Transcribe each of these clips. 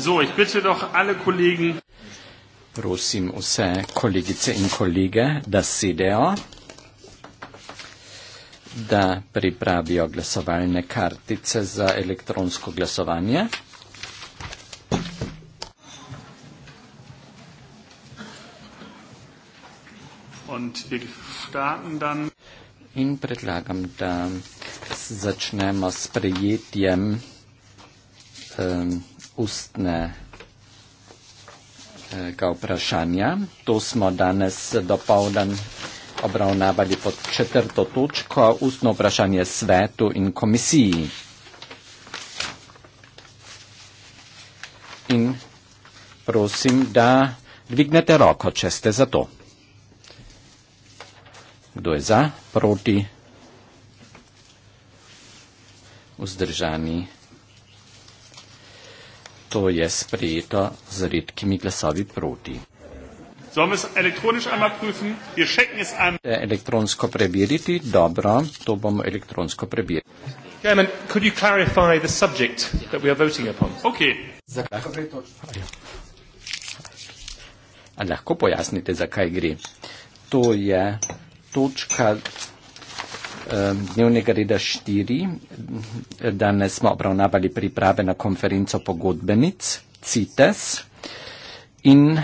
So, ich bitte doch alle Kollegen. Prosim vse kolegice in kolege, da sedejo, da pripravijo glasovalne kartice za elektronsko glasovanje. In predlagam, da začnemo s prejetjem. Um, ustne ga eh, vprašanja. To smo danes dopovdan obravnavali pod četrto točko, ustno vprašanje svetu in komisiji. In prosim, da dvignete roko, če ste za to. Kdo je za, proti, vzdržani to je sprejeta z redkimi glasovi proti. Je elektronsko preveriti? Dobro, to bomo elektronsko preverili. Chairman, could you clarify the subject that we are voting upon? Okay. A lahko pojasnite, zakaj gre? To je točka Ehm, dnevnega reda 4. Danes smo obravnavali priprave na konferenco pogodbenic CITES in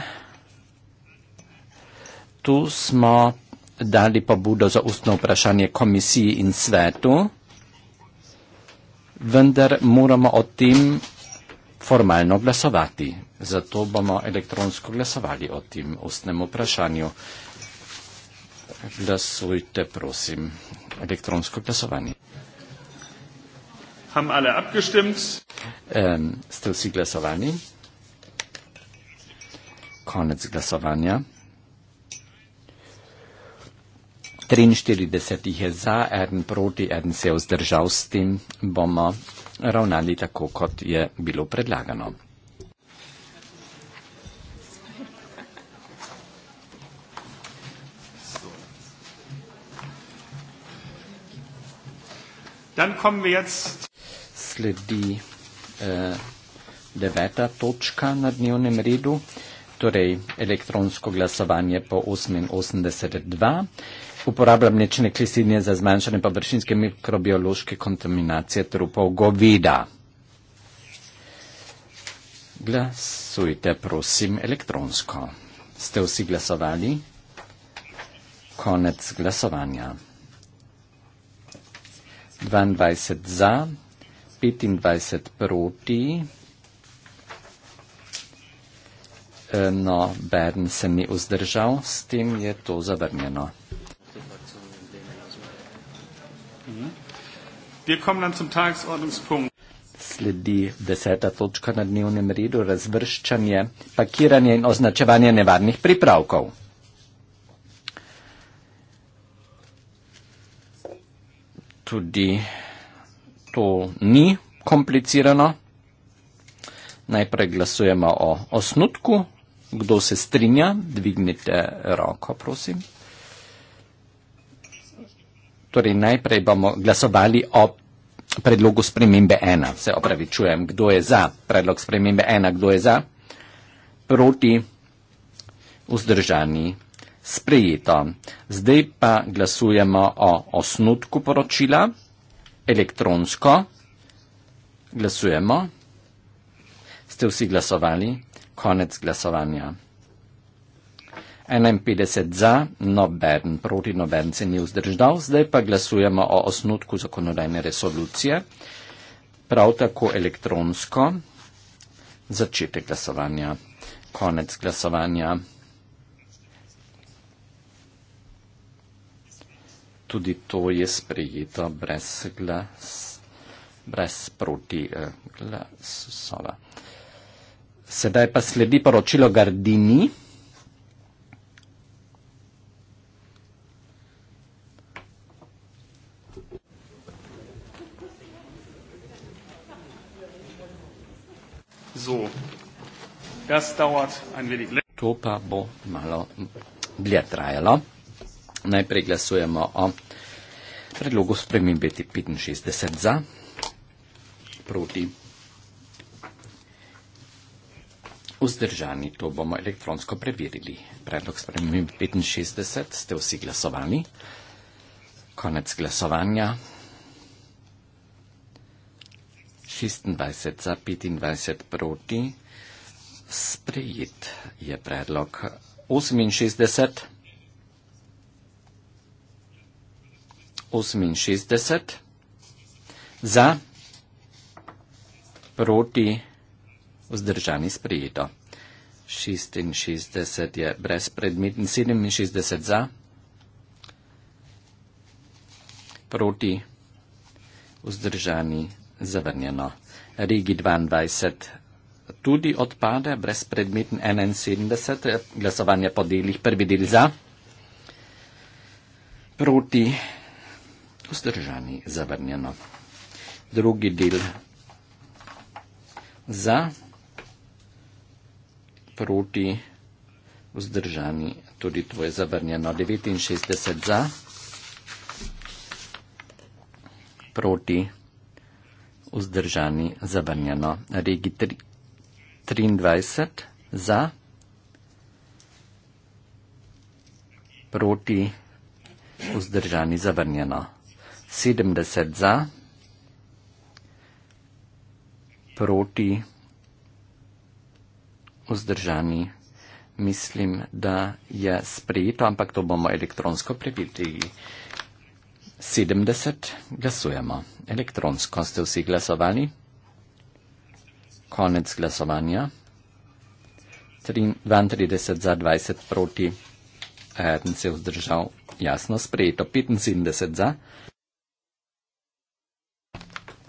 tu smo dali pobudo za ustno vprašanje komisiji in svetu, vendar moramo o tem formalno glasovati. Zato bomo elektronsko glasovali o tem ustnem vprašanju. Glasujte, prosim, elektronsko glasovanje. Haben alle abgestimmt? Ähm, ste vsi glasovali? Konec glasovanja. 43 jih je za, en proti, en se je vzdržal, s tem bomo ravnali tako, kot je bilo predlagano. Dan kommen wir jetzt sledi eh, deveta točka na dnevnem redu, torej elektronsko glasovanje po 88.2, uporaba mlečne klisidnje za zmanjšanje površinske mikrobiološke kontaminacije trupov govida. Glasujte, prosim, elektronsko. Ste vsi glasovali? Konec glasovanja. 22 za, 25 proti. E, no, Bern se ni vzdržal, s tem je to zavrnjeno. Sledi deseta točka na dnevnem redu, razvrščanje, pakiranje in označevanje nevarnih pripravkov. tudi to ni komplicirano. Najprej glasujemo o osnutku. Kdo se strinja, dvignite roko, prosim. Torej, najprej bomo glasovali o predlogu spremembe 1. Se opravičujem, kdo je za predlog spremembe 1, kdo je za, proti, vzdržani sprejeto. Zdaj pa glasujemo o osnutku poročila elektronsko. Glasujemo. Ste vsi glasovali? Konec glasovanja. 51 za, noben proti, noben se ni vzdržal. Zdaj pa glasujemo o osnutku zakonodajne resolucije. Prav tako elektronsko. Začetek glasovanja. Konec glasovanja. tudi to je sprejeto brez glas, brez proti eh, glasova. Sedaj pa sledi poročilo Gardini. So. Das dauert ein wenig länger. To pa bo malo dlje trajalo. Najprej glasujemo o predlogu spremembe 65 za, proti, vzdržani. To bomo elektronsko preverili. Predlog spremembe 65 ste vsi glasovali. Konec glasovanja. 26 za 25 proti. Sprejet je predlog 68. 68, za, proti, vzdržani sprejeto. 66 je brez predmet in 67 za, proti, vzdržani zavrnjeno. Regi 22 tudi odpade, brez predmet in 71, glasovanje po delih, prvi del za, proti, vzdržani zavrnjeno vzdržani, zavrnjeno. Drugi del za, proti, vzdržani, tudi to je zavrnjeno. 69 za, proti, vzdržani, zavrnjeno. Regi 23 za, proti, vzdržani, zavrnjeno. 70 za, proti vzdržani. Mislim, da je sprejeto, ampak to bomo elektronsko prebiti. 70 glasujemo. Elektronsko ste vsi glasovali. Konec glasovanja. 32 za 20 proti. En se je vzdržal. Jasno, sprejeto. 75 za.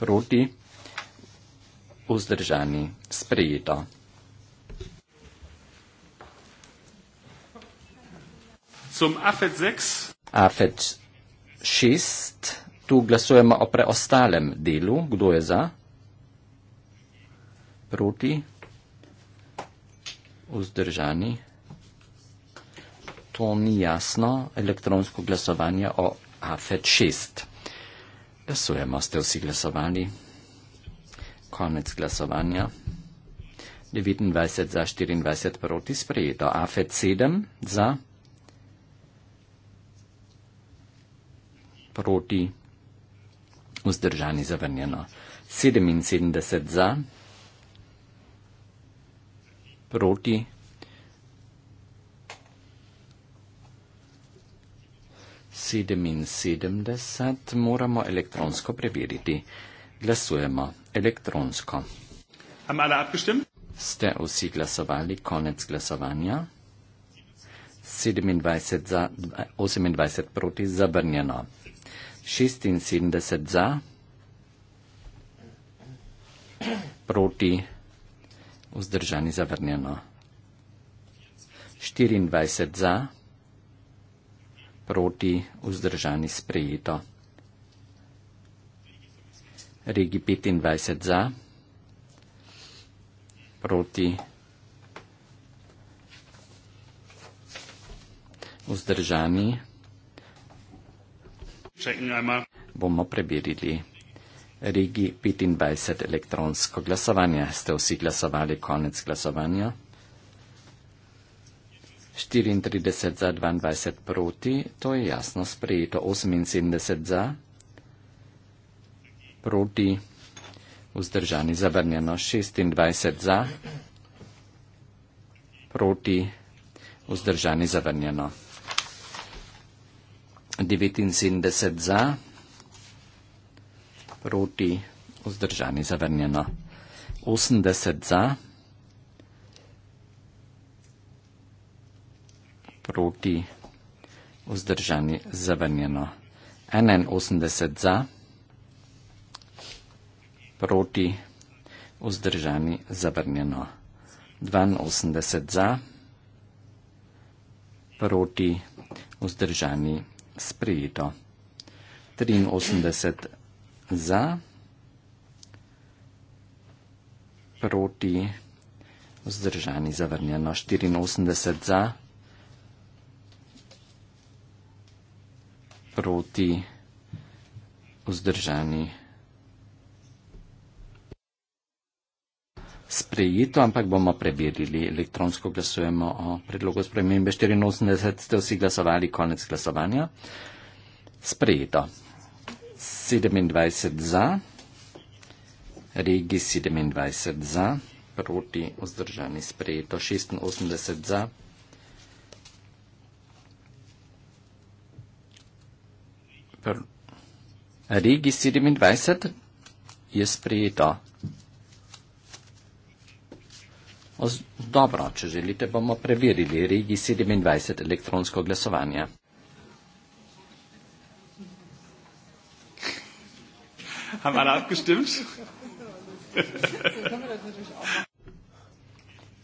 proti, vzdržani, sprejeto. Zum AFET 6. AFET 6. Tu glasujemo o preostalem delu. Kdo je za? Proti, vzdržani. To ni jasno, elektronsko glasovanje o AFED 6. Glasujemo, ste vsi glasovali. Konec glasovanja. 29 za 24 proti sprejeto. AFED 7 za proti vzdržani zavrnjeno. 77 za proti 77 moramo elektronsko preveriti. Glasujemo elektronsko. Ste vsi glasovali konec glasovanja? 27 za, 28 proti zabrnjeno. 76 za, proti, vzdržani zavrnjeno. 24 za, proti vzdržani sprejeto. Regi 25 za, proti vzdržani. Bomo preberili regi 25 elektronsko glasovanje. Ste vsi glasovali konec glasovanja? 34 za 22 proti, to je jasno sprejeto 78 za proti, vzdržani zavrnjeno 26 za proti, vzdržani zavrnjeno 79 za proti, vzdržani zavrnjeno 80 za proti. proti vzdržani zavrnjeno. 81 za, proti vzdržani zavrnjeno. 82 za, proti vzdržani sprejeto. 83 za, proti vzdržani zavrnjeno. 84 za, proti vzdržani zavrnjeno. proti vzdržani. Sprejeto, ampak bomo preverili. Elektronsko glasujemo o predlogu spremembe 84. Ste vsi glasovali, konec glasovanja. Sprejeto. 27 za, regi 27 za, proti vzdržani sprejeto. 86 za. Registrirani dvajset je sprejeto. Dobro, če želite, bomo preverili regi 27 elektronsko glasovanje.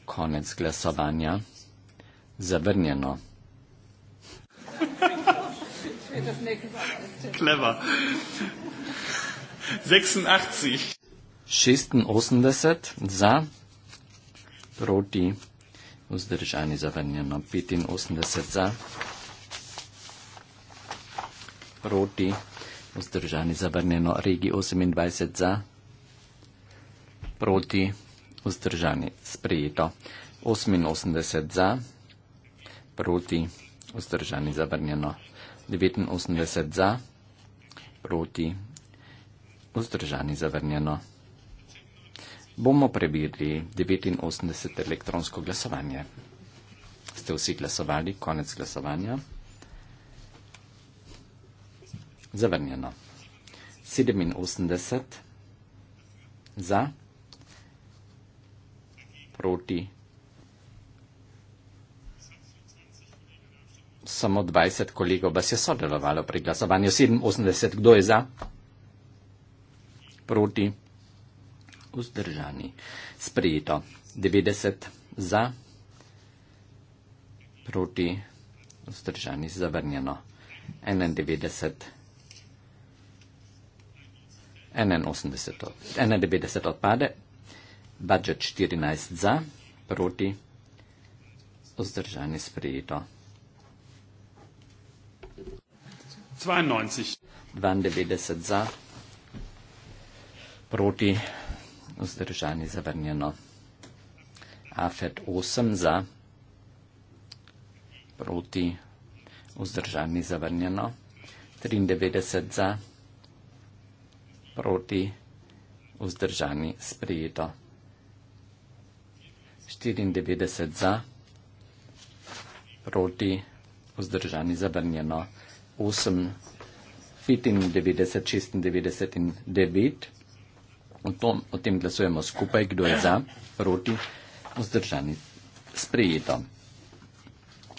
Konec glasovanja. Zavrnjeno. Clever. 86. 86 za proti vzdržani zavrnjeno. 85 za proti vzdržani zavrnjeno. Regi 28 za proti vzdržani sprejeto. 88 za proti vzdržani zavrnjeno. 89 za, proti, vzdržani zavrnjeno. Bomo prebirali 89 elektronsko glasovanje. Ste vsi glasovali, konec glasovanja. Zavrnjeno. 87 za, proti, samo 20 kolegov vas je sodelovalo pri glasovanju. 87, kdo je za? Proti? Vzdržani. Sprejeto. 90 za? Proti? Vzdržani. Zavrnjeno. 91. 81. 91 odpade. Budget 14 za? Proti? Vzdržani. Sprejeto. 92 za, proti, vzdržani, zavrnjeno. AFED 8 za, proti, vzdržani, zavrnjeno. 93 za, proti, vzdržani, sprejeto. 94 za, proti, vzdržani, zavrnjeno. 8, 95, 96 in 9. O, tom, o tem glasujemo skupaj, kdo je za, proti, vzdržani. Sprejeto.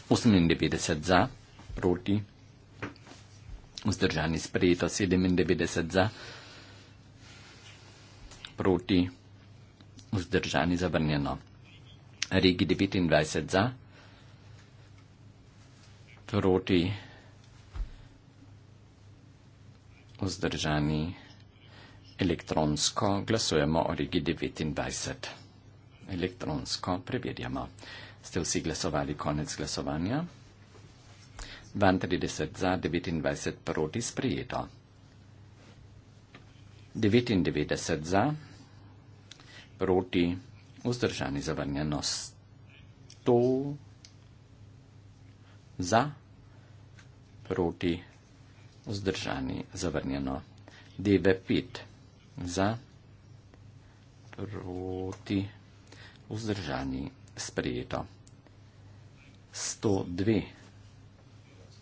98 za, proti, vzdržani. Sprejeto. 97 za, proti, vzdržani. Zavrnjeno. Regi 29 za, proti, vzdržani. vzdržani elektronsko, glasujemo o regiji 29. Elektronsko preverjamo. Ste vsi glasovali konec glasovanja? 32 za, 29 proti sprejeto. 99 za, proti vzdržani zavrnjenost. 100 za, proti vzdržani, zavrnjeno. DB5 za, proti, vzdržani, sprejeto. 102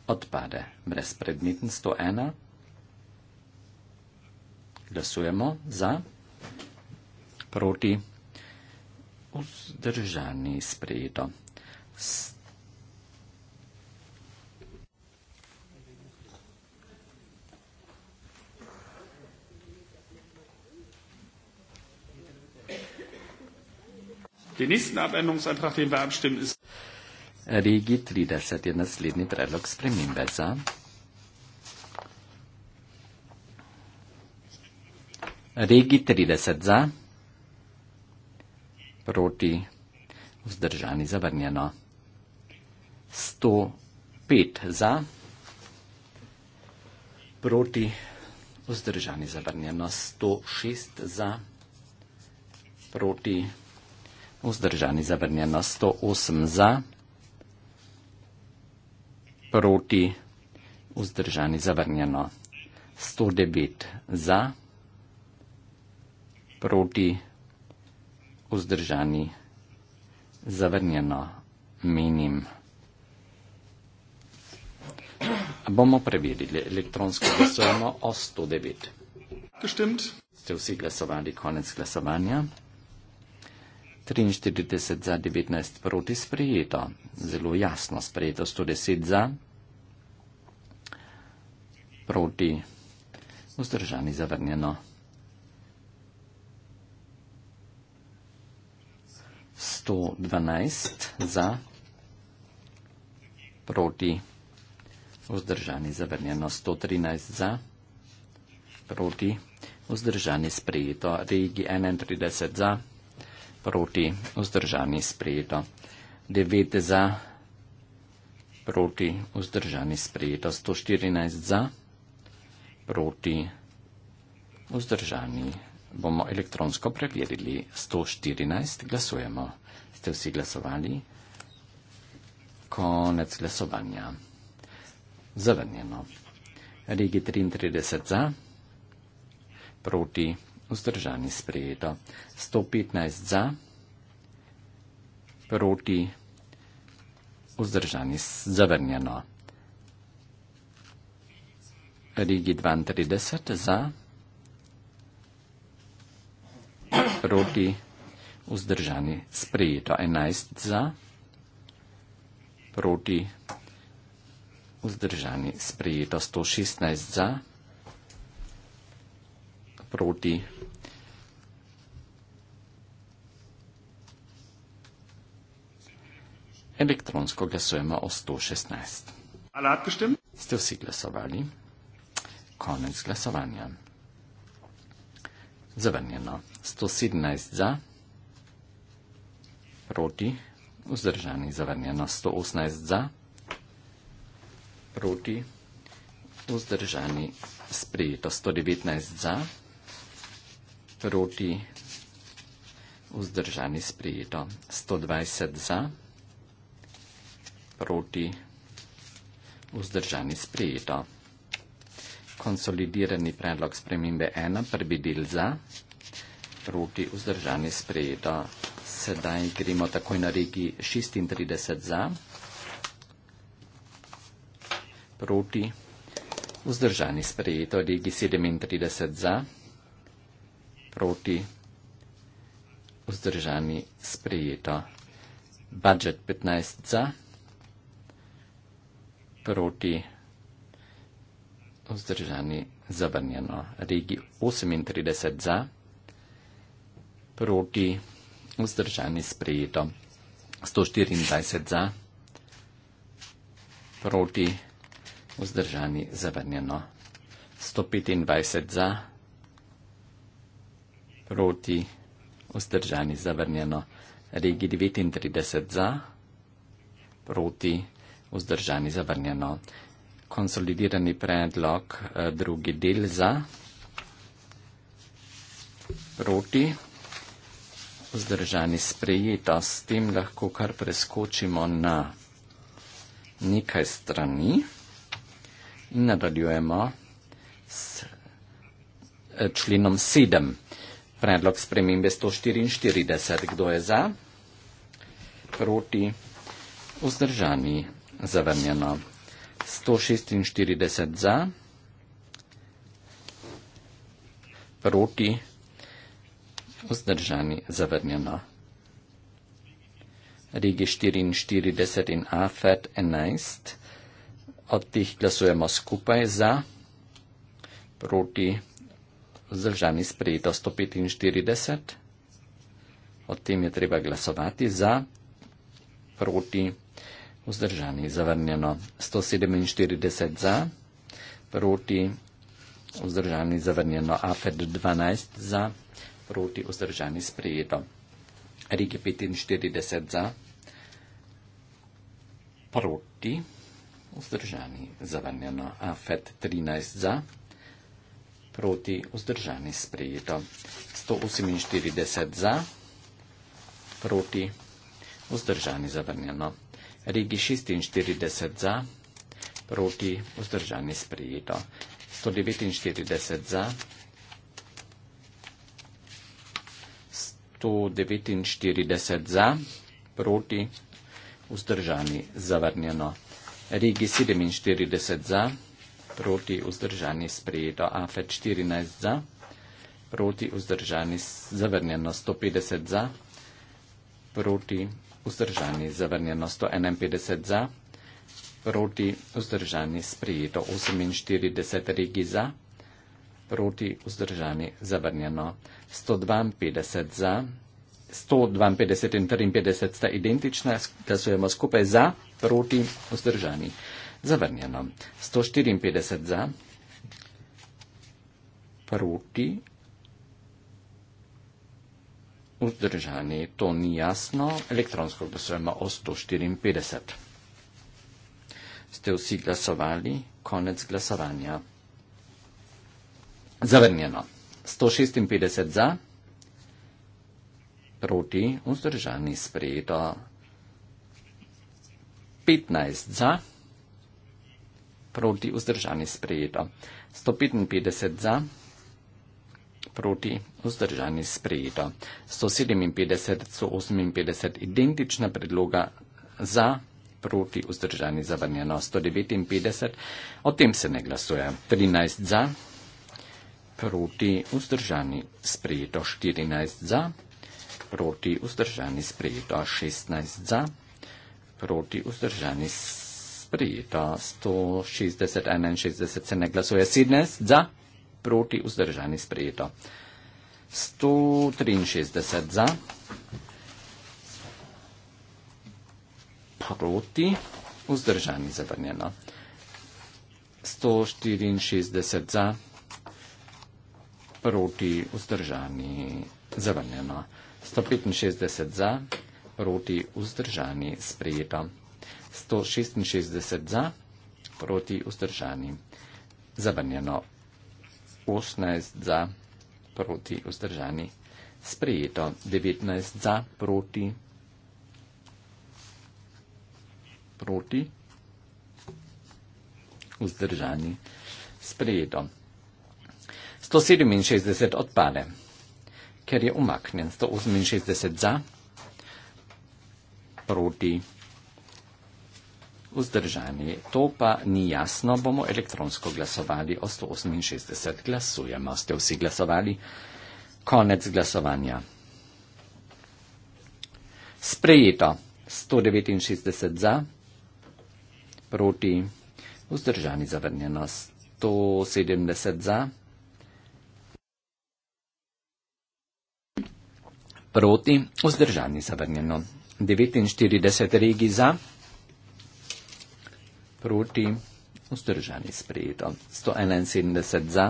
odpade, brezpredmeten 101. Glasujemo za, proti, vzdržani, sprejeto. 102. Den nächsten Abänderungsantrag, den wir abstimmen, ist. Regi 30. naslednji predlog spremembe za. Regi 30 za. Proti. Vzdržani zavrnjeno. 105 za. Proti. Vzdržani zavrnjeno. 106 za. Proti vzdržani zavrnjeno 108 za, proti vzdržani zavrnjeno 109 za, proti vzdržani zavrnjeno menim. Bomo preverili, elektronsko glasujemo o 109. Ste vsi glasovali, konec glasovanja. 43 za 19 proti sprejeto, zelo jasno sprejeto 110 za, proti vzdržani zavrnjeno. Sto dvanajst za, proti vzdržani zavrnjeno, sto trinajst za, proti vzdržani sprejeto, regi enaintrideset za proti vzdržani sprejeto, 9 za proti vzdržani sprejeto, 114 za proti vzdržani. Bomo elektronsko preverili 114, glasujemo. Ste vsi glasovali? Konec glasovanja. Zavrnjeno. Regi 33 za, proti vzdržani sprejeto. 115 za, proti vzdržani zavrnjeno. Rigi 32 za, proti vzdržani sprejeto. 11 za, proti vzdržani sprejeto. 116 za, proti vzdržani sprejeto. elektronskog glasujemo o 116. Alat bestem? Ste vsi glasovali? Konec glasovanja. Zavrnjeno. 117 za, proti, vzdržani zavrnjeno. 118 za, proti, vzdržani sprejeto. 119 za, proti, vzdržani sprejeto. 120 za, proti, vzdržani sprejeto proti vzdržani sprejeto. Konsolidirani predlog spremembe 1, prvi del za, proti vzdržani sprejeto. Sedaj gremo takoj na regi 36 za, proti vzdržani sprejeto, regi 37 za, proti vzdržani sprejeto. Budget 15 za, proti vzdržani sprejeto proti vzdržani zabrnjeno. Regi 38 za, proti vzdržani sprejeto. 124 za, proti vzdržani zabrnjeno. 125 za, proti vzdržani zabrnjeno. Regi 39 za, proti vzdržani zabrnjeno vzdržani zavrnjeno. Konsolidirani predlog eh, drugi del za proti vzdržani sprejeto. S tem lahko kar preskočimo na nekaj strani in nadaljujemo s eh, členom 7. Predlog spremembe 144. Kdo je za? Proti vzdržani zavrnjeno. 146 za, proti, vzdržani, zavrnjeno. Rigi 44 in AFED 11, od teh glasujemo skupaj za, proti, vzdržani, sprejeto 145, od tem je treba glasovati za, proti, vzdržani vzdržani, zavrnjeno 147 za, proti vzdržani, zavrnjeno AFED 12 za, proti vzdržani sprejeto. Rige 45 za, proti vzdržani, zavrnjeno AFED 13 za, proti vzdržani sprejeto. 148 za, proti vzdržani, zavrnjeno. Regi 46 za, proti vzdržani sprejeto. 149 za, 149 za, proti vzdržani zavrnjeno. Regi 47 za, proti vzdržani sprejeto. AFED 14 za, proti vzdržani zavrnjeno. 150 za, proti vzdržani sprejeto vzdržani, zavrnjeno 151 za, proti vzdržani, sprijeto 48 regi za, proti vzdržani, zavrnjeno 152 za, 152 in 53 sta identična, glasujemo skupaj za, proti vzdržani, zavrnjeno 154 za, proti vzdržani. To ni jasno. Elektronsko glasujemo o 154. Ste vsi glasovali? Konec glasovanja. Zavrnjeno. 156 za, proti, vzdržani, sprejeto. 15 za, proti, vzdržani, sprejeto. 155 za proti vzdržani sprejeto. 157 so 58 identična predloga za proti vzdržani zavrnjeno. 159 o tem se ne glasuje. 13 za proti vzdržani sprejeto. 14 za proti vzdržani sprejeto. 16 za proti vzdržani sprejeto. 160, 61 se ne glasuje. 17 za proti vzdržani sprejeto. 163 za, proti vzdržani zavrnjeno. 164 za, proti vzdržani zavrnjeno. 165 za, proti vzdržani sprejeto. 166 za, proti vzdržani zavrnjeno. 18 za, proti, vzdržani, sprejeto, 19 za, proti, proti, vzdržani, sprejeto. 167 odpade, ker je umaknjen, 168 za, proti, vzdržani, sprejeto vzdržani. To pa ni jasno, bomo elektronsko glasovali. O 168 glasujemo. Ste vsi glasovali? Konec glasovanja. Sprejeto. 169 za, proti, vzdržani zavrnjeno. 170 za, proti, vzdržani zavrnjeno. 49 regi za proti, vzdržani sprejeto. 171 za,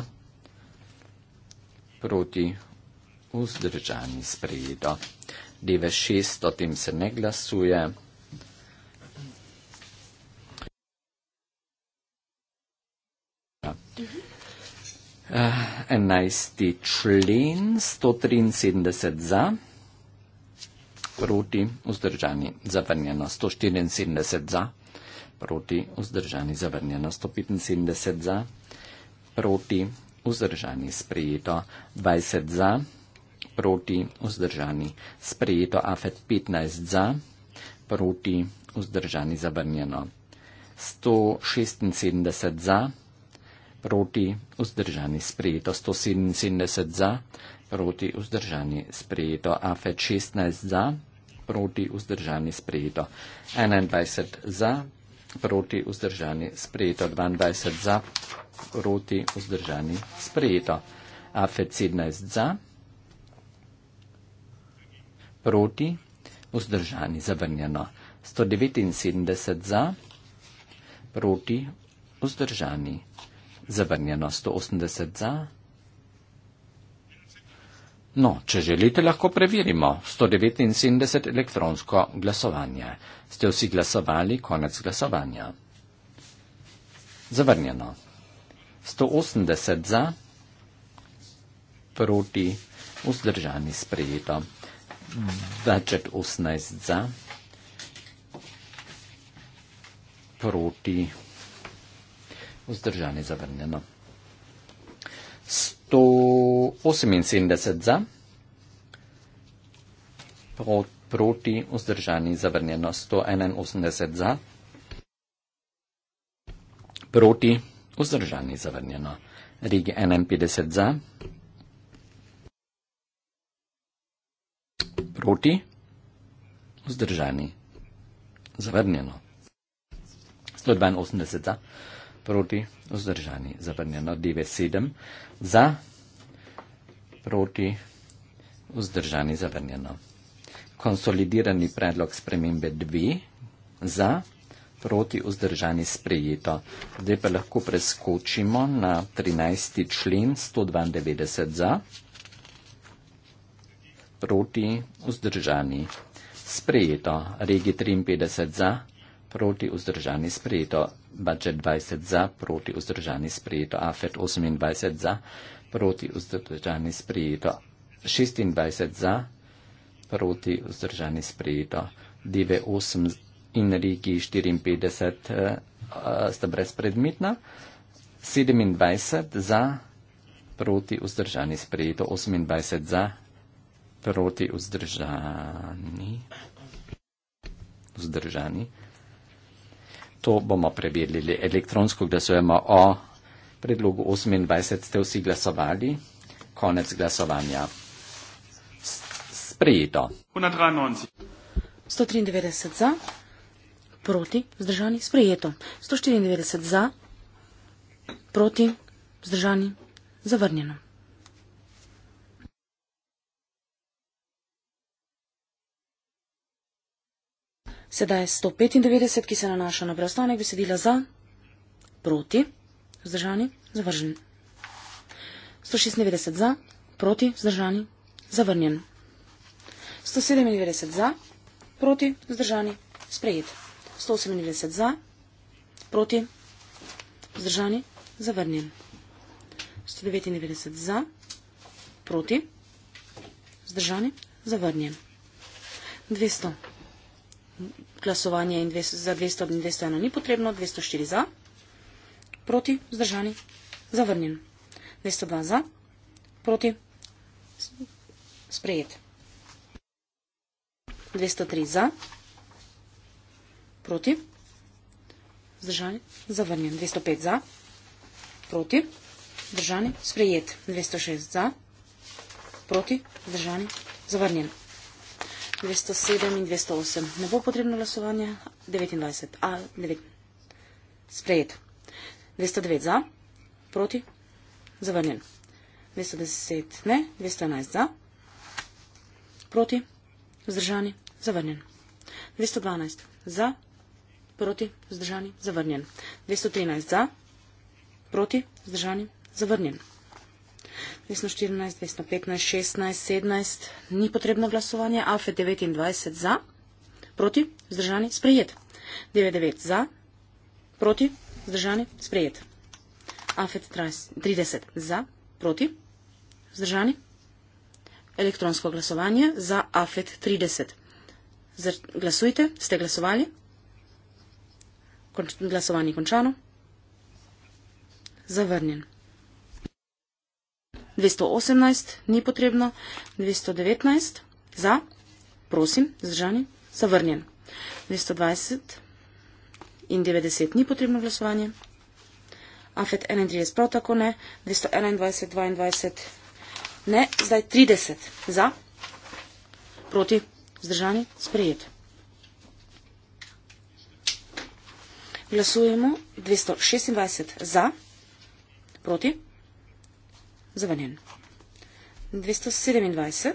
proti, vzdržani sprejeto. 96, o tem se ne glasuje. Uh, eh, 11. člen, 173 za, proti, vzdržani, zavrnjeno, 174 za. Proti vzdržani zavrnjeno 175 za, proti vzdržani sprejeto 20 za, proti vzdržani sprejeto afet 15 za, proti vzdržani zavrnjeno 176 za, proti vzdržani sprejeto 177 za, proti vzdržani sprejeto afet 16 za, proti vzdržani sprejeto 21 za, proti vzdržani sprejeto, 22 za, proti vzdržani sprejeto, AFED 17 za, proti vzdržani zavrnjeno, 179 za, proti vzdržani zavrnjeno, 180 za, proti vzdržani zavrnjeno, No, če želite, lahko preverimo 179 elektronsko glasovanje. Ste vsi glasovali, konec glasovanja. Zavrnjeno. 180 za, proti, vzdržani sprejeto. 218 za, proti, vzdržani zavrnjeno. 178 za, proti vzdržani zavrnjeno 181 za, proti vzdržani zavrnjeno Rigi 51 za, proti vzdržani zavrnjeno 182 za proti, vzdržani, zabrnjeno 9-7, za, proti, vzdržani, zabrnjeno. Konsolidirani predlog spremembe 2, za, proti, vzdržani, sprejeto. Zdaj pa lahko preskočimo na 13. člen 192 za, proti, vzdržani, sprejeto. Regi 53 za, proti, vzdržani, sprejeto budget 20 za, proti vzdržani sprejeto, AFET 28 za, proti vzdržani sprejeto, 26 za, proti vzdržani sprejeto, DV8 in Riki 54 uh, sta brezpredmetna, 27 za, proti vzdržani sprejeto, 28 za, proti vzdržani. Zdržani to bomo preverili. Elektronsko glasujemo o predlogu 28. Ste vsi glasovali? Konec glasovanja. Sprejeto. 193 za, proti, vzdržani, sprejeto. 194 za, proti, vzdržani, zavrnjeno. Sedaj je 195, ki se nanaša na preostanek besedila za, proti, vzdržani, zavržen. 196 za, proti, vzdržani, zavrnjen. 197 za, proti, vzdržani, sprejet. 198 za, proti, vzdržani, zavrnjen. 199 za, proti, vzdržani, zavrnjen. 200 za glasovanje za 200 in 201 ni potrebno, 204 za, proti, zdržani, zavrnjen. 202 za, proti, sprejet. 203 za, proti, zdržani, zavrnjen. 205 za, proti, zdržani, sprejet. 206 za, proti, zdržani, zavrnjen. 207 in 208. Ne bo potrebno glasovanje. 29. A, 9. Sprejet. 209 za. Proti. Zavrnjen. 210 ne. 211 za. Proti. Zdržani. Zavrnjen. 212 za. Proti. Zdržani. Zavrnjen. 213 za. Proti. Zdržani. Zavrnjen. 214. 214, 215, 16, 17, ni potrebno glasovanje, AFE 29 za, proti, zdržani, sprejet. 99 za, proti, zdržani, sprejet. AFE 30 za, proti, zdržani, elektronsko glasovanje za AFE 30. Glasujte, ste glasovali, glasovanje končano, zavrnjen. 218 ni potrebno, 219 za, prosim, zdržani, zavrnjen. 220 in 90 ni potrebno glasovanje. AFET 31 prav tako ne, 221, 22 ne, zdaj 30 za, proti, zdržani, sprejet. Glasujemo 226 za, proti, zdržani zavrnjen. 227.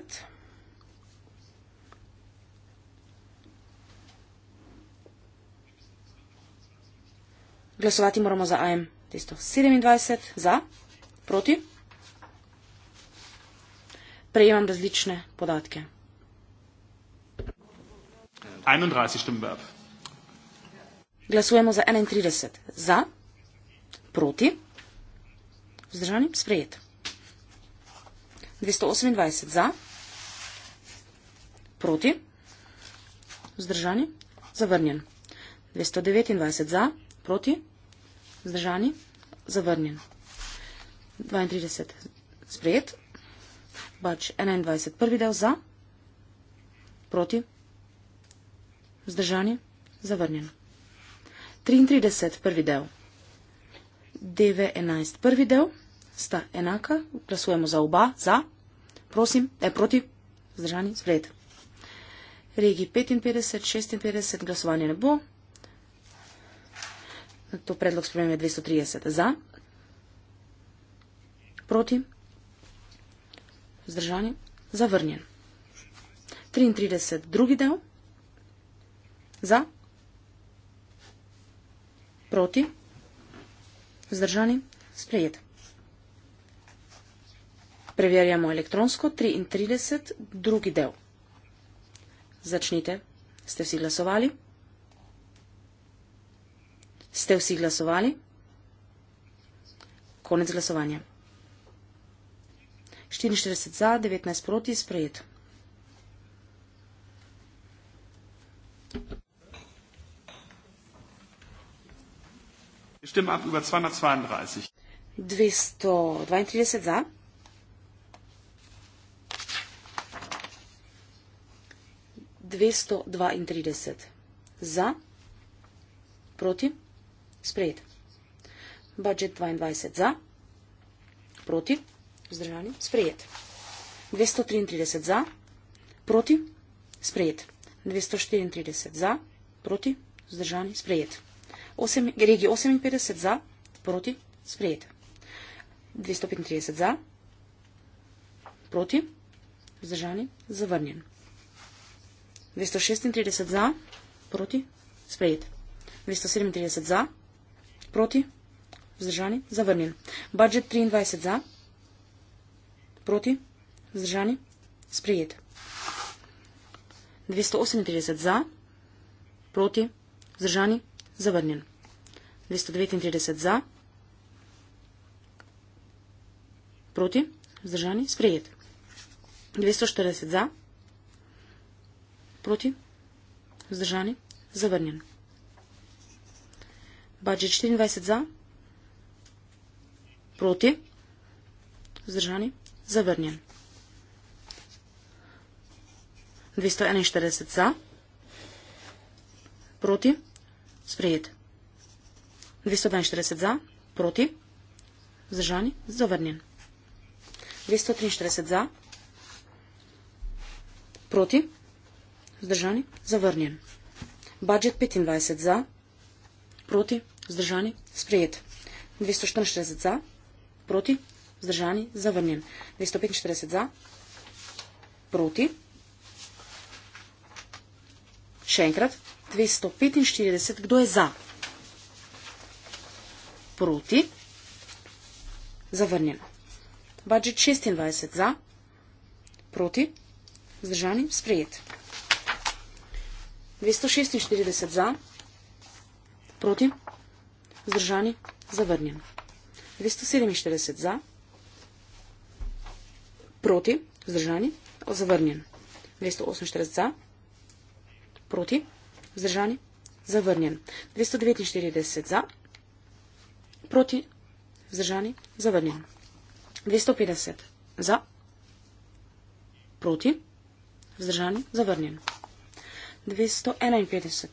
Glasovati moramo za AM 227, za, proti. Prejemam različne podatke. 31 Stimmenwerf. Glasujemo za 31, za, proti. Vzdržani, sprejeti. 228 za, proti, vzdržani, zavrnjen. 229 za, proti, vzdržani, zavrnjen. 32 sprejet, pač 21 prvi del za, proti, vzdržani, zavrnjen. 33 prvi del, 9 11 prvi del, sta enaka, glasujemo za oba, za, prosim, ne proti, zdržani, zvred. Regi 55, 56, glasovanje ne bo. To predlog spremem je 230 za, proti, zdržani, zavrnjen. 33, drugi del, za, proti, zdržani, sprejeti. Preverjamo elektronsko 33, drugi del. Začnite. Ste vsi glasovali? Ste vsi glasovali? Konec glasovanja. 44 za, 19 proti, sprejet. Stimme ab über 232. 232 za. 232. Za, proti, sprejet. Budget 22 za, proti, vzdržani, sprejet. 233 za, proti, sprejet. 234 za, proti, vzdržani, sprejet. Regi 58 za, proti, sprejet. 235 za, proti, vzdržani, zavrnjen. 236 za, proti, sprejet. 237 za, proti, vzdržani, zavrnjen. Budget 23 za, proti, vzdržani, sprejet. 238 za, proti, vzdržani, zavrnjen. 239 za, proti, vzdržani, sprejet. 240 za, proti, vzdržani, sprejet. Против? Въздържани? Завърнен. Баджи 420 за. Против? Въздържани? Завърнен. 241 за. Против? Сприят. 240 за. Против? Въздържани? Завърнен. 243 за. Против? Vzdržani? Zavrnjen. Budget 25 za. Proti? Vzdržani? Sprejet. 244 za. Proti? Vzdržani? Zavrnjen. 245 za. Proti? Še enkrat. 245. Kdo je za? Proti? Zavrnjen. Budget 26 za. Proti? Vzdržani? Sprejet. 246 za, proti, vzdržani, zavrnjen. 247 za, proti, vzdržani, zavrnjen. 248 za, proti, vzdržani, zavrnjen. 249 za, proti, vzdržani, zavrnjen. 250 za, proti, vzdržani, zavrnjen. 251.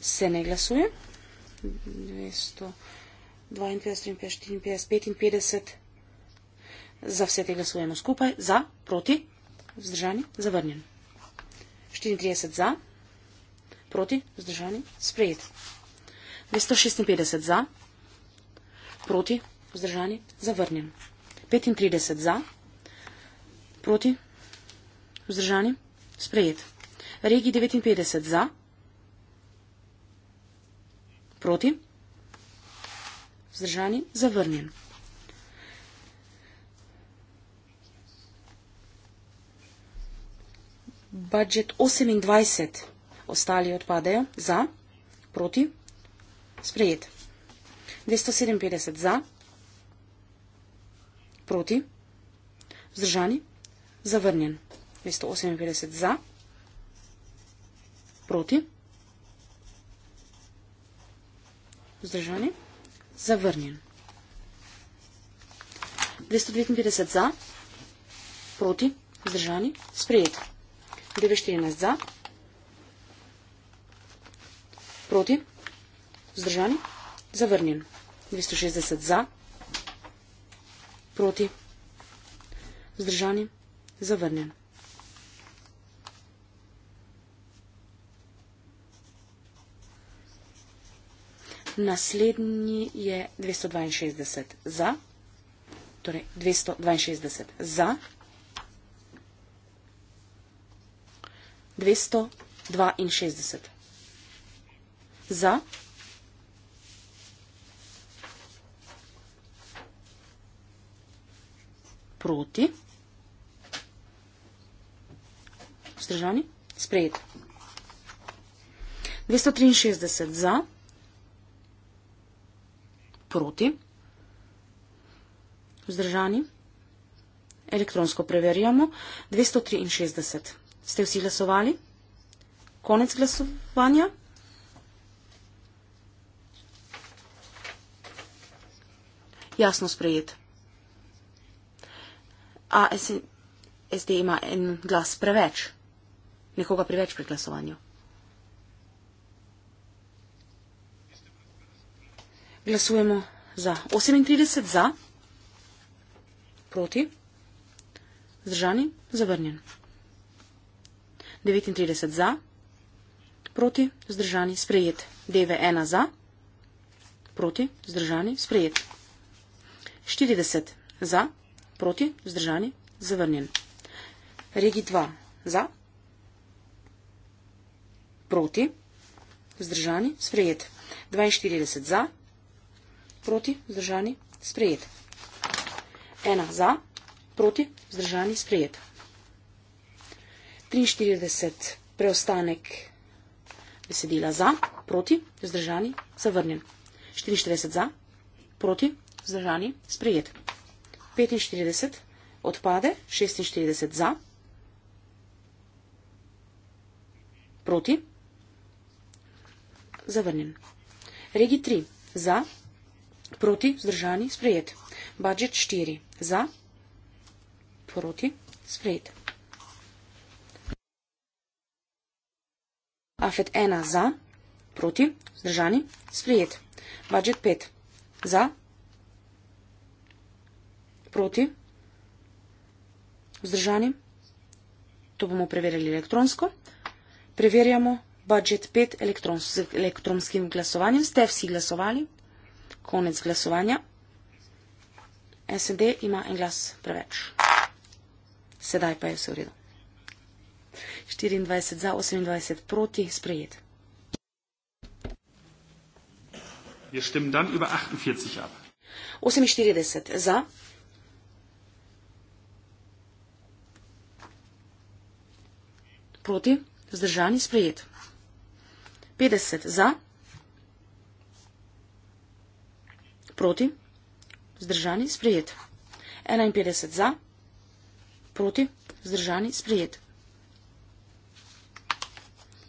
Se ne glasuje. 252, 354, 55. Za vse te glasujemo skupaj. Za, proti, vzdržani, zavrnjen. 34 za, proti, vzdržani, sprejet. 256 za, proti, vzdržani, zavrnjen. 35 za, proti, vzdržani, sprejet. Regi 59 za. Proti. Vzdržani. Zavrnjen. Budžet 28. Ostali odpadejo. Za. Proti. Sprejet. 257 za. Proti. Vzdržani. Zavrnjen. 258 za. Proti. Проти. Вздържане. Завърнен. 250 за. Проти. Вздържане. Сприет. 914 за. Проти. Вздържане. Завърнен. 260 за. Проти. Вздържане. Завърнен. 311. Naslednji je 262 za, torej 262 za, 262 za, 262 za, proti, vzdržani, sprejeti. 263 za, 263 za, proti, vzdržani, elektronsko preverjamo, 263. Ste vsi glasovali? Konec glasovanja. Jasno sprejet. A SD ima en glas preveč, nekoga preveč pri glasovanju. Glasujemo za 38 za, proti, zdržani, zavrnjen. 39 za, proti, zdržani, sprejet. DV1 za, proti, zdržani, sprejet. 40 za, proti, zdržani, zavrnjen. Regi 2 za, proti, zdržani, sprejet. 42 za, proti, zdržani, sprejet proti, vzdržani, sprejet. Ena za, proti, vzdržani, sprejet. 43 preostanek besedila za, proti, vzdržani, zavrnjen. 44 za, proti, vzdržani, sprejet. 45 odpade, 46 za, proti, zavrnjen. Regi 3 za, Proti, zdržani, sprejet. Budget 4. Za, proti, sprejet. Afet 1. Za, proti, zdržani, sprejet. Budget 5. Za, proti, zdržani. To bomo preverili elektronsko. Preverjamo budget 5 elektronskim glasovanjem. Ste vsi glasovali? konec glasovanja. SND ima en glas preveč. Sedaj pa je vse v redu. 24 za, 28 proti, sprejet. Wir stimmen dann über 48 ab. 48 za. Proti, zdržani, sprejet. 50 za. Proti. Zdržani. Sprejet. 51 za. Proti. Zdržani. Sprejet.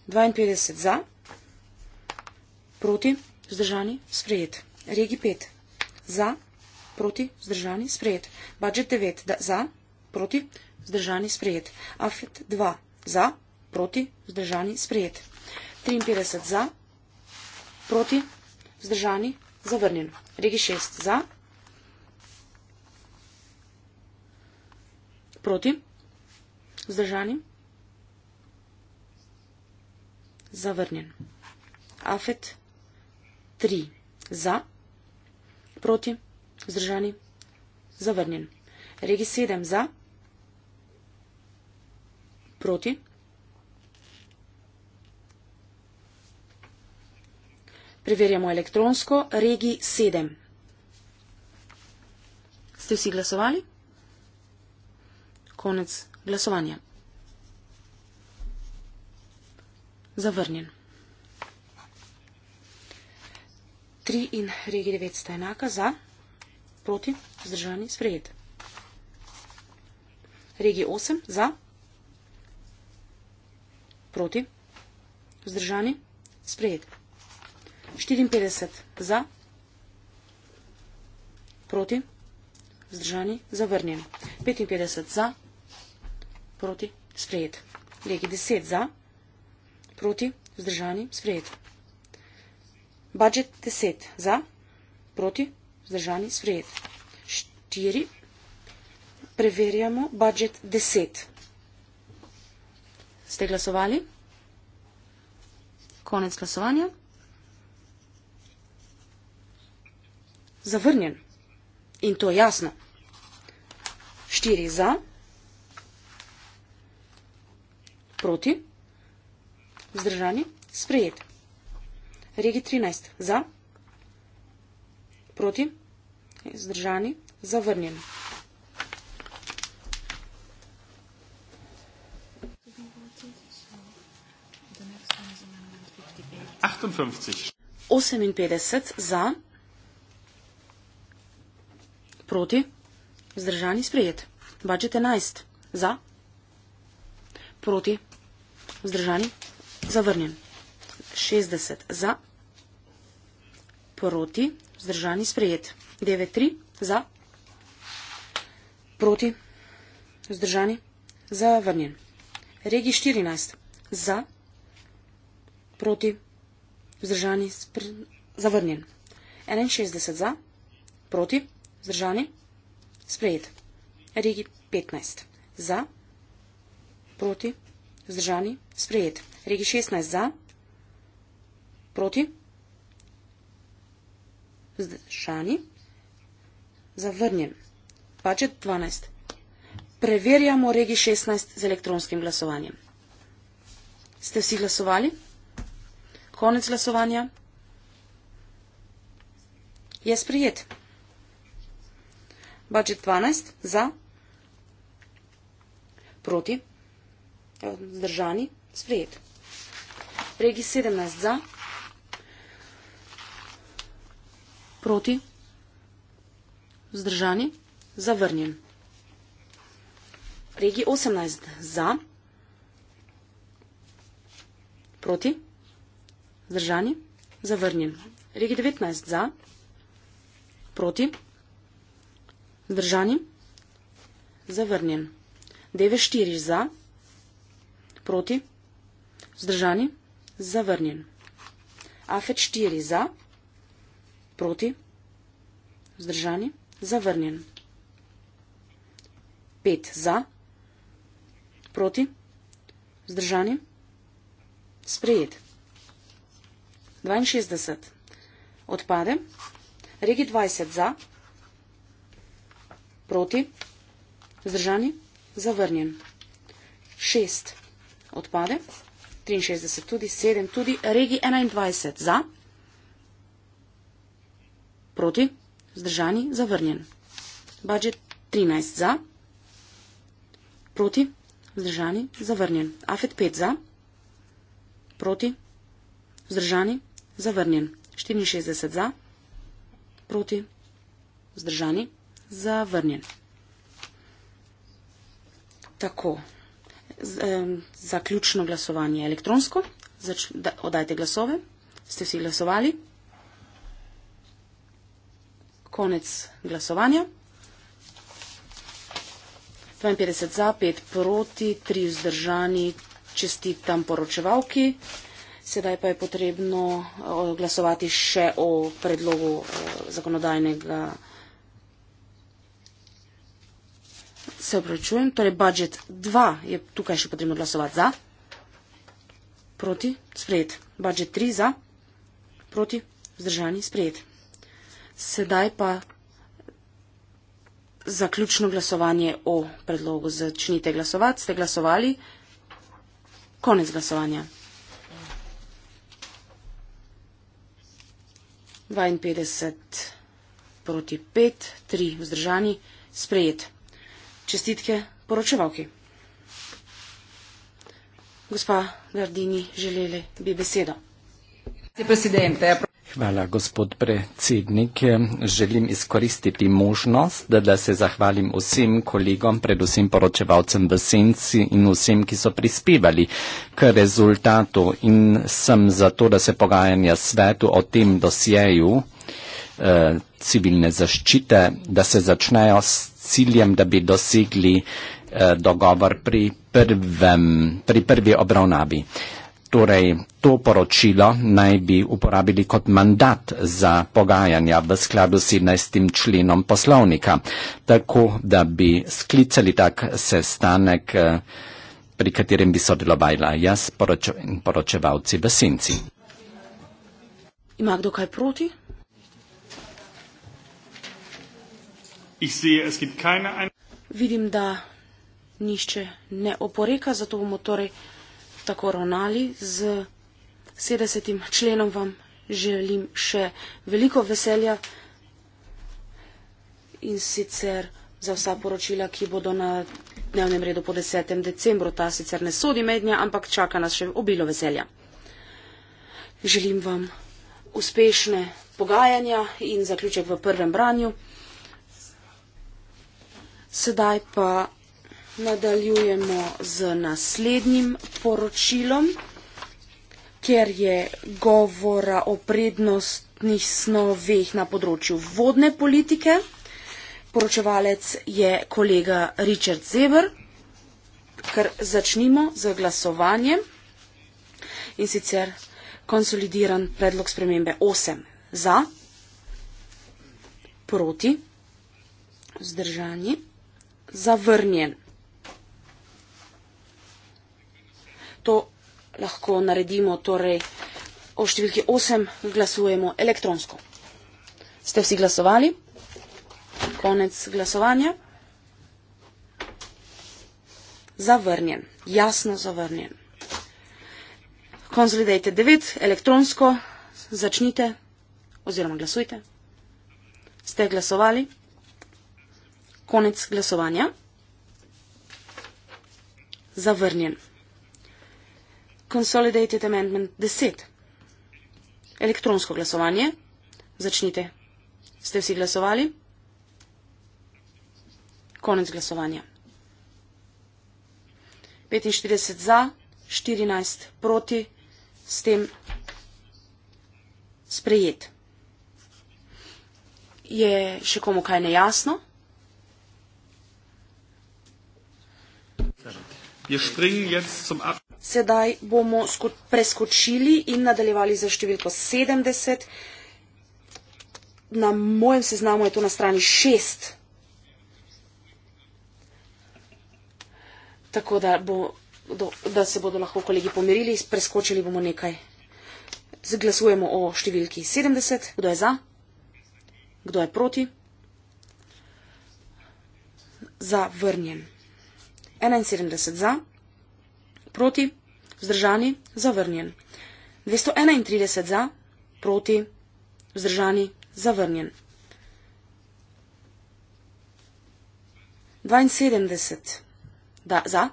52 za. Proti. Zdržani. Sprejet. Regi 5. Za. Proti. Zdržani. Sprejet. Budget 9. Za. Proti. Zdržani. Sprejet. Afet 2. Za. Proti. Zdržani. Sprejet. 53 za. Proti. Zdržani. Zavrnjen. Regi 6 za. Proti. Zdržani. Zavrnjen. Afet 3 za. Proti. Zdržani. Zavrnjen. Regi 7 za. Proti. Proti. Preverjamo elektronsko, regi 7. Ste vsi glasovali? Konec glasovanja. Zavrnjen. 3 in regi 9 sta enaka za, proti, zdržani, sprejet. Regi 8 za, proti, zdržani, sprejet. 54 za, proti, vzdržani, zavrnjen. 55 za, proti, sprejet. Legi 10 za, proti, vzdržani, sprejet. Budget 10 za, proti, vzdržani, sprejet. 4. Preverjamo budget 10. Ste glasovali? Konec glasovanja. zavrnjen. In to jasno. Štiri za, proti, vzdržani, sprejet. Regi 13 za, proti, vzdržani, zavrnjen. Osem in petdeset za, proti, vzdržani, zavrnjen. 58 za, Proti. Zdržani sprejet. Budget 11. Za. Proti. Zdržani. Zavrnjen. 60. Za. Proti. Zdržani sprejet. 9.3. Za. Proti. Zdržani. Zavrnjen. Regi 14. Za. Proti. Zdržani. Zavrnjen. 61. Za. Proti. Proti. Vzdržani? Sprejet. Rigi 15. Za? Proti? Vzdržani? Sprejet. Rigi 16. Za? Proti? Vzdržani? Zavrnjen. Pačet 12. Preverjamo regi 16 z elektronskim glasovanjem. Ste vsi glasovali? Konec glasovanja? Je sprijet. Бачи 12 за, против, сдържани, сприет. Реги 17 за, против, сдържани, завърнен. Реги 18 за, против, сдържани, завърнен. Реги 19 за, против, сдържани, завърнен. Zdržani? Zavrnjen. 9-4 za. Proti? Zdržani? Zavrnjen. Afet 4 za. Proti? Zdržani? Zavrnjen. 5 za. Proti? Zdržani? Sprejet. 62. Odpade. Regi 20 za. Odpade. Proti? Zdržani? Zavrnjen. Šest. Odpade. 63 tudi, 7 tudi, regi 21. Za? Proti? Zdržani? Zavrnjen. Budget 13. Za? Proti? Zdržani? Zavrnjen. Afet 5. Za? Proti? Zdržani? Zavrnjen. 64 za? Proti? Zdržani? Zavrnjen zavrnjen. Tako, zaključno glasovanje je elektronsko, oddajte glasove, ste vsi glasovali, konec glasovanja, 52 za, 5 proti, 3 vzdržani, čestitam poročevalki, sedaj pa je potrebno eh, glasovati še o predlogu eh, zakonodajnega vzdržanja. se opravičujem, torej budget 2 je tukaj še potrebno glasovati za, proti, sprejet. Budget 3 za, proti, vzdržani, sprejet. Sedaj pa zaključno glasovanje o predlogu. Začnite glasovati, ste glasovali, konec glasovanja. 52 proti 5, 3 vzdržani, sprejet čestitke poročevalki. Gospa Gardini, želeli bi besedo. Ja, Hvala, gospod predsednik. Želim izkoristiti možnost, da se zahvalim vsem kolegom, predvsem poročevalcem v senci in vsem, ki so prispevali k rezultatu in sem zato, da se pogajanja svetu o tem dosjeju Eh, civilne zaščite, da se začnejo s ciljem, da bi dosegli eh, dogovor pri, prvem, pri prvi obravnavi. Torej, to poročilo naj bi uporabili kot mandat za pogajanja v skladu s 17. členom poslovnika, tako da bi sklicali tak sestanek, eh, pri katerem bi sodelovala jaz poroč in poročevalci v senci. Ima kdo kaj proti? Ich sehe, es gibt keine ein Vidim, da nišče ne oporeka, zato bomo torej tako ravnali. Z 70. členom vam želim še veliko veselja in sicer za vsa poročila, ki bodo na dnevnem redu po 10. decembru. Ta sicer ne sodi mednja, ampak čaka nas še obilo veselja. Želim vam uspešne pogajanja in zaključek v prvem branju. Sedaj pa nadaljujemo z naslednjim poročilom, kjer je govora o prednostnih snoveh na področju vodne politike. Poročevalec je kolega Richard Zeber, ker začnimo z glasovanjem in sicer konsolidiran predlog spremembe 8 za, proti, vzdržanje zavrnjen. To lahko naredimo, torej o številki 8 glasujemo elektronsko. Ste vsi glasovali? Konec glasovanja. Zavrnjen. Jasno zavrnjen. Konsolidajte 9 elektronsko. Začnite oziroma glasujte. Ste glasovali? konec glasovanja. Zavrnjen. Consolidated Amendment 10. Elektronsko glasovanje. Začnite. Ste vsi glasovali? Konec glasovanja. 45 za, 14 proti, s tem sprejet. Je še komu kaj nejasno? Sedaj bomo preskočili in nadaljevali za številko 70. Na mojem seznamu je to na strani 6. Tako da, bo, do, da se bodo lahko kolegi pomirili, preskočili bomo nekaj. Zglasujemo o številki 70. Kdo je za? Kdo je proti? Zavrnjen. 71 za, proti, vzdržani, zavrnjen. 231 za, proti, vzdržani, zavrnjen. 72 da, za,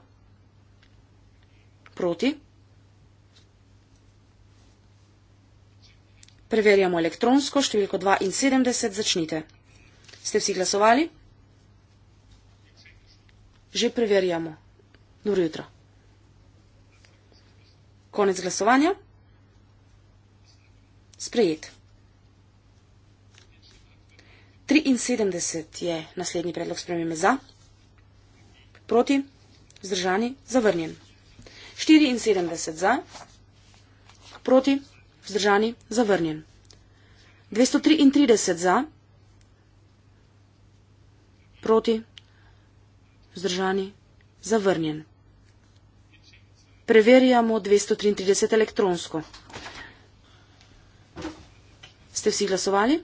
proti. Preverjamo elektronsko, številko 72, začnite. Ste vsi glasovali? že preverjamo. Dobro jutro. Konec glasovanja. Sprejet. 73 je naslednji predlog spremembe za, proti, vzdržani, zavrnjen. 74 za, proti, vzdržani, zavrnjen. 233 za, proti, vzdržani vzdržani, zavrnjen. Preverjamo 233 elektronsko. Ste vsi glasovali?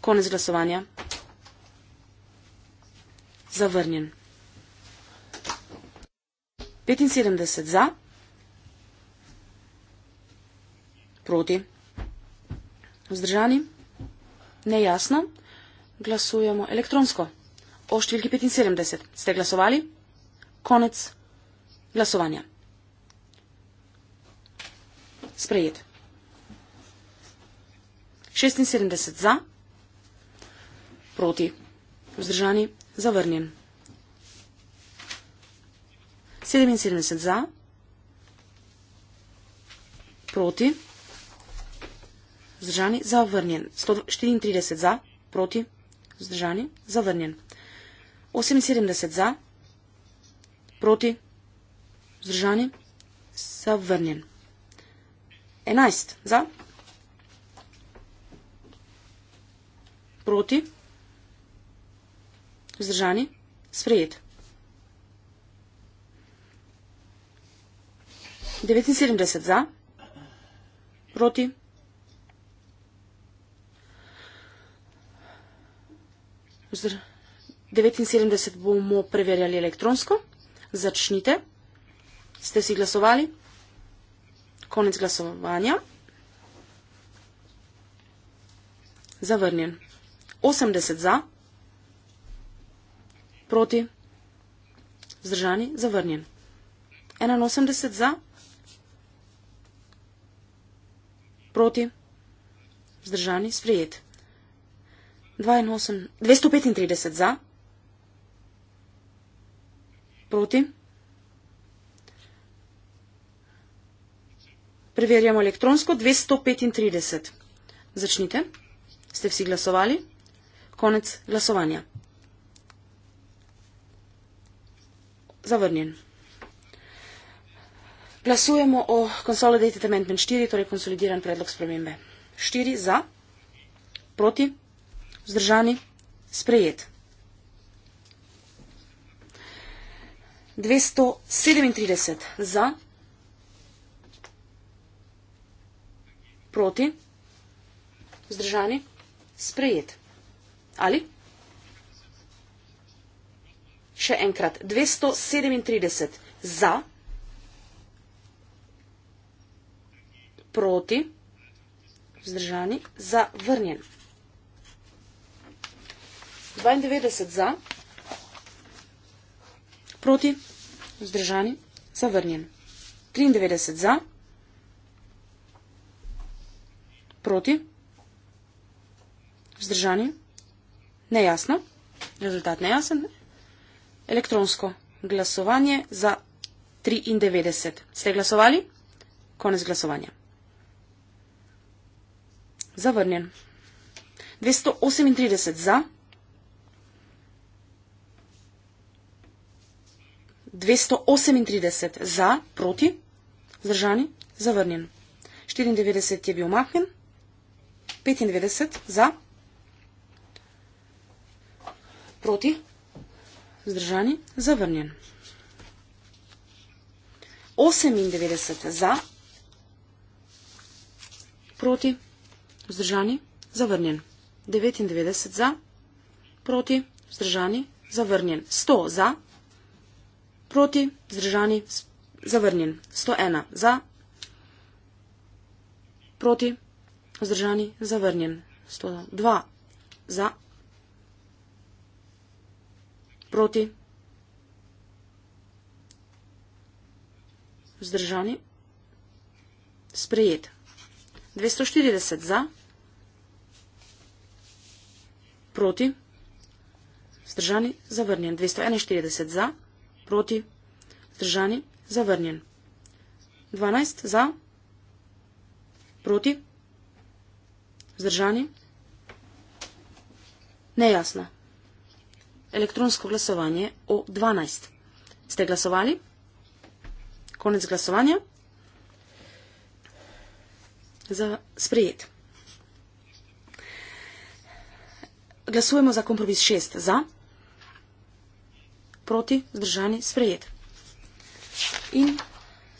Konec glasovanja. Zavrnjen. 75 za. Proti. Vzdržani. Nejasno. Glasujemo elektronsko o številki 75. Ste glasovali? Konec glasovanja. Sprejet. 76 za, proti, vzdržani, zavrnjen. 77 za, proti, vzdržani, zavrnjen. 134 za, proti, vzdržani, zavrnjen. 78 за, проти, вздържани, са върнен. 11 за, проти, вздържани, сприят. 79 за, проти, вздържани. 79 bomo preverjali elektronsko. Začnite. Ste si glasovali? Konec glasovanja. Zavrnjen. 80 za. Proti. Zdržani. Zavrnjen. 81 za. Proti. Zdržani. Sprejet. 285 za. Proti. Preverjamo elektronsko 235. Začnite. Ste vsi glasovali? Konec glasovanja. Zavrnjen. Glasujemo o Consolidated Amendment 4, torej konsolidiran predlog spremembe. 4 za, proti, vzdržani, sprejet. 237 za, proti, vzdržani, sprejet. Ali? Še enkrat. 237 za, proti, vzdržani, zavrnjen. 92 za, proti, vzdržani, zavrnjen. Proti, vzdržani, zavrnjen. 93 za, proti, vzdržani, nejasno, rezultat nejasen. Elektronsko glasovanje za 93. Ste glasovali? Konec glasovanja. Zavrnjen. 238 za, 238 za, proti, zdržani, zavrnjen. 94 je bil mahnen, 95 za, proti, zdržani, zavrnjen. 98 za, proti, zdržani, zavrnjen. 99 za, proti, zdržani, zavrnjen. 100 za, proti proti, vzdržani, zavrnjen. 101 za, proti, vzdržani, zavrnjen. 102 za, proti, vzdržani, sprejet. 240 za, proti, vzdržani, zavrnjen. 241 za, proti, vzdržani, zavrnjen. Proti. Zdržani. Zavrnjen. 12. Za. Proti. Zdržani. Nejasna. Elektronsko glasovanje o 12. Ste glasovali? Konec glasovanja. Za sprejet. Glasujemo za kompromis 6 za proti, zdržani, sprejet. In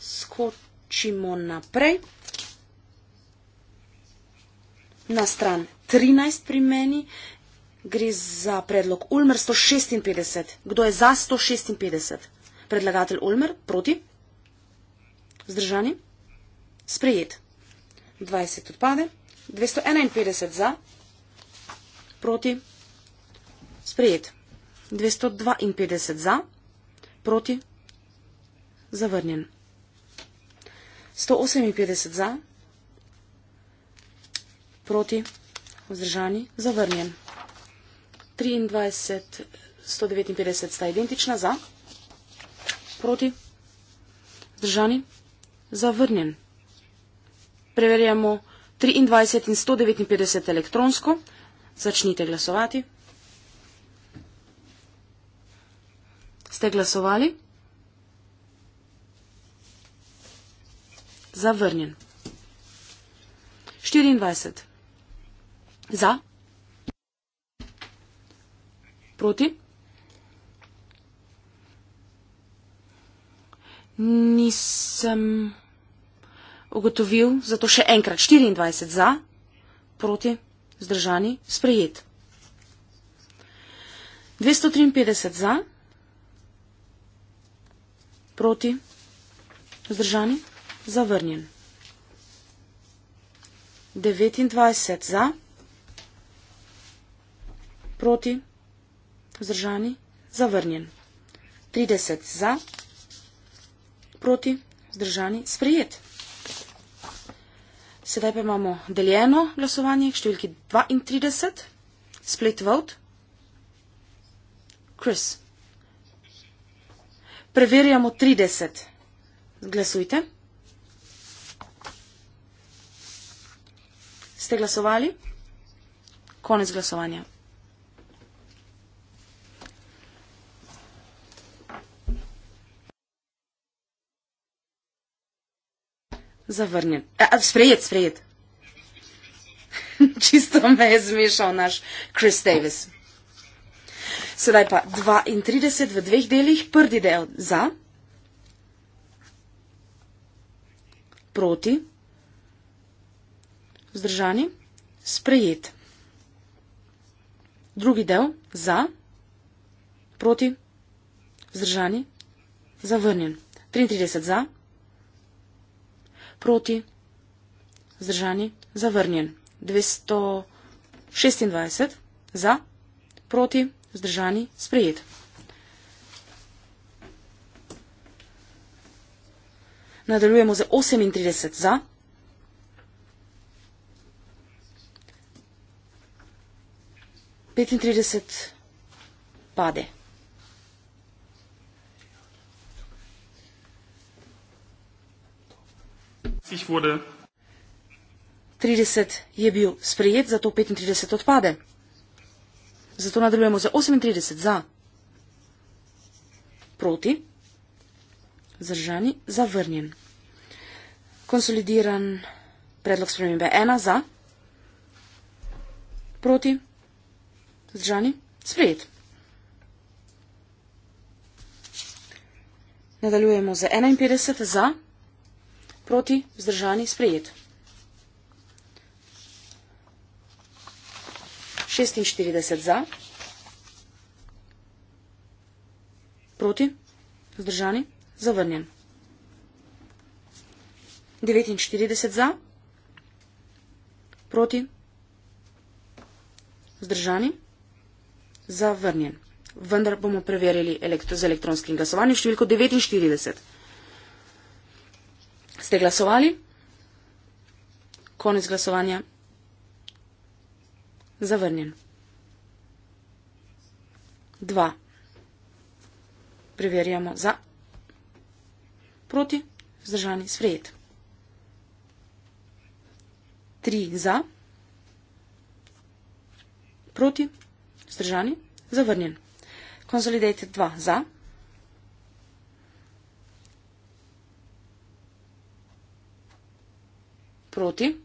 skočimo naprej. Na stran 13 pri meni gre za predlog Ulmer 156. Kdo je za 156? Predlagatelj Ulmer, proti, zdržani, sprejet. 20 odpade, 251 za, proti, sprejet. 252 za, proti, zavrnjen. 158 za, proti, vzdržani, zavrnjen. 23, 159 sta identična za, proti, vzdržani, zavrnjen. Preverjamo 23 in 159 elektronsko. Začnite glasovati. Ste glasovali? Zavrnjen. 24. Za. Proti. Nisem ugotovil, zato še enkrat. 24 za, proti, zdržani, sprejet. 253 za. Proti? Zdržani? Zavrnjen. 29 za. Proti? Zdržani? Zavrnjen. 30 za. Proti? Zdržani? Sprijet. Sedaj pa imamo deljeno glasovanje k številki 32. Split vote. Chris. Chris preverjamo 30. Glasujte. Ste glasovali? Konec glasovanja. Zavrnjen. A, sprejet, sprejet. Čisto me je zmešal naš Chris Davis. Sedaj pa 32 v dveh delih, prvi del za, proti, vzdržani, sprejet. Drugi del za, proti, vzdržani, zavrnjen. 33 za, proti, vzdržani, zavrnjen. 226 za, proti, vzdržani. Zdržani, sprejet. Nadaljujemo z 38 za. Petintrideset pade. Trideset je bil sprejet, zato petintrideset odpade. Zato nadaljujemo za 38 za, proti, zržani, zavrnjen. Konsolidiran predlog spremembe 1 za, proti, zržani, sprejet. Nadaljujemo za 51 za, proti, zdržani, sprejet. 46 za, proti, zdržani, zavrnjen. 49 za, proti, zdržani, zavrnjen. Vendar bomo preverili elektro, z elektronskim glasovanjem številko 49. Ste glasovali? Konec glasovanja. Zavrnjen. 2. Preverjamo za. Proti. Zdržani. Sprejet. 3. Za. Proti. Zdržani. Zavrnjen. Konsolidate 2. Za. Proti.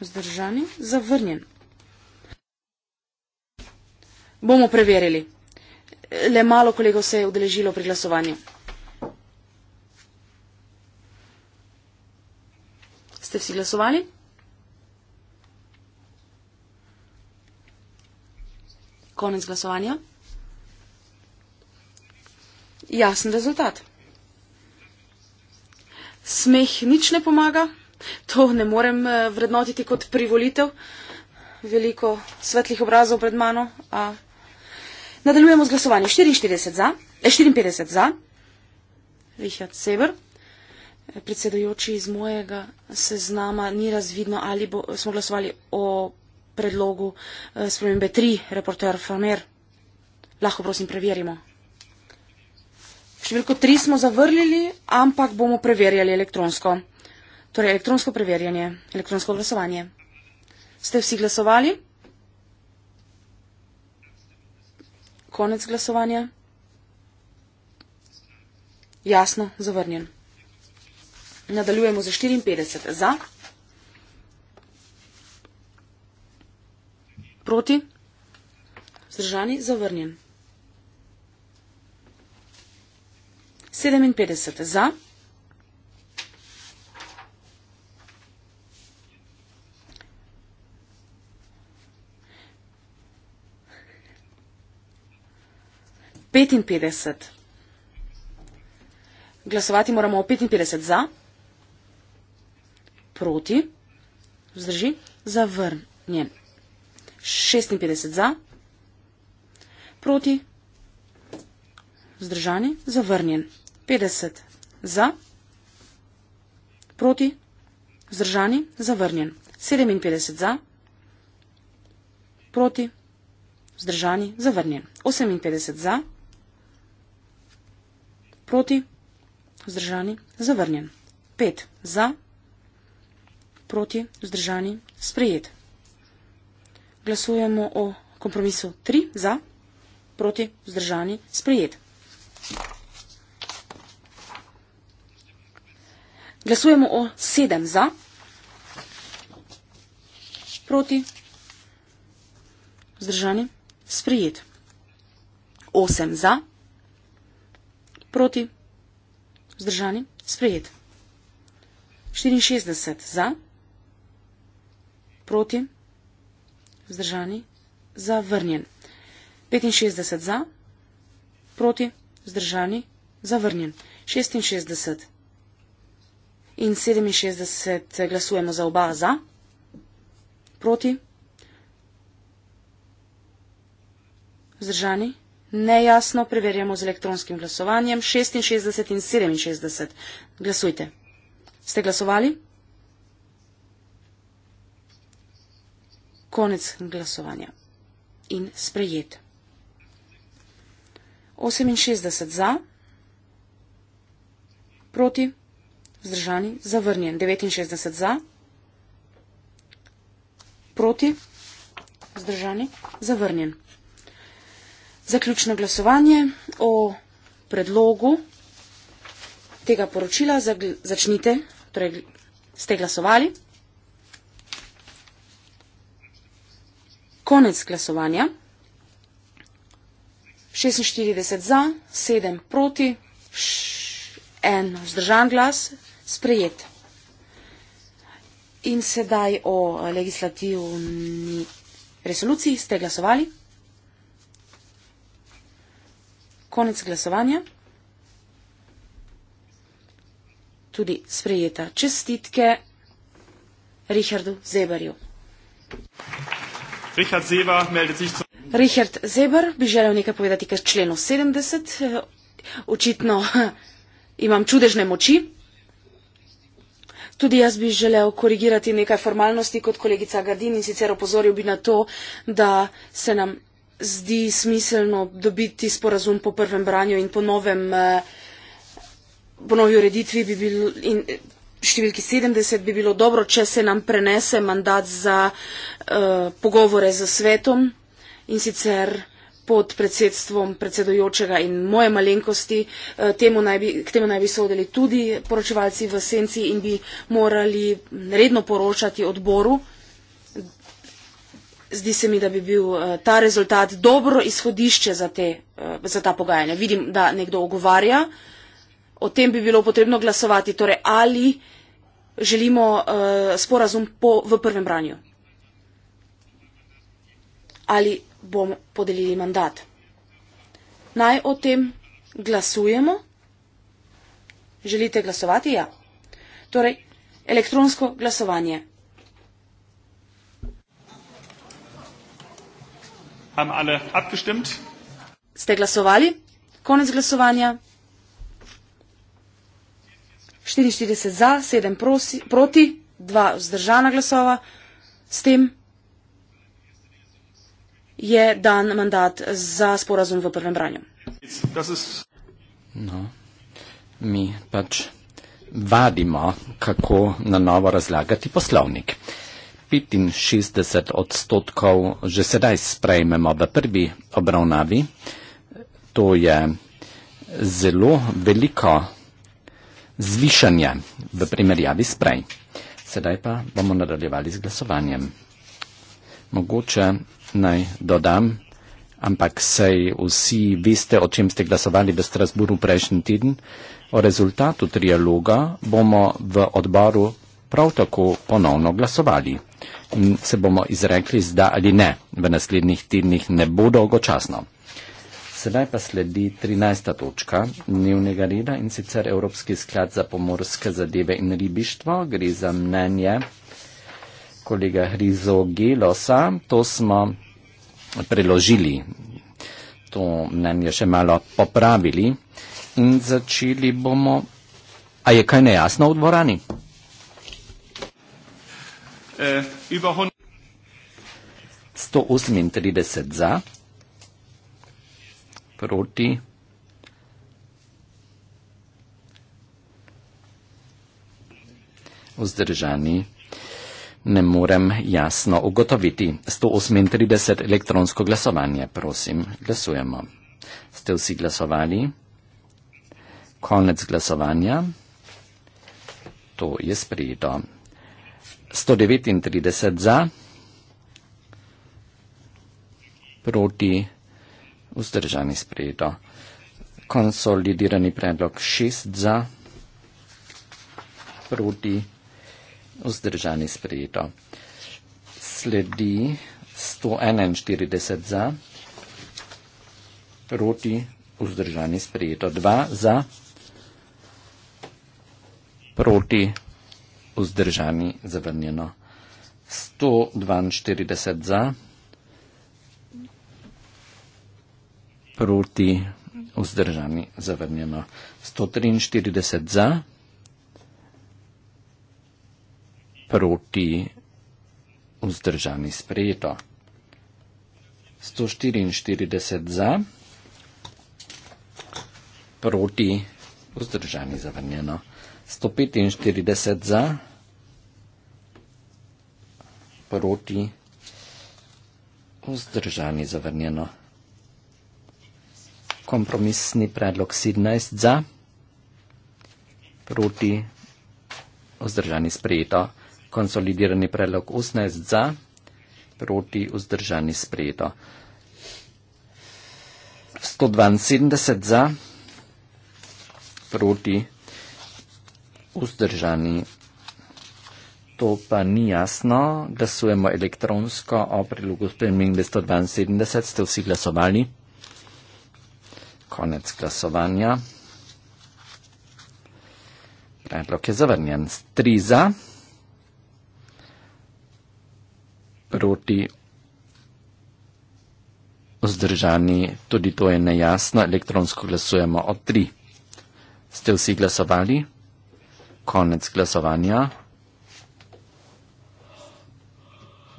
Zdržani. Zavrnjen. Bomo preverili. Le malo kolegov se je udeležilo pri glasovanju. Ste vsi glasovali? Konec glasovanja. Jasen rezultat. Smeh nič ne pomaga, to ne morem eh, vrednotiti kot privolitev. Veliko svetlih obrazov pred mano, a Nadaljujemo z glasovanjem. 44 za, 54 eh, za, Richard Seber, predsedojoči iz mojega seznama, ni razvidno, ali bo, smo glasovali o predlogu eh, spremembe 3, reporter Famer. Lahko prosim preverimo. Številko 3 smo zavrnili, ampak bomo preverjali elektronsko. Torej elektronsko preverjanje, elektronsko glasovanje. Ste vsi glasovali? Konec glasovanja. Jasno, zavrnjen. Nadaljujemo za 54. Za. Proti. Zdržani, zavrnjen. 57. Za. petinpetdeset glasovati moramo petinpetdeset za proti vzdrži zavrnjen šestinpetdeset za proti vzdržani zavrnjen petdeset za proti vzdržani zavrnjen sedeminpetdeset za proti vzdržani zavrnjen oseminpetdeset za proti, vzdržani, zavrnjen. 5. Za, proti, vzdržani, sprejet. Glasujemo o kompromisu 3. Za, proti, vzdržani, sprejet. Glasujemo o 7. Za, proti, vzdržani, sprejet. 8. Za, proti, vzdržani, sprejet. Proti. Zdržani. Sprejet. 64 za. Proti. Zdržani. Zavrnjen. 65 za. Proti. Zdržani. Zavrnjen. 66 in 67 glasujemo za oba za. Proti. Zdržani nejasno, preverjamo z elektronskim glasovanjem 66 in 67. Glasujte. Ste glasovali? Konec glasovanja. In sprejet. 68 za, proti, vzdržani, zavrnjen. 69 za, proti, vzdržani, zavrnjen. Zaključno glasovanje o predlogu tega poročila. Začnite, torej ste glasovali. Konec glasovanja. 46 za, 7 proti, 1 vzdržan glas, sprejet. In sedaj o legislativni resoluciji ste glasovali. konec glasovanja. Tudi sprejeta čestitke Richardu Zebarju. Richard Zebar, zu... Richard Zebar bi želel nekaj povedati k členu 70. Očitno imam čudežne moči. Tudi jaz bi želel korigirati nekaj formalnosti kot kolegica Gardin in sicer opozoril bi na to, da se nam zdi smiselno dobiti sporazum po prvem branju in po novem, eh, po novi ureditvi bi bil in eh, številki 70 bi bilo dobro, če se nam prenese mandat za eh, pogovore z svetom in sicer pod predsedstvom predsedojočega in moje malenkosti. Temu naj bi, k temu naj bi sodeli tudi poročevalci v senci in bi morali mm, redno poročati odboru zdi se mi, da bi bil eh, ta rezultat dobro izhodišče za, te, eh, za ta pogajanja. Vidim, da nekdo ogovarja, o tem bi bilo potrebno glasovati, torej ali želimo eh, sporazum po, v prvem branju. Ali bomo podelili mandat. Naj o tem glasujemo. Želite glasovati? Ja. Torej, elektronsko glasovanje. Haben alle abgestimmt? Ste glasovali? Konec glasovanja. 44 za, 7 prosi, proti, 2 vzdržana glasova. S tem je dan mandat za sporazum v prvem branju. No, mi pač vadimo, kako na novo razlagati poslovnik. 65 odstotkov že sedaj sprejmemo v prvi obravnavi. To je zelo veliko zvišanje v primerjavi s prej. Sedaj pa bomo nadaljevali z glasovanjem. Mogoče naj dodam, ampak sej vsi veste, o čem ste glasovali v Strasburu prejšnji teden. O rezultatu trialoga bomo v odboru prav tako ponovno glasovali. In se bomo izrekli zda ali ne, v naslednjih tednih ne bo dolgočasno. Sedaj pa sledi 13. točka dnevnega reda in sicer Evropski sklad za pomorske zadeve in ribištvo. Gre za mnenje kolega Hrizo Gelosa. To smo preložili, to mnenje še malo popravili in začeli bomo. A je kaj nejasno v dvorani? äh, über 100. 138 za proti 138 vzdržani. Ne morem jasno ugotoviti. 138 elektronsko glasovanje, prosim, glasujemo. Ste vsi glasovali? Konec glasovanja. To je sprejeto. 139 za, proti vzdržani sprejeto. Konsolidirani predlog 6 za, proti vzdržani sprejeto. Sledi 141 za, proti vzdržani sprejeto. 2 za, proti vzdržani zavrnjeno. 142 za, proti vzdržani zavrnjeno. 143 za, proti vzdržani sprejeto. 144 za, proti vzdržani zavrnjeno. 145 za, proti, vzdržani zavrnjeno. Kompromisni predlog 17 za, proti, vzdržani sprejeto. Konsolidirani predlog 18 za, proti, vzdržani sprejeto. 172 za, proti, vzdržani sprejeto vzdržani. To pa ni jasno. Glasujemo elektronsko o prilogu spremenj 272. Ste vsi glasovali? Konec glasovanja. Predlog je zavrnjen. Tri za, proti, vzdržani, tudi to je nejasno. Elektronsko glasujemo o tri. Ste vsi glasovali? konec glasovanja.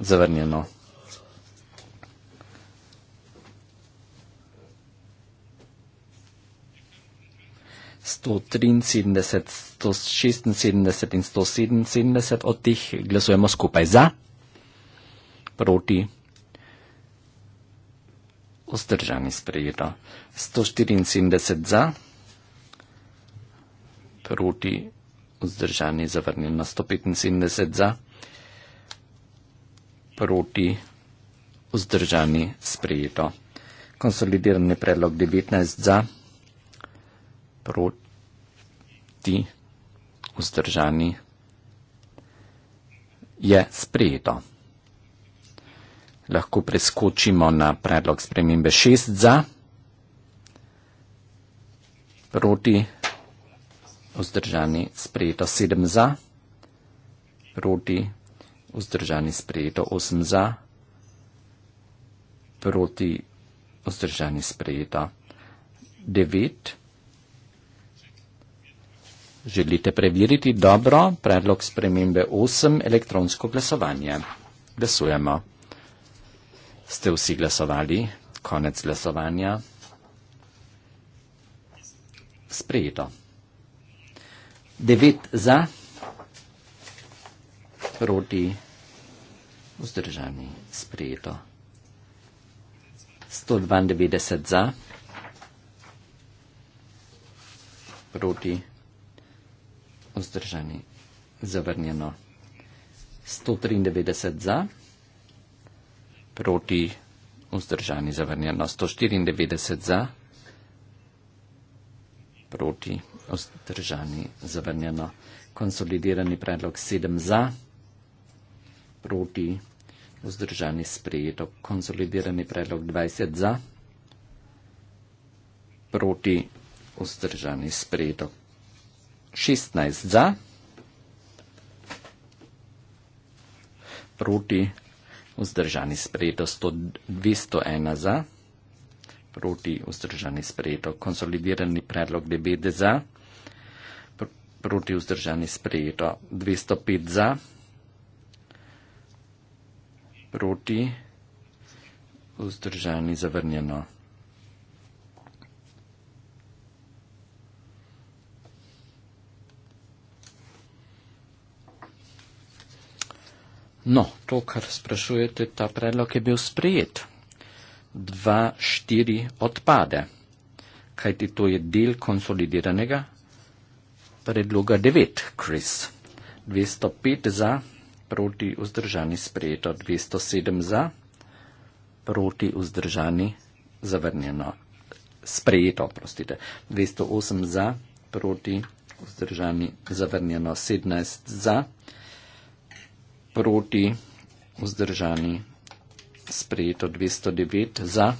Zavrnjeno. Sto triinsedemdeset, sto šestinsedemdeset in sto sedeminsedemdeset od teh glasujemo skupaj za, proti, vzdržani sprejeto. Sto štiriinsedemdeset za, proti vzdržani, zavrnili na 175 za, proti vzdržani sprejeto. Konsolidirani predlog 19 za, proti vzdržani je sprejeto. Lahko preskočimo na predlog spremembe 6 za, proti vzdržani vzdržani, sprejeto 7 za, proti, vzdržani, sprejeto 8 za, proti, vzdržani, sprejeto 9. Želite preveriti dobro predlog spremembe 8 elektronsko glasovanje? Glasujemo. Ste vsi glasovali? Konec glasovanja. Sprejeto. 9 za, proti vzdržani sprejeto. 192 za, proti vzdržani zavrnjeno. 193 za, proti vzdržani zavrnjeno. 194 za, proti vzdržani zavrnjeno vzdržani, zavrnjeno. Konsolidirani predlog 7 za, proti, vzdržani, sprejeto. Konsolidirani predlog 20 za, proti, vzdržani, sprejeto. 16 za, proti, vzdržani, sprejeto. 201 za, proti, vzdržani, sprejeto. Konsolidirani predlog 9 za, proti, vzdržani, sprejeto proti vzdržani sprejeto. 205 za, proti vzdržani zavrnjeno. No, to, kar sprašujete, ta predlog je bil sprejet. 2.4 odpade, kajti to je del konsolidiranega predloga 9, Kris. 205 za, proti vzdržani sprejeto, 207 za, proti vzdržani zavrnjeno, sprejeto, prostite. 208 za, proti vzdržani zavrnjeno, 17 za, proti vzdržani sprejeto, 209 za,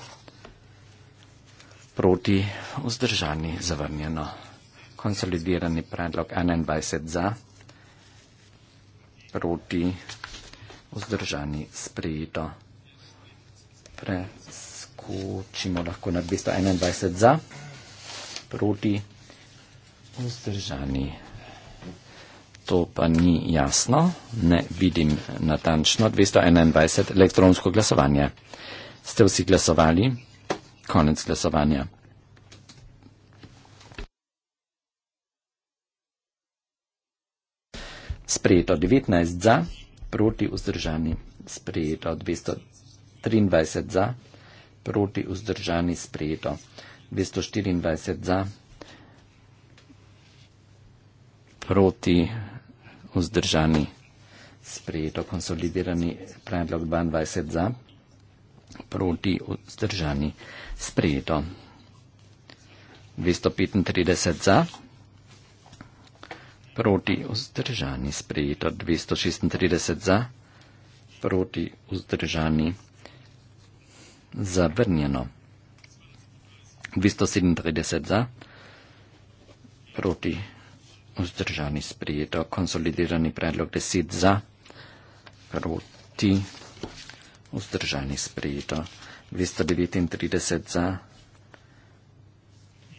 proti vzdržani zavrnjeno konsolidirani predlog 21 za, proti, vzdržani, sprejeto. Preskočimo lahko na 221 za, proti, vzdržani. To pa ni jasno, ne vidim natančno. 221 elektronsko glasovanje. Ste vsi glasovali? Konec glasovanja. sprejeto 19 za, proti vzdržani sprejeto 223 za, proti vzdržani sprejeto 224 za, proti vzdržani sprejeto konsolidirani predlog 22 za, proti vzdržani sprejeto 235 za. Proti vzdržani sprejeto 236 za, proti vzdržani zavrnjeno 237 za, proti vzdržani sprejeto konsolidirani predlog 10 za, proti vzdržani sprejeto 239 za,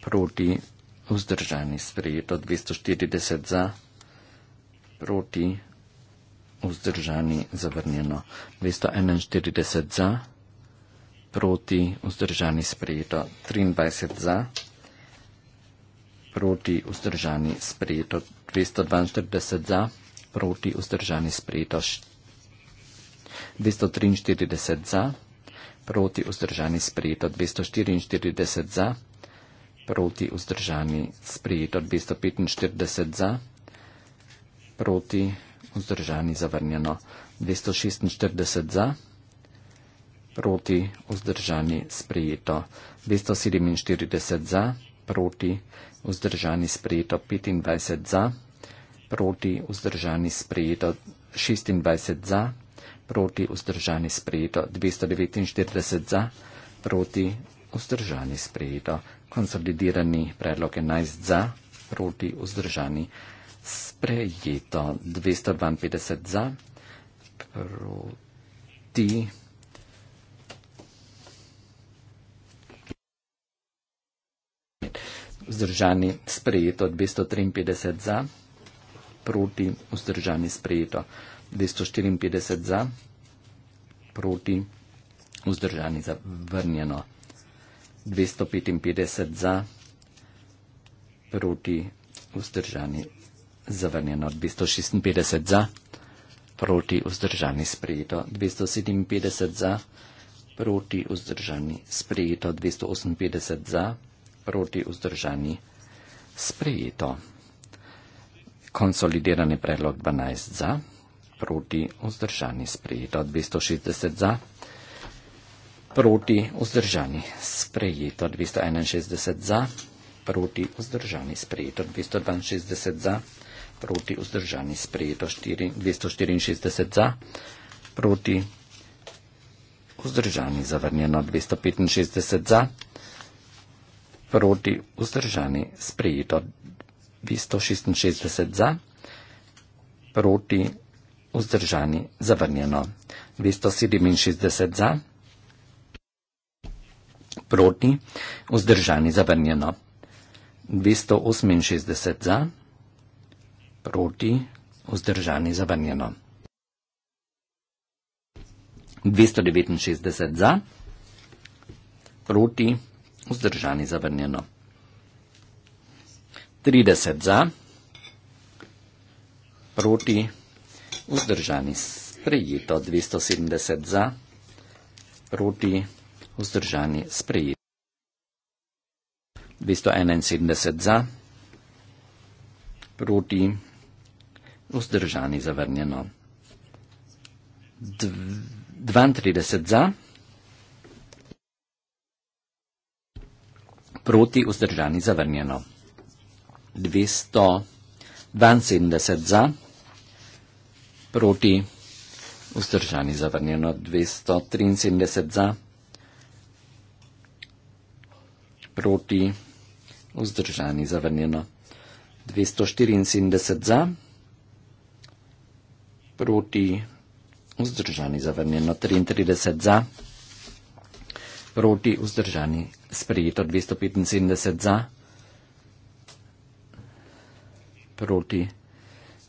proti vzdržani sprejeto vzdržani, sprejeto 240 za, proti, vzdržani, zavrnjeno 241 za, proti, vzdržani, sprejeto 23 za, proti, vzdržani, sprejeto 242 za, proti, vzdržani, sprejeto 243 za, proti, vzdržani, sprejeto 244 za, proti vzdržani sprejeto 245 za, proti vzdržani zavrnjeno 246 za, proti vzdržani sprejeto 247 za, proti vzdržani sprejeto 25 za, proti vzdržani sprejeto 26 za, proti vzdržani sprejeto 249 za, proti vzdržani sprejeto 249 konsolidirani predlog 11 za, proti vzdržani sprejeto 252 za, proti. Vzdržani sprejeto 253 za, proti vzdržani sprejeto 254 za, proti vzdržani zavrnjeno 255 za, proti vzdržani zavrnjeno 256 za, proti vzdržani sprejeto 257 za, proti vzdržani sprejeto 258 za, proti vzdržani sprejeto. Konsolidirani predlog 12 za, proti vzdržani sprejeto 260 za proti vzdržani sprejeto 261 za, proti vzdržani sprejeto 262 za, proti vzdržani sprejeto 264 za, proti vzdržani zavrnjeno 265 za, proti vzdržani sprejeto 266 za, proti vzdržani zavrnjeno 267 za, proti vzdržani zavrnjeno 267 za, Proti, vzdržani zavrnjeno. 268 za, proti, vzdržani zavrnjeno. 269 za, proti, vzdržani zavrnjeno. 30 za, proti, vzdržani sprejeto. 270 za, proti, vzdržani zavrnjeno vzdržani sprejeti. 271 za, proti, vzdržani zavrnjeno. Dv 32 za, proti, vzdržani zavrnjeno. 272 za, proti, vzdržani zavrnjeno. 273 za, proti. proti, vzdržani zavrnjeno. 274 za, proti, vzdržani zavrnjeno. 33 za, proti, vzdržani sprejeto. 275 za, proti,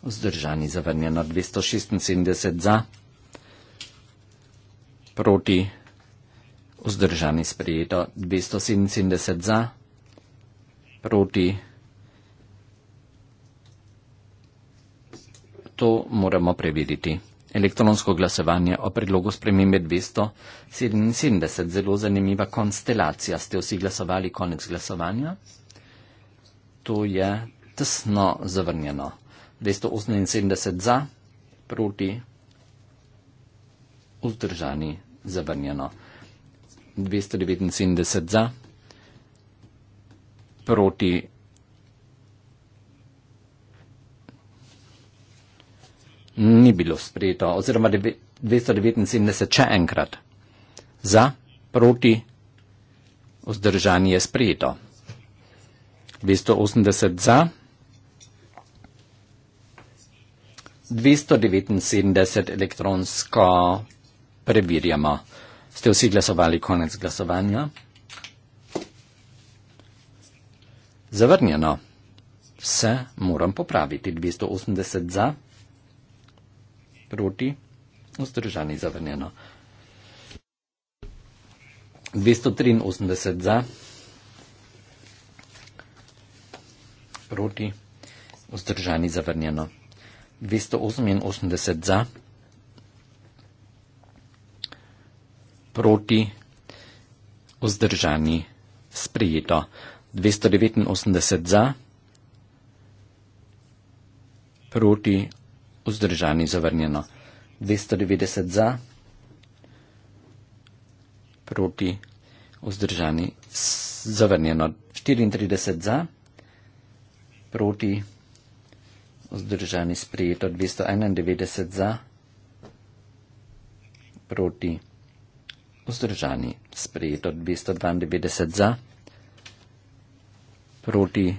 vzdržani zavrnjeno. 276 za, proti, vzdržani zavrnjeno. Vzdržani sprejeto 277 za, proti. To moramo preveriti. Elektronsko glasovanje o predlogu spremembe 277, zelo zanimiva konstelacija. Ste vsi glasovali konec glasovanja? To je tesno zavrnjeno. 278 za, proti, vzdržani, zavrnjeno. 279 za, proti 9. Ni bilo sprejeto, oziroma 279 še enkrat za, proti vzdržanje je sprejeto. 280 za, 279 elektronsko preverjamo. Ste vsi glasovali konec glasovanja? Zavrnjeno. Vse moram popraviti. 280 za, proti, vzdržani zavrnjeno. 283 za, proti, vzdržani zavrnjeno. 288 za. proti, vzdržani, sprejeto. 289 za, proti, vzdržani, zavrnjeno. 290 za, proti, vzdržani, zavrnjeno. 34 za, proti, vzdržani, sprejeto. 291 za, proti, vzdržani vzdržani. Sprejeto 292 za, proti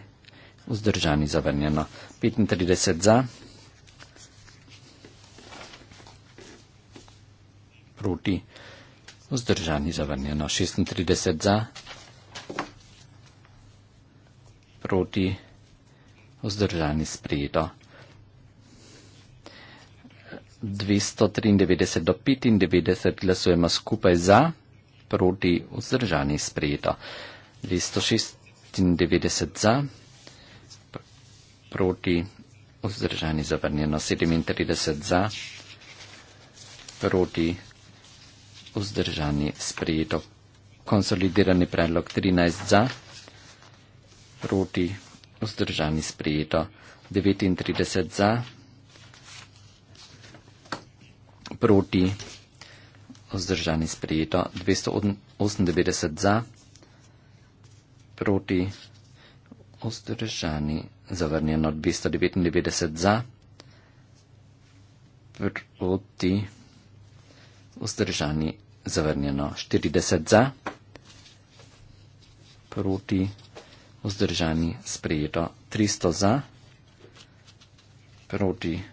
vzdržani zavrnjeno 35 za, proti vzdržani zavrnjeno 36 za, proti vzdržani sprejeto 32. 293 do 95 glasujemo skupaj za, proti vzdržani sprejeto. 296 za, proti vzdržani zavrnjeno. 37 za, proti vzdržani sprejeto. Konsolidirani predlog 13 za, proti vzdržani sprejeto. 39 za, proti vzdržani sprejeto 298 za, proti vzdržani zavrnjeno 299 za, proti vzdržani zavrnjeno 40 za, proti vzdržani sprejeto 300 za, proti vzdržani sprejeto 300 za,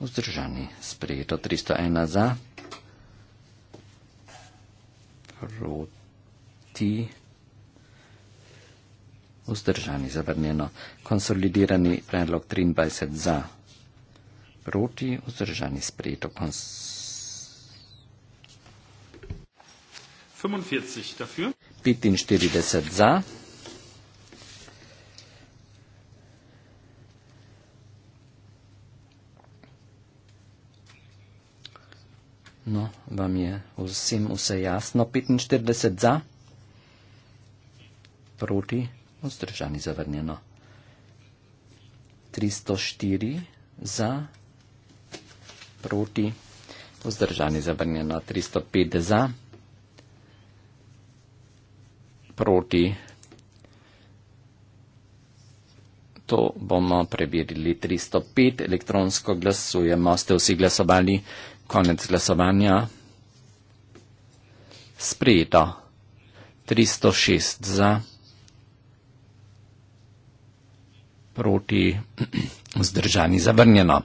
Vzdržani. Sprejeto 301 za. Proti. Vzdržani. Zavrnjeno. Konsolidirani predlog 23 za. Proti. Vzdržani. Sprejeto. Konsolidirani. 45 za. No, vam je vsem vse jasno. 45 za, proti, vzdržani zavrnjeno. 304 za, proti, vzdržani zavrnjeno. 305 za, proti. To bomo preverili 305, elektronsko glasujemo, ste vsi glasovali konec glasovanja. Sprejeto 306 za, proti vzdržani zavrnjeno.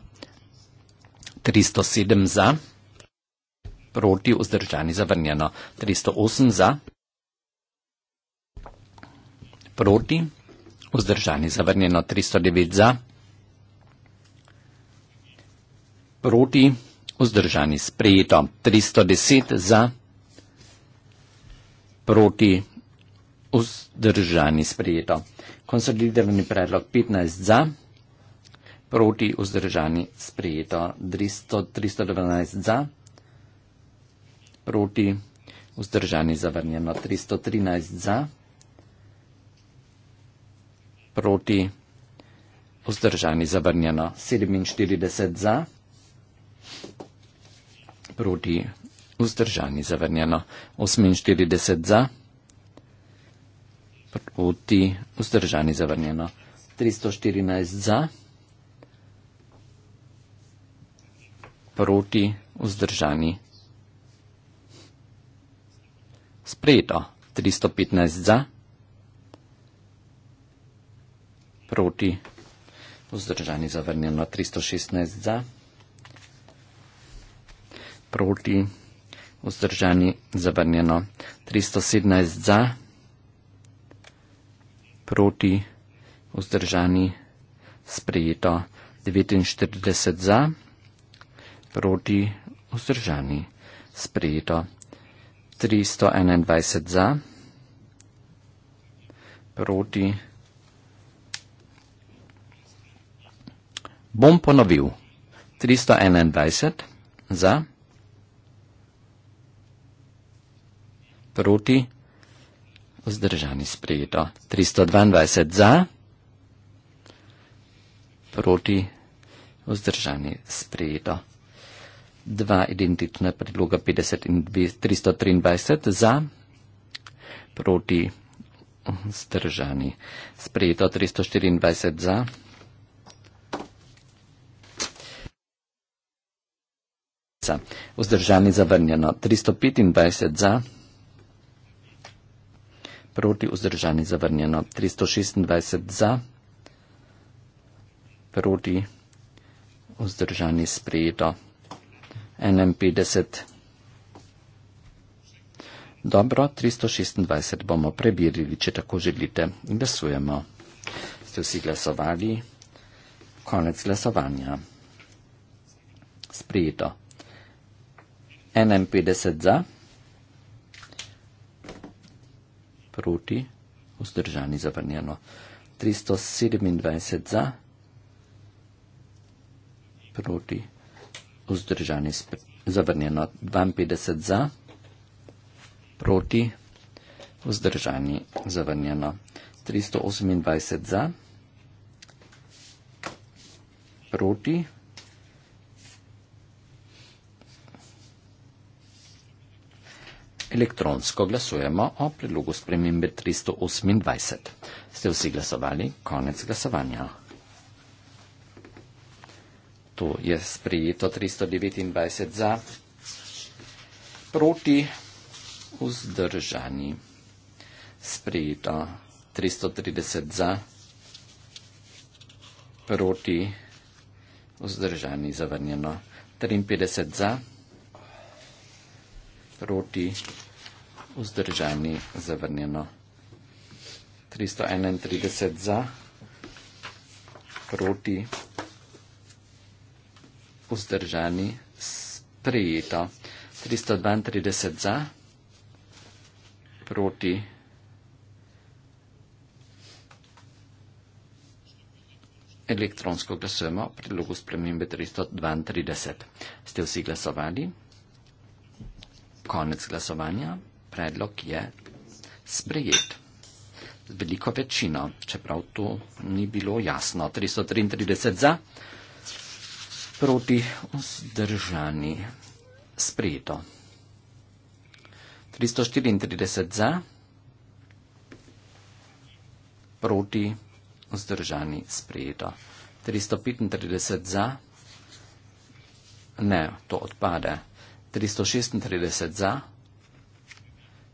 307 za, proti vzdržani zavrnjeno. 308 za, proti vzdržani zavrnjeno. 309 za, proti vzdržani zavrnjeno vzdržani sprejeto. 310 za, proti vzdržani sprejeto. Konsolidirani predlog 15 za, proti vzdržani sprejeto. 300, 312 za, proti vzdržani zavrnjeno. 313 za, proti vzdržani zavrnjeno. 47 za proti vzdržani zavrnjeno. 48 za, proti vzdržani zavrnjeno. 314 za, proti vzdržani. Sprejeto. 315 za, proti vzdržani zavrnjeno. 316 za proti, vzdržani, zavrnjeno. 317 za, proti, vzdržani, sprejeto. 49 za, proti, vzdržani, sprejeto. 321 za, proti. Bom ponovil. 321 za. proti, vzdržani sprejeto. 322 za, proti, vzdržani sprejeto. Dva identična predloga 50 in 323 za, proti, vzdržani sprejeto. 324 za. Vzdržani zavrnjeno 325 za proti vzdržani zavrnjeno. 326 za, proti vzdržani sprejeto. 51. Dobro, 326 bomo preverili, če tako želite. Glasujemo. Ste vsi glasovali? Konec glasovanja. Sprejeto. 51 za. proti, vzdržani zavrnjeno. 327 za, proti, vzdržani zavrnjeno. 52 za, proti, vzdržani zavrnjeno. 328 za, proti, vzdržani zavrnjeno. elektronsko glasujemo o predlogu spremembe 328. Ste vsi glasovali? Konec glasovanja. To je sprejeto 329 za, proti vzdržani. Sprejeto 330 za, proti vzdržani, zavrnjeno 53 za, proti vzdržani, zavrnjeno. 331 za, proti, vzdržani, sprejeto. 332 za, proti, elektronsko glasujemo, predlogu spremembe 332. Ste vsi glasovali? Konec glasovanja predlog je sprejet. Z veliko večino, čeprav to ni bilo jasno. 333 za, proti vzdržani sprejeto. 334 za, proti vzdržani sprejeto. 335 za, ne, to odpade. 336 za,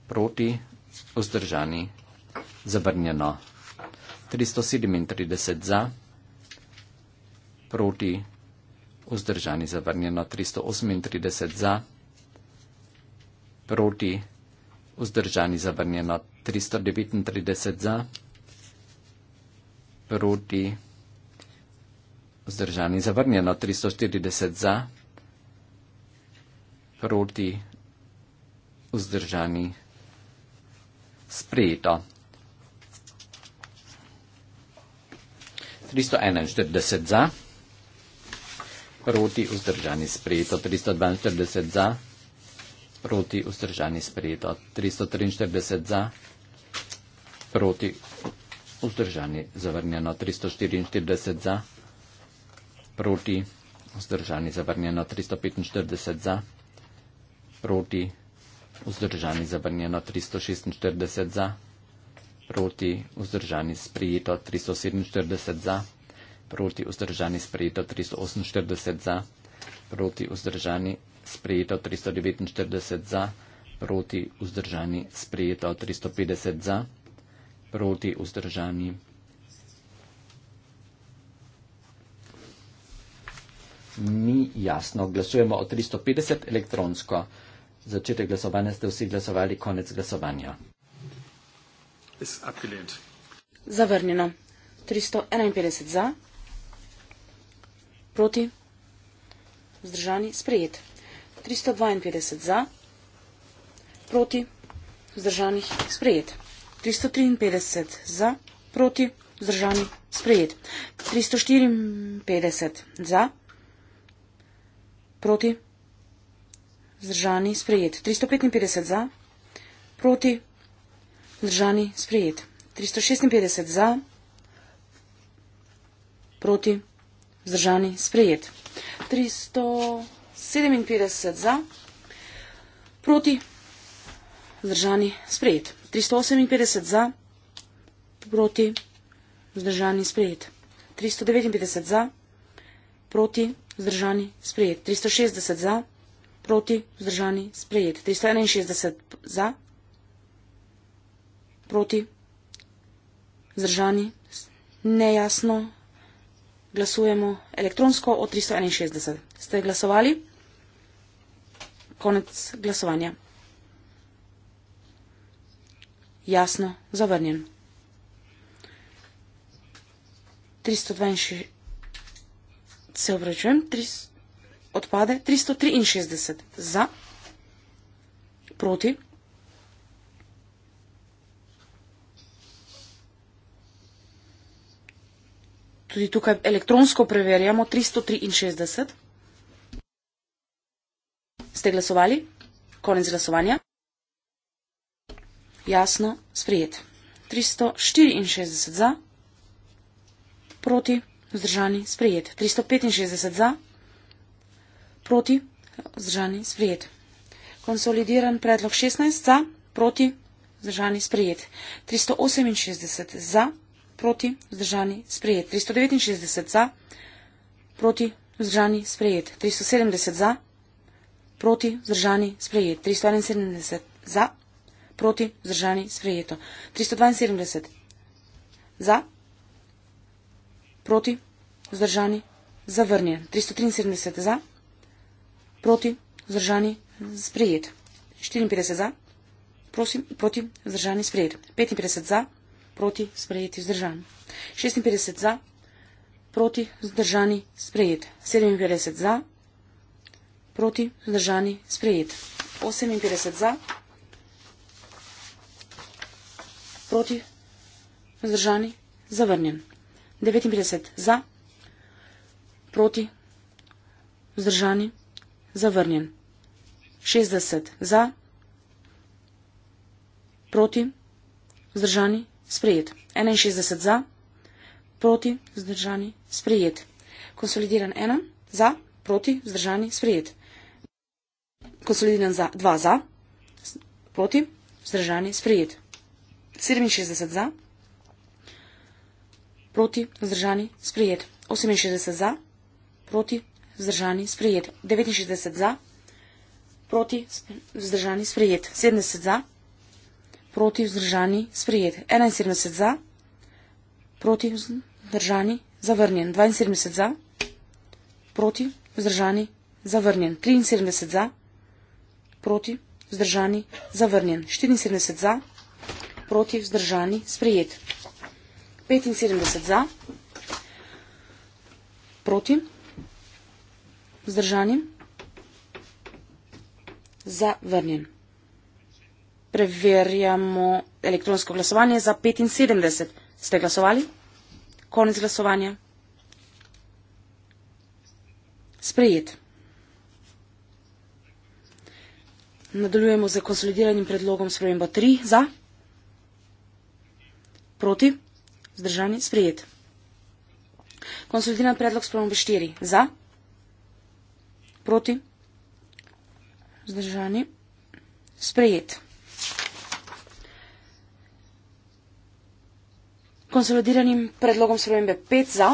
proti, vzdržani, zavrnjeno. 337 za, proti, vzdržani, zavrnjeno. 338 za, proti, vzdržani, zavrnjeno. 339 za, proti, vzdržani, zavrnjeno. 340 za, proti, vzdržani, zavrnjeno sprejeta. 341 za, proti vzdržani sprejeto, 342 za, proti vzdržani sprejeto, 343 za, proti vzdržani zavrnjeno, 344 za, proti vzdržani zavrnjeno, 345 za, proti vzdržani zavrnjeno vzdržani zabrnjeno 346 za, proti vzdržani sprejeto 347 za, proti vzdržani sprejeto 348 za, proti vzdržani sprejeto 349 za, proti vzdržani sprejeto 350 za, proti vzdržani. Ni jasno, glasujemo o 350 elektronsko začetek glasovanja ste vsi glasovali konec glasovanja. Zavrnjeno. 351 za, proti, vzdržani, sprejet. 352 za, proti, vzdržanih, sprejet. 353 za, proti, vzdržani, sprejet. 354 za, proti, vzdržani, sprejet. 354 za, proti, vzdržani, sprejet. Zdržani, sprejet. 355 za, proti, zdržani, sprejet. 356 za, proti, zdržani, sprejet. 357 za, proti, zdržani, sprejet. 358 za, proti, zdržani, sprejet. 359 za, proti, zdržani, sprejet. 360 za, proti, zdržani, sprejet proti, vzdržani, sprejet. 361 za, proti, vzdržani, nejasno, glasujemo elektronsko o 361. Ste glasovali? Konec glasovanja. Jasno, zavrnjen. 362, se obračujem, 362 odpade 363 za, proti. Tudi tukaj elektronsko preverjamo 363. Ste glasovali? Konec glasovanja. Jasno, sprijet. 364 za, proti, vzdržani, sprijet. 365 za, proti proti, zdržani, sprijet. Konsolidiran predlog 16 za, proti, zdržani, sprijet. 368 za, proti, zdržani, sprijet. 369 za, proti, zdržani, sprijet. 370 za, proti, zdržani, sprijet. 371 za, proti, zdržani, sprijeto. 372 za, proti, zdržani, zavrnjen. 373 za, proti, zdržani, sprijet. Proti, vzdržani, sprejet. 54 za, prosim, proti, vzdržani, sprejet. 55 za, proti, sprejet, vzdržan. 56 za, proti, vzdržani, sprejet. 57 za, proti, vzdržani, sprejet. 58 za, proti, vzdržani, zavrnjen. 59 za, proti, vzdržani, zavrnjen. Zavrnjen. 60 za. Proti. Zdržani. Sprejet. 61 za. Proti. Zdržani. Sprejet. Konsolidiran 1 za. Proti. Zdržani. Sprejet. Konsolidiran 2 za. Proti. Zdržani. Sprejet. 67 za. Proti. Zdržani. Sprejet. 68 za. Proti vzdržani, sprejet. 69 za, proti, vzdržani, sprejet. 70 za, proti, vzdržani, sprejet. 71 za, proti, vzdržani, zavrnjen. 72 za, proti, vzdržani, zavrnjen. 73 za, proti, vzdržani, zavrnjen. 74 za, proti, vzdržani, sprejet. 75 za, proti, vzdržani, zavrnjen. Vzdržanim. Zavrnjen. Preverjamo elektronsko glasovanje za 75. Ste glasovali? Konec glasovanja. Sprejet. Nadaljujemo z konsolidiranim predlogom sprememba 3. Za? Proti? Zdržani? Sprejet. Konsolidiran predlog sprememba 4. Za? Za? proti, zdržani, sprejet. Konsolidiranim predlogom spremembe 5 za,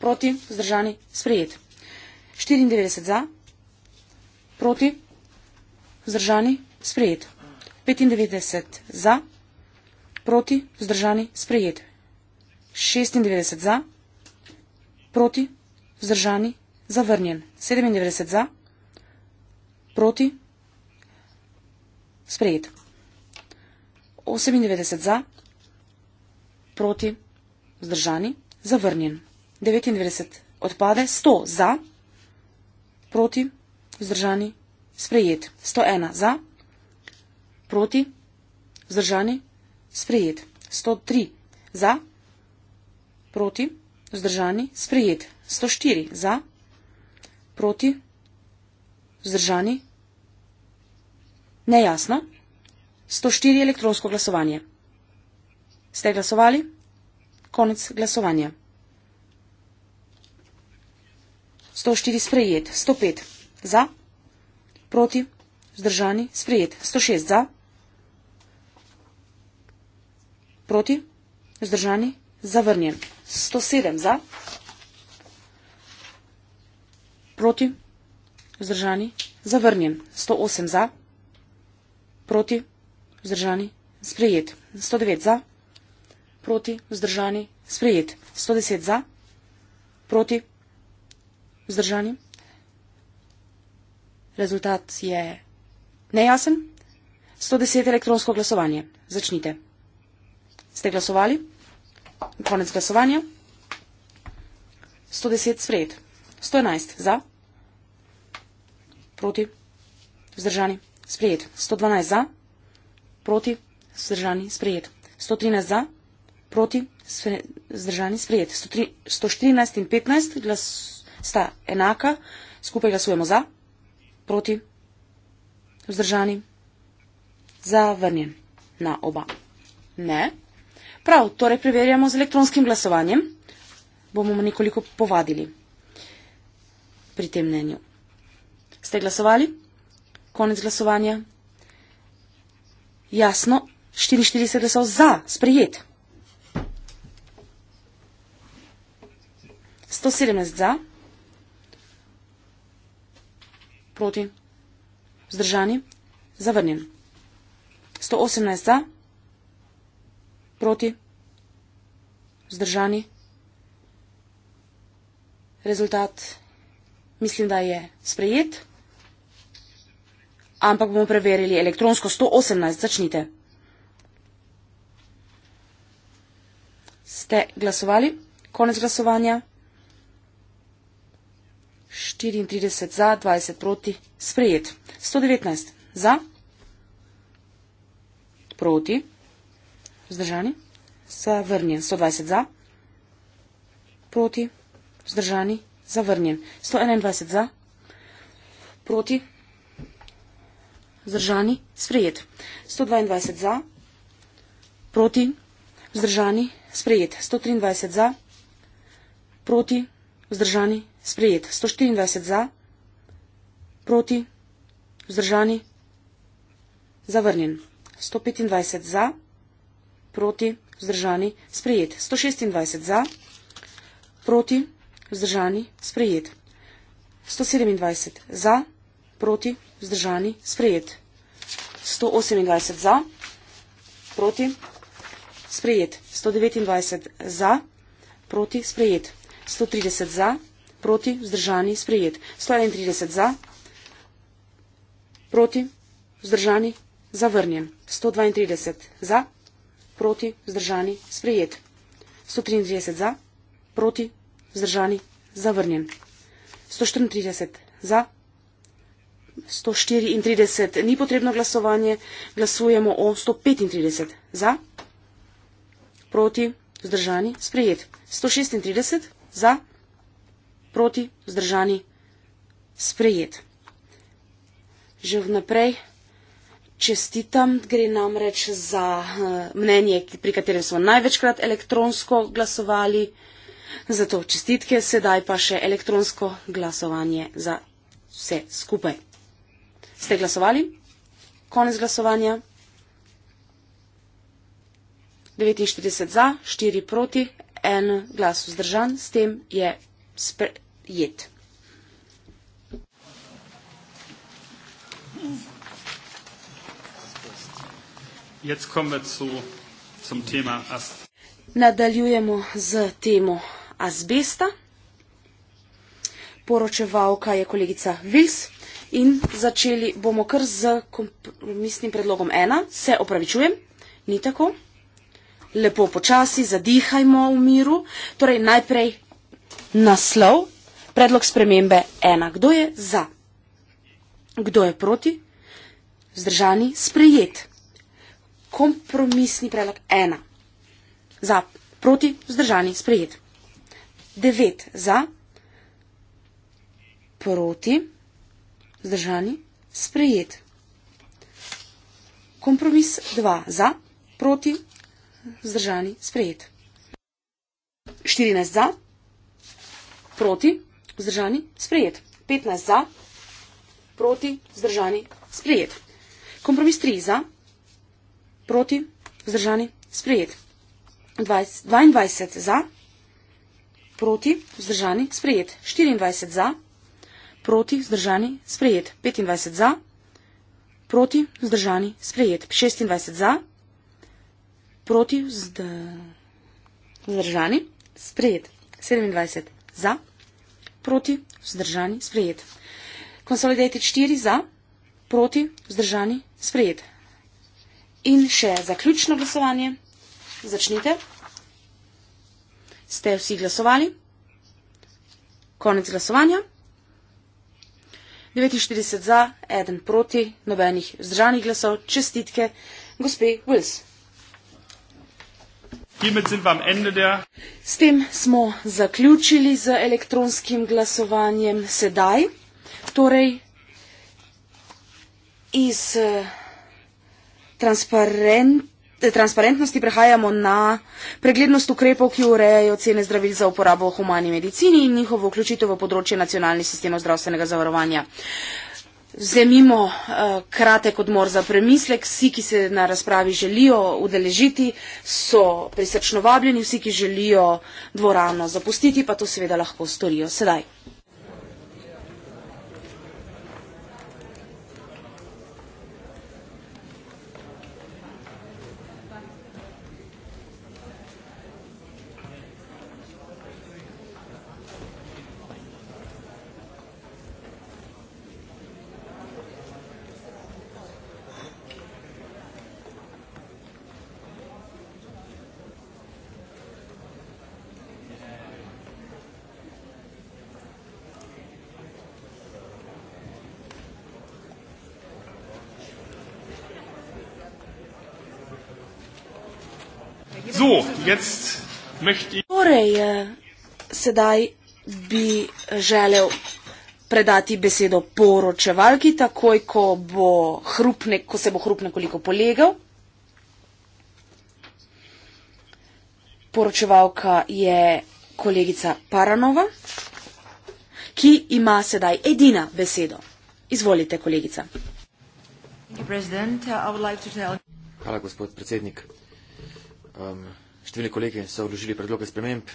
proti, zdržani, sprejet. 94 za, proti, zdržani, sprejet. 95 za, proti, zdržani, sprejet. 96 za, proti, zdržani, sprejet. Zavrnjen. 97 za. Proti. Sprejet. 98 za. Proti. Zdržani. Zavrnjen. 99 odpade. 100 za. Proti. Zdržani. Sprejet. 101 za. Proti. Zdržani. Sprejet. 103 za. Proti. Zdržani. Sprejet. 104 za. Proti proti, vzdržani, nejasno, 104 elektronsko glasovanje. Ste glasovali? Konec glasovanja. 104 sprejet, 105 za, proti, vzdržani, sprejet, 106 za, proti, vzdržani, zavrnjen, 107 za, Proti. Zdržani. Zavrnjen. 108 za. Proti. Zdržani. Sprejet. 109 za. Proti. Zdržani. Sprejet. 110 za. Proti. Zdržani. Rezultat je nejasen. 110 elektronsko glasovanje. Začnite. Ste glasovali? Konec glasovanja. 110 sprejet. 111 za, proti, vzdržani, sprejet. 112 za, proti, vzdržani, sprejet. 113 za, proti, vzdržani, sprejet. 114 in 15 glas sta enaka, skupaj glasujemo za, proti, vzdržani, zavrnjen na oba. Ne. Prav, torej preverjamo z elektronskim glasovanjem. Bomo nekoliko povadili pri tem mnenju. Ste glasovali? Konec glasovanja. Jasno, 44 glasov za, sprejet. 117 za, proti, zdržani, zavrnjen. 118 za, proti, zdržani. Rezultat Mislim, da je sprejet. Ampak bomo preverili elektronsko 118. Začnite. Ste glasovali? Konec glasovanja. 34 za, 20 proti. Sprejet. 119 za. Proti. Zdržani. Zavrnjen. 120 za. Proti. Zdržani. Zavrnjen. 121 za. Proti. Zdržani. Sprejet. 122 za. Proti. Zdržani. Sprejet. 123 za. Proti. Zdržani. Sprejet. 124 za. Proti. Zdržani. Zavrnjen. 125 za. Proti. Zdržani. Sprejet. 126 za. Proti. Zdržani. Sprejet. 126 za. Proti vzdržani, sprejet. 127 za, proti, vzdržani, sprejet. 128 za, proti, sprejet. 129 za, proti, sprejet. 130 za, proti, vzdržani, sprejet. 131 za, proti, vzdržani, zavrnjen. 132 za, proti, vzdržani, sprejet. 133 za, proti, vzdržani, zavrnjen. 134 za, 134 ni potrebno glasovanje, glasujemo o 135 za, proti, vzdržani, sprejet. 136 za, proti, vzdržani, sprejet. Že vnaprej čestitam, gre namreč za eh, mnenje, pri katerem smo največkrat elektronsko glasovali, Zato čestitke, sedaj pa še elektronsko glasovanje za vse skupaj. Ste glasovali? Konec glasovanja. 49 za, 4 proti, en glas vzdržan, s tem je sprejet. Jetzt kommen wir zu, zum Thema Ast. Nadaljujemo z temo azbesta. Poročevalka je kolegica Vils in začeli bomo kar z kompromisnim predlogom 1. Se opravičujem, ni tako. Lepo počasi, zadihajmo v miru. Torej najprej naslov, predlog spremembe 1. Kdo je za? Kdo je proti? Zdržani sprejet. Kompromisni predlog 1 za, proti, vzdržani, sprejet. 9 za, proti, vzdržani, sprejet. Kompromis 2 za, proti, vzdržani, sprejet. 14 za, proti, vzdržani, sprejet. 15 za, proti, vzdržani, sprejet. Kompromis 3 za, proti, vzdržani, sprejet. 22 za, proti, vzdržani, sprejet. 24 za, proti, vzdržani, sprejet. 25 za, proti, vzdržani, sprejet. 26 za, proti, vzdržani, sprejet. 27 za, proti, vzdržani, sprejet. Konsolidated 4 za, proti, vzdržani, sprejet. In še zaključno glasovanje začnite. Ste vsi glasovali? Konec glasovanja. 49 za, 1 proti, nobenih vzdržanih glasov. Čestitke, gospe Wills. S tem smo zaključili z elektronskim glasovanjem sedaj. Torej, iz eh, transparent, Eh, transparentnosti prehajamo na preglednost ukrepov, ki urejajo cene zdravil za uporabo v humani medicini in njihovo vključitev v področje nacionalni sistem zdravstvenega zavarovanja. Zemimo uh, kratek odmor za premislek. Vsi, ki se na razpravi želijo udeležiti, so prisrčno vabljeni. Vsi, ki želijo dvorano zapustiti, pa to seveda lahko storijo sedaj. jetzt möchte ich. Torej, eh, sedaj bi želel predati besedo poročevalki, takoj, ko, bo hrupne, ko se bo hrup nekoliko polegal. Poročevalka je kolegica Paranova, ki ima sedaj edina besedo. Izvolite, kolegica. Hvala, gospod predsednik. Um, Številni kolege so vložili predloge sprememb,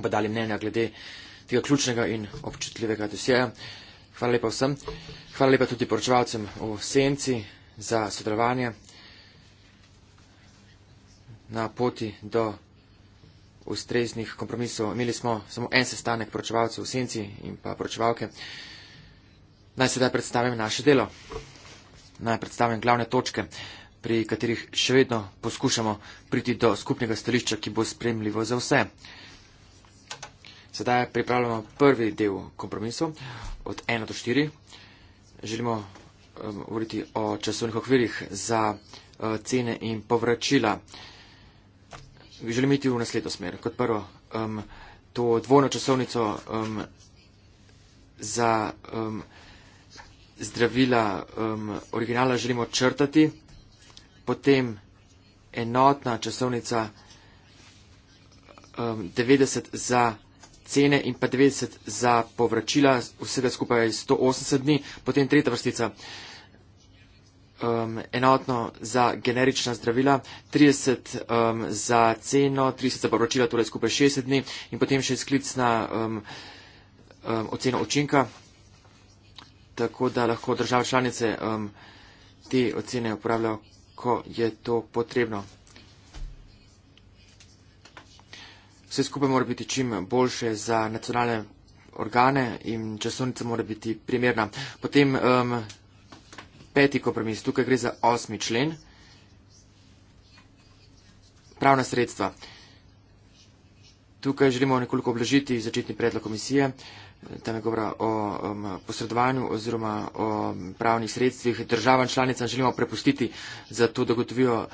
pa dali mnenja glede tega ključnega in občutljivega dosjeja. Hvala lepa vsem. Hvala lepa tudi poročevalcem v Senci za sodelovanje na poti do ustreznih kompromisov. Imeli smo samo en sestanek poročevalcev v Senci in pa poročevalke. Naj sedaj predstavim naše delo. Naj predstavim glavne točke pri katerih še vedno poskušamo priti do skupnega stališča, ki bo spremljivo za vse. Sedaj pripravljamo prvi del kompromisu od 1 do 4. Želimo um, govoriti um, o časovnih okvirih za uh, cene in povračila. Želim iti v naslednjo smer. Kot prvo, um, to dvojno časovnico um, za um, zdravila um, originala želimo črtati potem enotna časovnica um, 90 za cene in pa 90 za povračila, vsega skupaj 180 dni, potem tretja vrstica um, enotno za generična zdravila, 30 um, za ceno, 30 za povračila, torej skupaj 60 dni in potem še sklicna um, um, oceno učinka, tako da lahko države članice um, te ocene uporabljajo ko je to potrebno. Vse skupaj mora biti čim boljše za nacionalne organe in časovnica mora biti primerna. Potem um, peti kompromis, tukaj gre za osmi člen. Pravna sredstva. Tukaj želimo nekoliko oblažiti začetni predlog komisije. Uh, tam je govora o um, posredovanju oziroma o um, pravnih sredstvih državam članicam, želimo prepustiti za to, da gotovijo,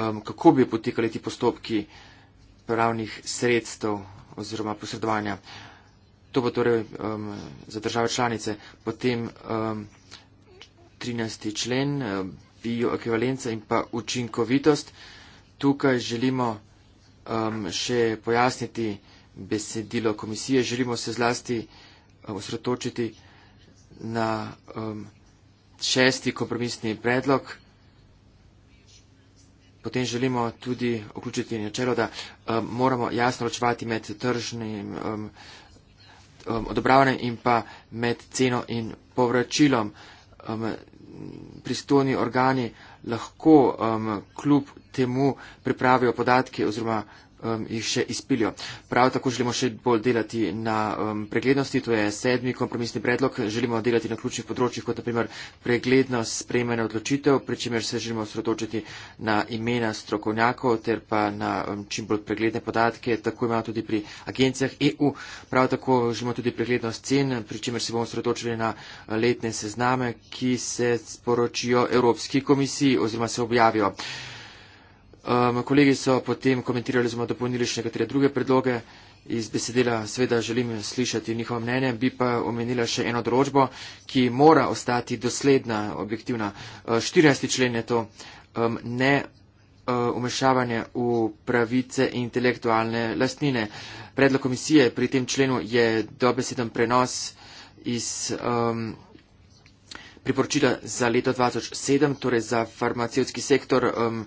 um, kako bi potekali ti postopki pravnih sredstev oziroma posredovanja. To bo torej um, za države članice. Potem um, 13. člen, um, bioekvivalenca in pa učinkovitost. Tukaj želimo um, še pojasniti besedilo komisije. Želimo se zlasti Eh, osredotočiti na um, šesti kompromisni predlog. Potem želimo tudi vključiti načelo, da um, moramo jasno ločevati med tržnim um, um, odobravanjem in pa med ceno in povračilom. Um, pristojni organi lahko um, kljub temu pripravijo podatke oziroma um, jih še izpilijo. Prav tako želimo še bolj delati na um, preglednosti, to je sedmi kompromisni predlog, želimo delati na ključnih področjih, kot naprimer preglednost sprejmena odločitev, pri čemer se želimo sredočiti na imena strokovnjakov ter pa na um, čim bolj pregledne podatke, tako imamo tudi pri agencijah EU. Prav tako želimo tudi preglednost cen, pri čemer se bomo sredočili na uh, letne sezname, ki se sporočijo Evropski komisiji oziroma se objavijo. Um, kolegi so potem komentirali, smo dopolnili še nekatere druge predloge iz besedila, seveda želim slišati njihovo mnenje, bi pa omenila še eno določbo, ki mora ostati dosledna, objektivna. Uh, 14. člen je to um, ne umešavanje uh, v pravice intelektualne lastnine. Predlog komisije pri tem členu je dobeseden prenos iz um, priporočila za leto 2007, torej za farmacijski sektor. Um,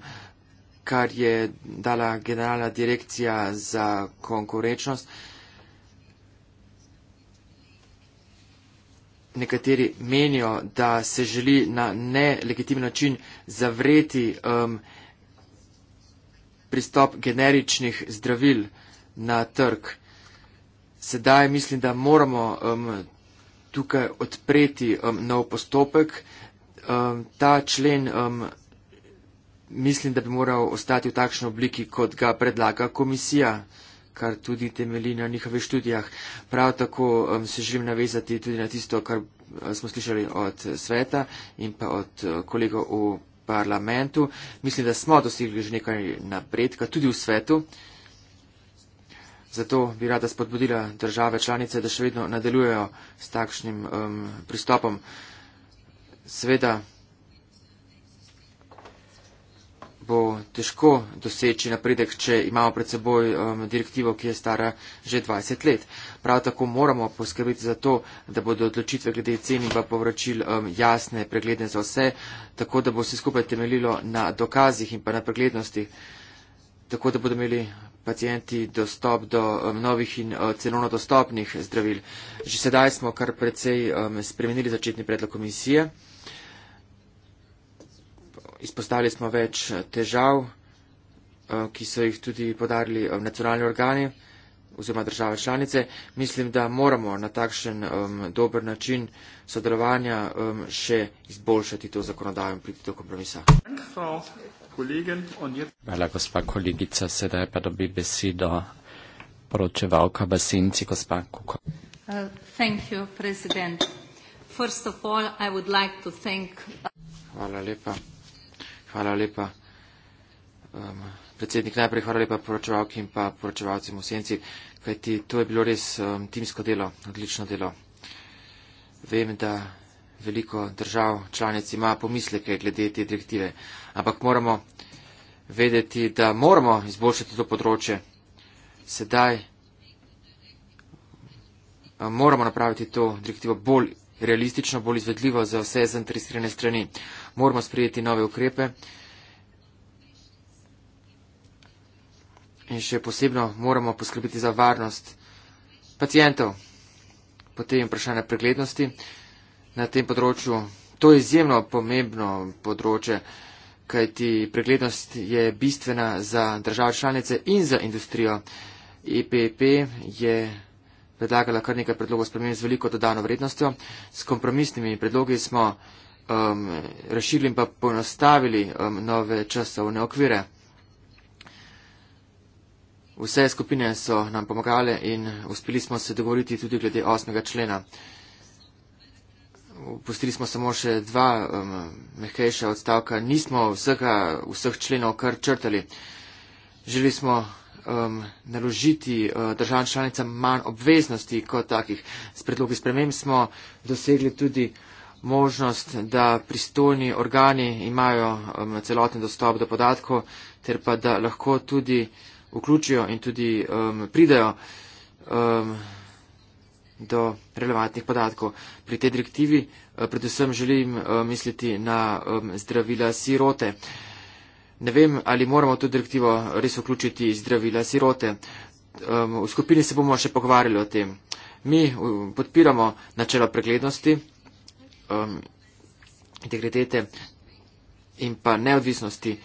kar je dala generalna direkcija za konkurenčnost. Nekateri menijo, da se želi na nelegitimen način zavreti um, pristop generičnih zdravil na trg. Sedaj mislim, da moramo um, tukaj odpreti um, nov postopek. Um, ta člen um, mislim, da bi moral ostati v takšni obliki, kot ga predlaga komisija, kar tudi temelji na njihovih študijah. Prav tako um, se želim navezati tudi na tisto, kar uh, smo slišali od uh, sveta in pa od uh, kolegov v parlamentu. Mislim, da smo dosegli že nekaj napredka tudi v svetu. Zato bi rada spodbudila države članice, da še vedno nadaljujejo s takšnim um, pristopom. Seveda bo težko doseči napredek, če imamo pred seboj um, direktivo, ki je stara že 20 let. Prav tako moramo poskrbeti za to, da bodo odločitve glede cen in pa povračil um, jasne, pregledne za vse, tako da bo vse skupaj temeljilo na dokazih in pa na preglednosti, tako da bodo imeli pacijenti dostop do um, novih in uh, cenovno dostopnih zdravil. Že sedaj smo kar precej um, spremenili začetni predlog komisije. Izpostavili smo več eh, težav, eh, ki so jih tudi podarili eh, nacionalni organi oziroma države članice. Mislim, da moramo na takšen um, dober način sodelovanja um, še izboljšati to zakonodajo in priti do kompromisa. Hvala, gospa kolegica. Sedaj pa dobi besedo poročevalka Basinci, gospa Kuko. Uh, thank you, President. First of all, I would like to thank... Hvala lepa. Hvala lepa. Um, predsednik, najprej hvala lepa poročevalki in pa poročevalcem v senci, kajti to je bilo res um, timsko delo, odlično delo. Vem, da veliko držav članic ima pomisleke glede te direktive, ampak moramo vedeti, da moramo izboljšati to področje. Sedaj um, moramo napraviti to direktivo bolj realistično, bolj izvedljivo za vse zainteresirane strani. Moramo sprejeti nove ukrepe in še posebno moramo poskrbiti za varnost pacijentov. Potem vprašanje preglednosti na tem področju. To je izjemno pomembno področje, kajti preglednost je bistvena za države članice in za industrijo. EPP je predlagala kar nekaj predlogov spremenj z veliko dodano vrednostjo. S kompromisnimi predlogi smo um, rešili in pa ponostavili um, nove časovne okvire. Vse skupine so nam pomagale in uspeli smo se dogovoriti tudi glede 8. člena. Pustili smo samo še dva um, mehkejša odstavka. Nismo vsega, vseh členov kar črtali. Želi smo um, naložiti uh, državam članicam manj obveznosti kot takih. S predlogi sprememb smo dosegli tudi možnost, da pristojni organi imajo um, celoten dostop do podatkov, ter pa da lahko tudi vključijo in tudi um, pridajo um, do relevantnih podatkov. Pri tej direktivi uh, predvsem želim uh, misliti na um, zdravila sirote. Uh, ne vem, ali moramo to direktivo res vključiti zdravila sirote. V skupini se bomo še pogovarjali o tem. Mi podpiramo načelo preglednosti, integritete in pa neodvisnosti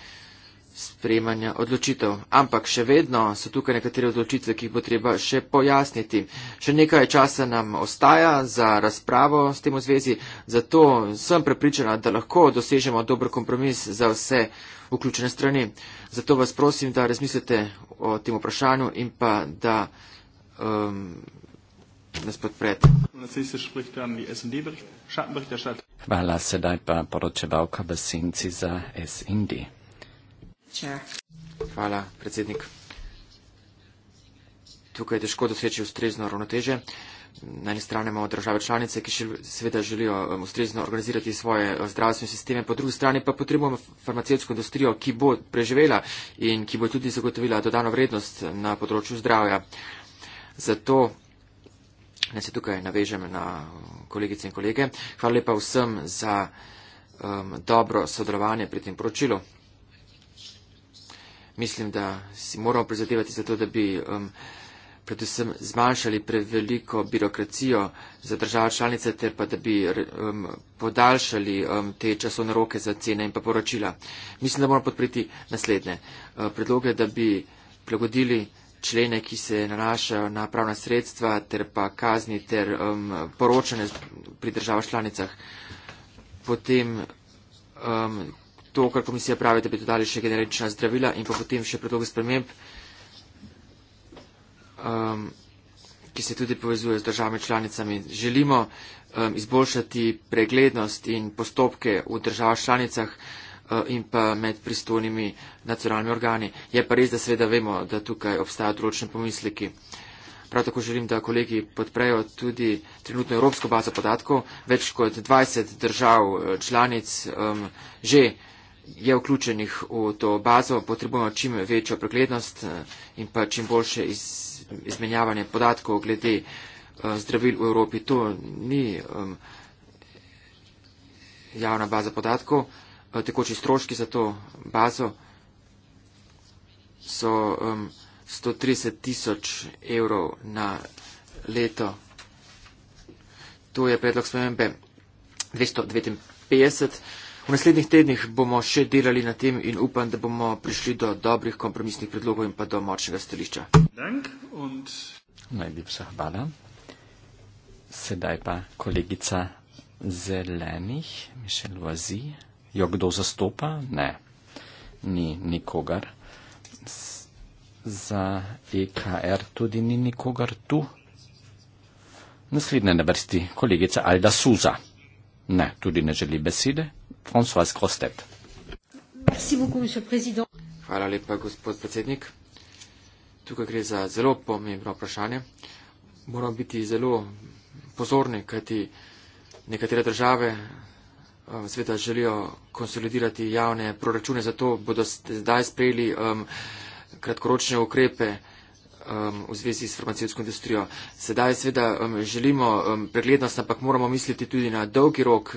spremanja odločitev. Ampak še vedno so tukaj nekatere odločitve, ki jih bo treba še pojasniti. Še nekaj časa nam ostaja za razpravo s tem v zvezi, zato sem prepričana, da lahko dosežemo dober kompromis za vse vključene strani. Zato vas prosim, da razmislite o tem vprašanju in pa da. Um, Hvala sedaj pa poročevalka v Sinci za SND. Hvala, predsednik. Tukaj je težko doseči ustrezno ravnoteže. Na eni strani imamo države članice, ki seveda želijo um, ustrezno organizirati svoje uh, zdravstvene sisteme, po drugi strani pa potrebujemo farmacijsko industrijo, ki bo preživela in ki bo tudi zagotovila dodano vrednost um, na področju zdravja. Zato naj se tukaj navežem na um, kolegice in kolege. Hvala lepa vsem za um, dobro sodelovanje pri tem poročilu mislim, da si moramo prizadevati za to, da bi um, predvsem zmanjšali preveliko birokracijo za država članice, ter pa da bi um, podaljšali um, te časovne roke za cene in pa poročila. Mislim, da moramo podpriti naslednje uh, predloge, da bi prilagodili člene, ki se nanašajo na pravna sredstva, ter pa kazni, ter um, poročanje pri državah članicah. Potem, um, to, kar komisija pravi, da bi dodali še generična zdravila in pa potem še predlog sprememb, um, ki se tudi povezuje z državami članicami. Želimo um, izboljšati preglednost in postopke v državah članicah uh, in pa med pristojnimi nacionalnimi organi. Je pa res, da seveda vemo, da tukaj obstajajo določene pomisleki. Prav tako želim, da kolegi podprejo tudi trenutno Evropsko bazo podatkov. Več kot 20 držav eh, članic um, že je vključenih v to bazo, potrebujemo čim večjo preglednost eh, in pa čim boljše iz, izmenjavanje podatkov glede uh, zdravil v Evropi. To ni um, javna baza podatkov, uh, tekoči stroški za to bazo so um, 130 tisoč evrov na leto. To je predlog spremembe 259. V naslednjih tednih bomo še delali na tem in upam, da bomo prišli do dobrih kompromisnih predlogov in pa do močnega stališča. Najlepša hvala. Sedaj pa kolegica zelenih, Mišel Vazi. Jo kdo zastopa? Ne, ni nikogar. Za EKR tudi ni nikogar tu. Naslednja na vrsti, kolegica Alda Suza. Ne, tudi ne želi besede. Françoise Crostet. Merci beaucoup, Monsieur le Président. Hvala lepa, gospod predsednik. Tukaj gre za zelo pomembno vprašanje. Moramo biti zelo pozorni, kajti nekatere države eh, sveda želijo konsolidirati javne proračune, zato bodo zdaj sprejeli um, kratkoročne ukrepe um, v zvezi s farmacijsko industrijo. Sedaj seveda um, želimo um, preglednost, ampak moramo misliti tudi na dolgi rok,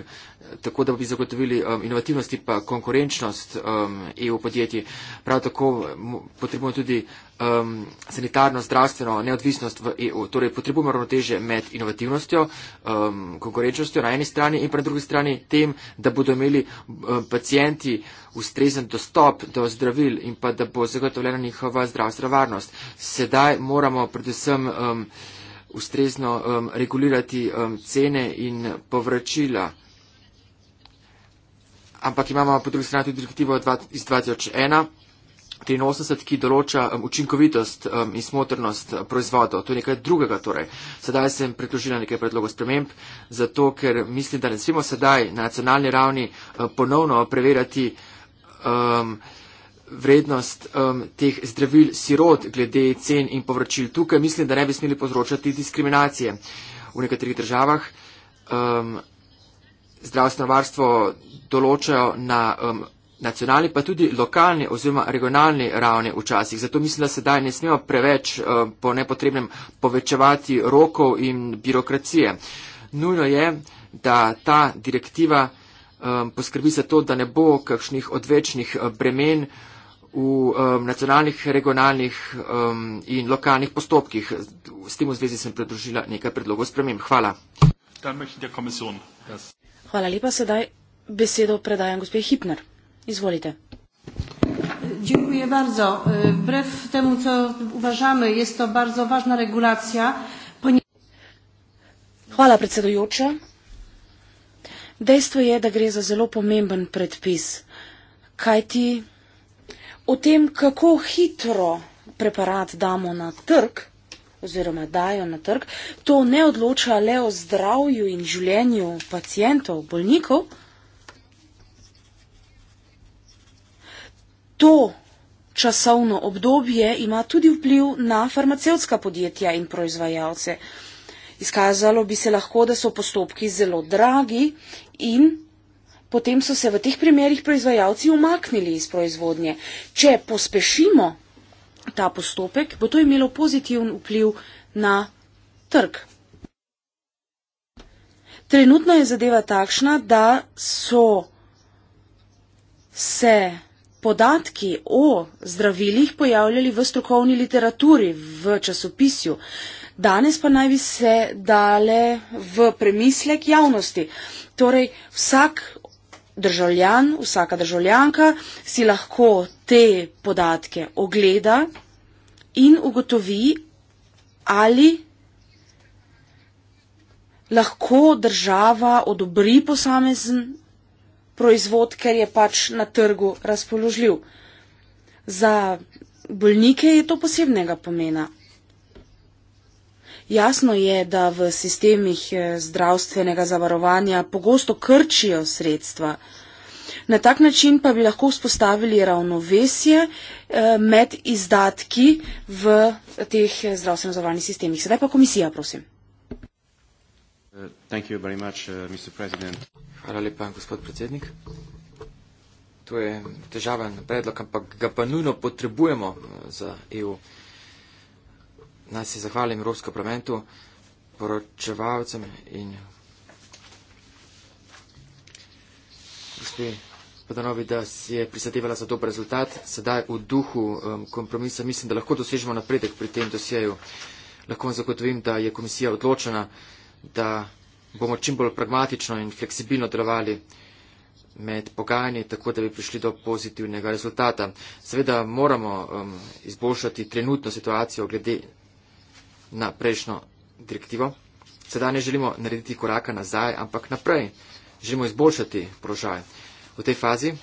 tako da bi zagotovili um, inovativnost in pa konkurenčnost um, EU podjetij. Prav tako potrebujemo tudi um, sanitarno, zdravstveno neodvisnost v EU. Torej, potrebujemo ravnoteže med inovativnostjo, um, konkurenčnostjo na eni strani in pa na drugi strani tem, da bodo imeli um, pacijenti ustrezen dostop do zdravil in pa da bo zagotovljena njihova zdravstvena varnost. Sedaj moramo predvsem. Um, ustrezno um, regulirati um, cene in povračila. Ampak imamo po drugi strani tudi direktivo dva, iz 2001 83, ki določa um, učinkovitost um, in smotrnost uh, proizvodov. To je nekaj drugega torej. Sedaj sem pretožila nekaj predlogov sprememb, zato ker mislim, da ne smemo sedaj na nacionalni ravni uh, ponovno preverjati um, vrednost um, teh zdravil sirot glede cen in povračil. Tukaj mislim, da ne bi smeli povzročati diskriminacije v nekaterih državah. Um, zdravstveno varstvo določajo na. Um, nacionalni, pa tudi lokalni oziroma regionalni ravni včasih. Zato mislim, da sedaj ne smemo preveč eh, po nepotrebnem povečevati rokov in birokracije. Nujno je, da ta direktiva eh, poskrbi za to, da ne bo kakšnih odvečnih eh, bremen v nacionalnih, regionalnih in lokalnih postopkih. S tem v zvezi sem predložila nekaj predlogov spremem. Hvala. Hvala lepa sedaj. Besedo predajam gospe Hipner. Izvolite. Dziękuję bardzo. E, wbrew temu, co uważamy, jest to bardzo ważna regulacja. Hvala, predsedujoča. Dejstvo je, da gre za zelo pomemben predpis. Kaj ti o tem, kako hitro preparat damo na trg, oziroma dajo na trg, to ne odloča le o zdravju in življenju pacijentov, bolnikov, to časovno obdobje ima tudi vpliv na farmacevska podjetja in proizvajalce. Izkazalo bi se lahko, da so postopki zelo dragi in potem so se v teh primerjih proizvajalci umaknili iz proizvodnje. Če pospešimo ta postopek, bo to imelo pozitiven vpliv na trg. Trenutno je zadeva takšna, da so se podatki o zdravilih pojavljali v strokovni literaturi, v časopisju. Danes pa naj bi se dale v premislek javnosti. Torej, vsak državljan, vsaka državljanka si lahko te podatke ogleda in ugotovi, ali lahko država odobri posamezen proizvod, ker je pač na trgu razpoložljiv. Za bolnike je to posebnega pomena. Jasno je, da v sistemih eh, zdravstvenega zavarovanja pogosto krčijo sredstva. Na tak način pa bi lahko vzpostavili ravnovesje eh, med izdatki v teh eh, zdravstveno zavarovalnih sistemih. Sedaj pa komisija, prosim. Uh, thank you very much, uh, Mr. President. Hvala lepa, gospod predsednik. To je težaven predlog, ampak ga pa nujno potrebujemo eh, za EU. Naj se zahvalim Evropskem parlamentu, poročevalcem in gospe Padanovi, da si je prisadevala za dober rezultat. Sedaj v duhu kompromisa mislim, da lahko dosežemo napredek pri tem dosjeju. Lahko vam zagotovim, da je komisija odločena, da bomo čim bolj pragmatično in fleksibilno delovali med pogajanji, tako da bi prišli do pozitivnega rezultata. Seveda moramo um, izboljšati trenutno situacijo glede na prejšnjo direktivo. Sedaj ne želimo narediti koraka nazaj, ampak naprej. Želimo izboljšati položaj. V tej fazi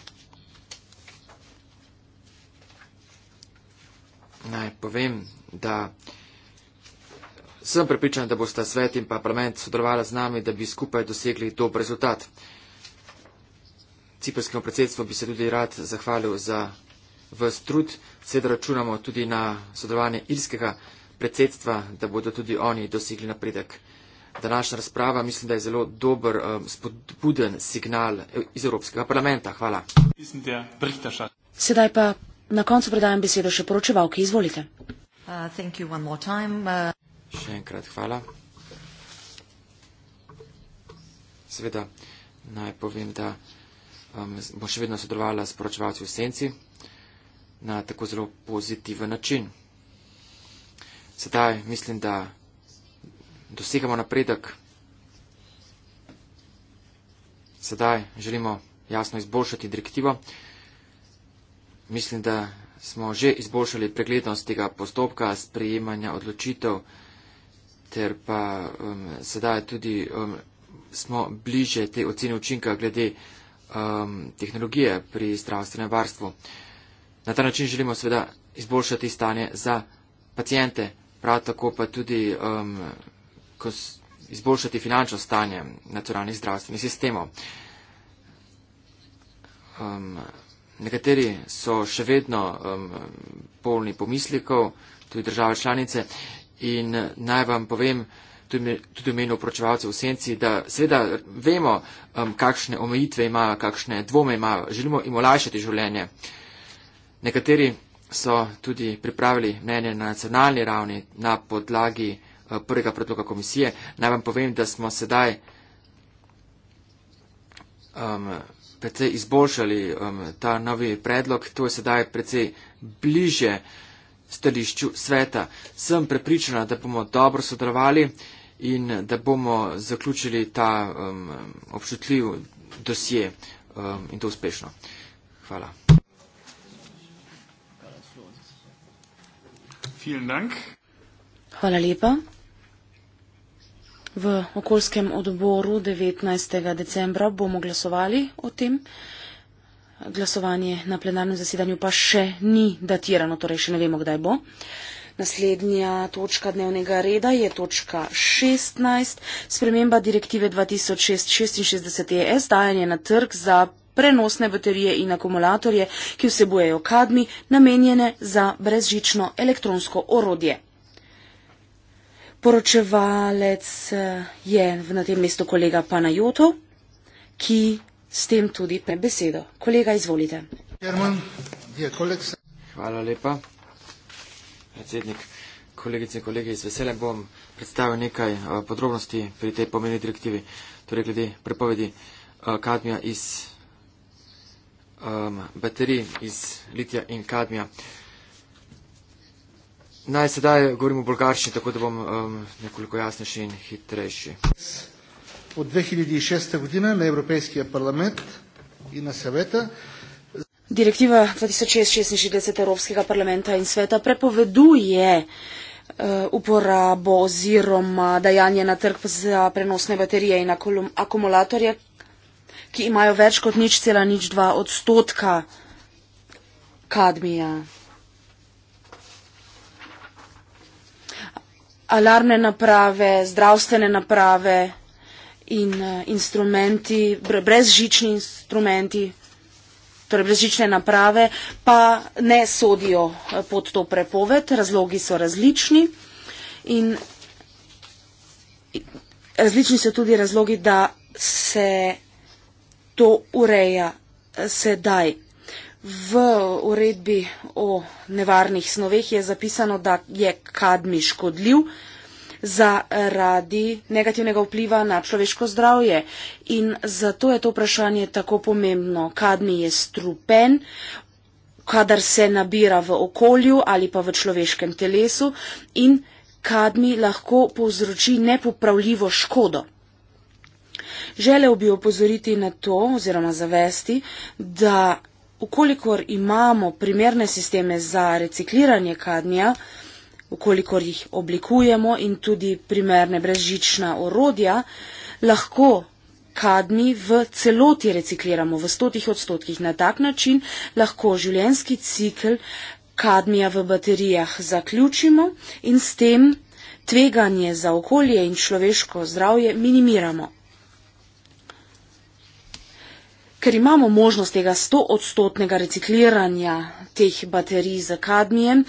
naj povem, da Sem prepričan, da boste svet in parlament sodelovali z nami, da bi skupaj dosegli dober rezultat. Ciprskemu predsedstvu bi se tudi rad zahvalil za vse trud. Sedaj računamo tudi na sodelovanje irskega predsedstva, da bodo tudi oni dosegli napredek. Današnja razprava mislim, da je zelo dober um, spodbuden signal eh, iz Evropskega parlamenta. Hvala. Sedaj pa na koncu predajam besedo še poročevalki. Izvolite. Uh, Še enkrat hvala. Sveda naj povem, da um, bom še vedno sodelovala s poročevalci v Senci na tako zelo pozitiven način. Sedaj mislim, da dosegamo napredek. Sedaj želimo jasno izboljšati direktivo. Mislim, da smo že izboljšali preglednost tega postopka sprejemanja odločitev ter pa um, sedaj tudi um, smo bliže te ocene učinka glede um, tehnologije pri zdravstvenem varstvu. Na ta način želimo seveda izboljšati stanje za pacijente, prav tako pa tudi um, izboljšati finančno stanje nacionalnih zdravstvenih sistemov. Um, nekateri so še vedno um, polni pomislikov, tudi države članice, In eh, naj vam povem tudi v imenu opročevalcev v senci, da seveda vemo, um, kakšne omejitve imajo, kakšne dvome imajo. Želimo jim olajšati življenje. Nekateri so tudi pripravili mnenje na nacionalni ravni na podlagi uh, prvega predloga komisije. Naj vam povem, da smo sedaj um, precej izboljšali um, ta novi predlog. To je sedaj precej bliže stališču sveta. Sem prepričana, da bomo dobro sodelovali in da bomo zaključili ta um, občutljiv dosje um, in to uspešno. Hvala. Hvala lepa. V okoljskem odboru 19. decembra bomo glasovali o tem glasovanje na plenarnem zasedanju pa še ni datirano, torej še ne vemo, kdaj bo. Naslednja točka dnevnega reda je točka 16, sprememba direktive 2066 ES, dajanje na trg za prenosne baterije in akumulatorje, ki vsebujejo kadmi, namenjene za brezžično elektronsko orodje. Poročevalec eh, je na tem mestu kolega Panajotov, ki S tem tudi pre besedo. Kolega, izvolite. Hvala lepa, predsednik. Kolegice in kolegi, z veseljem bom predstavil nekaj eh, podrobnosti pri tej pomeni direktivi, torej glede prepovedi eh, kadmija iz um, baterij, iz litija in kadmija. Naj sedaj govorim v bolgarščini, tako da bom um, nekoliko jasnejši in hitrejši от 2006 година на Европейския парламент и на съвета. Директива 2666 Европейския парламента и света преповедуе uporabo oziroma dajanje na trg za prenosne baterije in akumulatorje, ki imajo več kot nič cela nič dva odstotka kadmija. Alarmne naprave, zdravstvene naprave in uh, instrumenti, brezžični instrumenti, torej brezžične naprave, pa ne sodijo eh, pod to prepoved. Razlogi so različni in različni so tudi razlogi, da se to ureja eh, sedaj. V uredbi o nevarnih snoveh je zapisano, da je kadmi škodljiv, uh, zaradi negativnega vpliva na človeško zdravje. In zato je to vprašanje tako pomembno. Kadmi je strupen, kadar se nabira v okolju ali pa v človeškem telesu in kadmi lahko povzroči nepopravljivo škodo. Želel bi opozoriti na to oziroma zavesti, da ukolikor imamo primerne sisteme za recikliranje kadnija, ukolikor jih oblikujemo in tudi primerne brezžična orodja, lahko kadmi v celoti recikliramo v stotih odstotkih. Na tak način lahko življenski cikl kadmija v baterijah zaključimo in s tem tveganje za okolje in človeško zdravje minimiramo. Ker imamo možnost tega 100-odstotnega recikliranja teh baterij z kadmijem.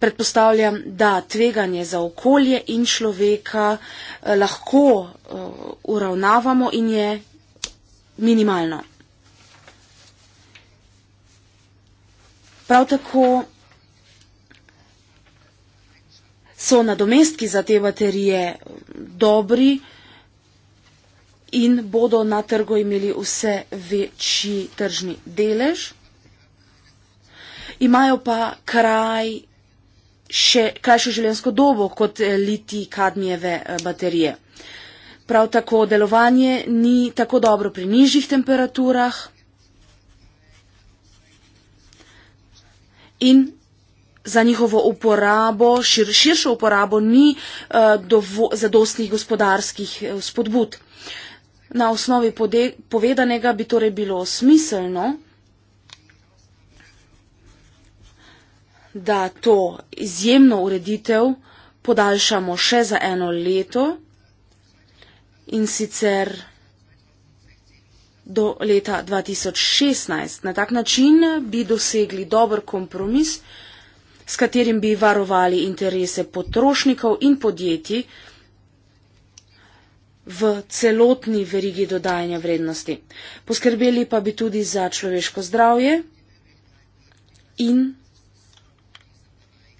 Predpostavljam, da tveganje za okolje in človeka eh, lahko eh, uravnavamo in je minimalno. Prav tako so nadomestki za te baterije eh, dobri in bodo na trgu imeli vse večji tržni delež imajo pa kraj še, krajšo življenjsko dobo kot eh, liti kadmijeve eh, baterije. Prav tako delovanje ni tako dobro pri nižjih temperaturah in za njihovo uporabo, šir, širšo uporabo ni uh, dovo, zadostnih gospodarskih spodbud. Na osnovi pode, povedanega bi torej bilo smiselno, da to izjemno ureditev podaljšamo še za eno leto in sicer do leta 2016. Na tak način bi dosegli dober kompromis, s katerim bi varovali interese potrošnikov in podjetij v celotni verigi dodajanja vrednosti. Poskrbeli pa bi tudi za človeško zdravje in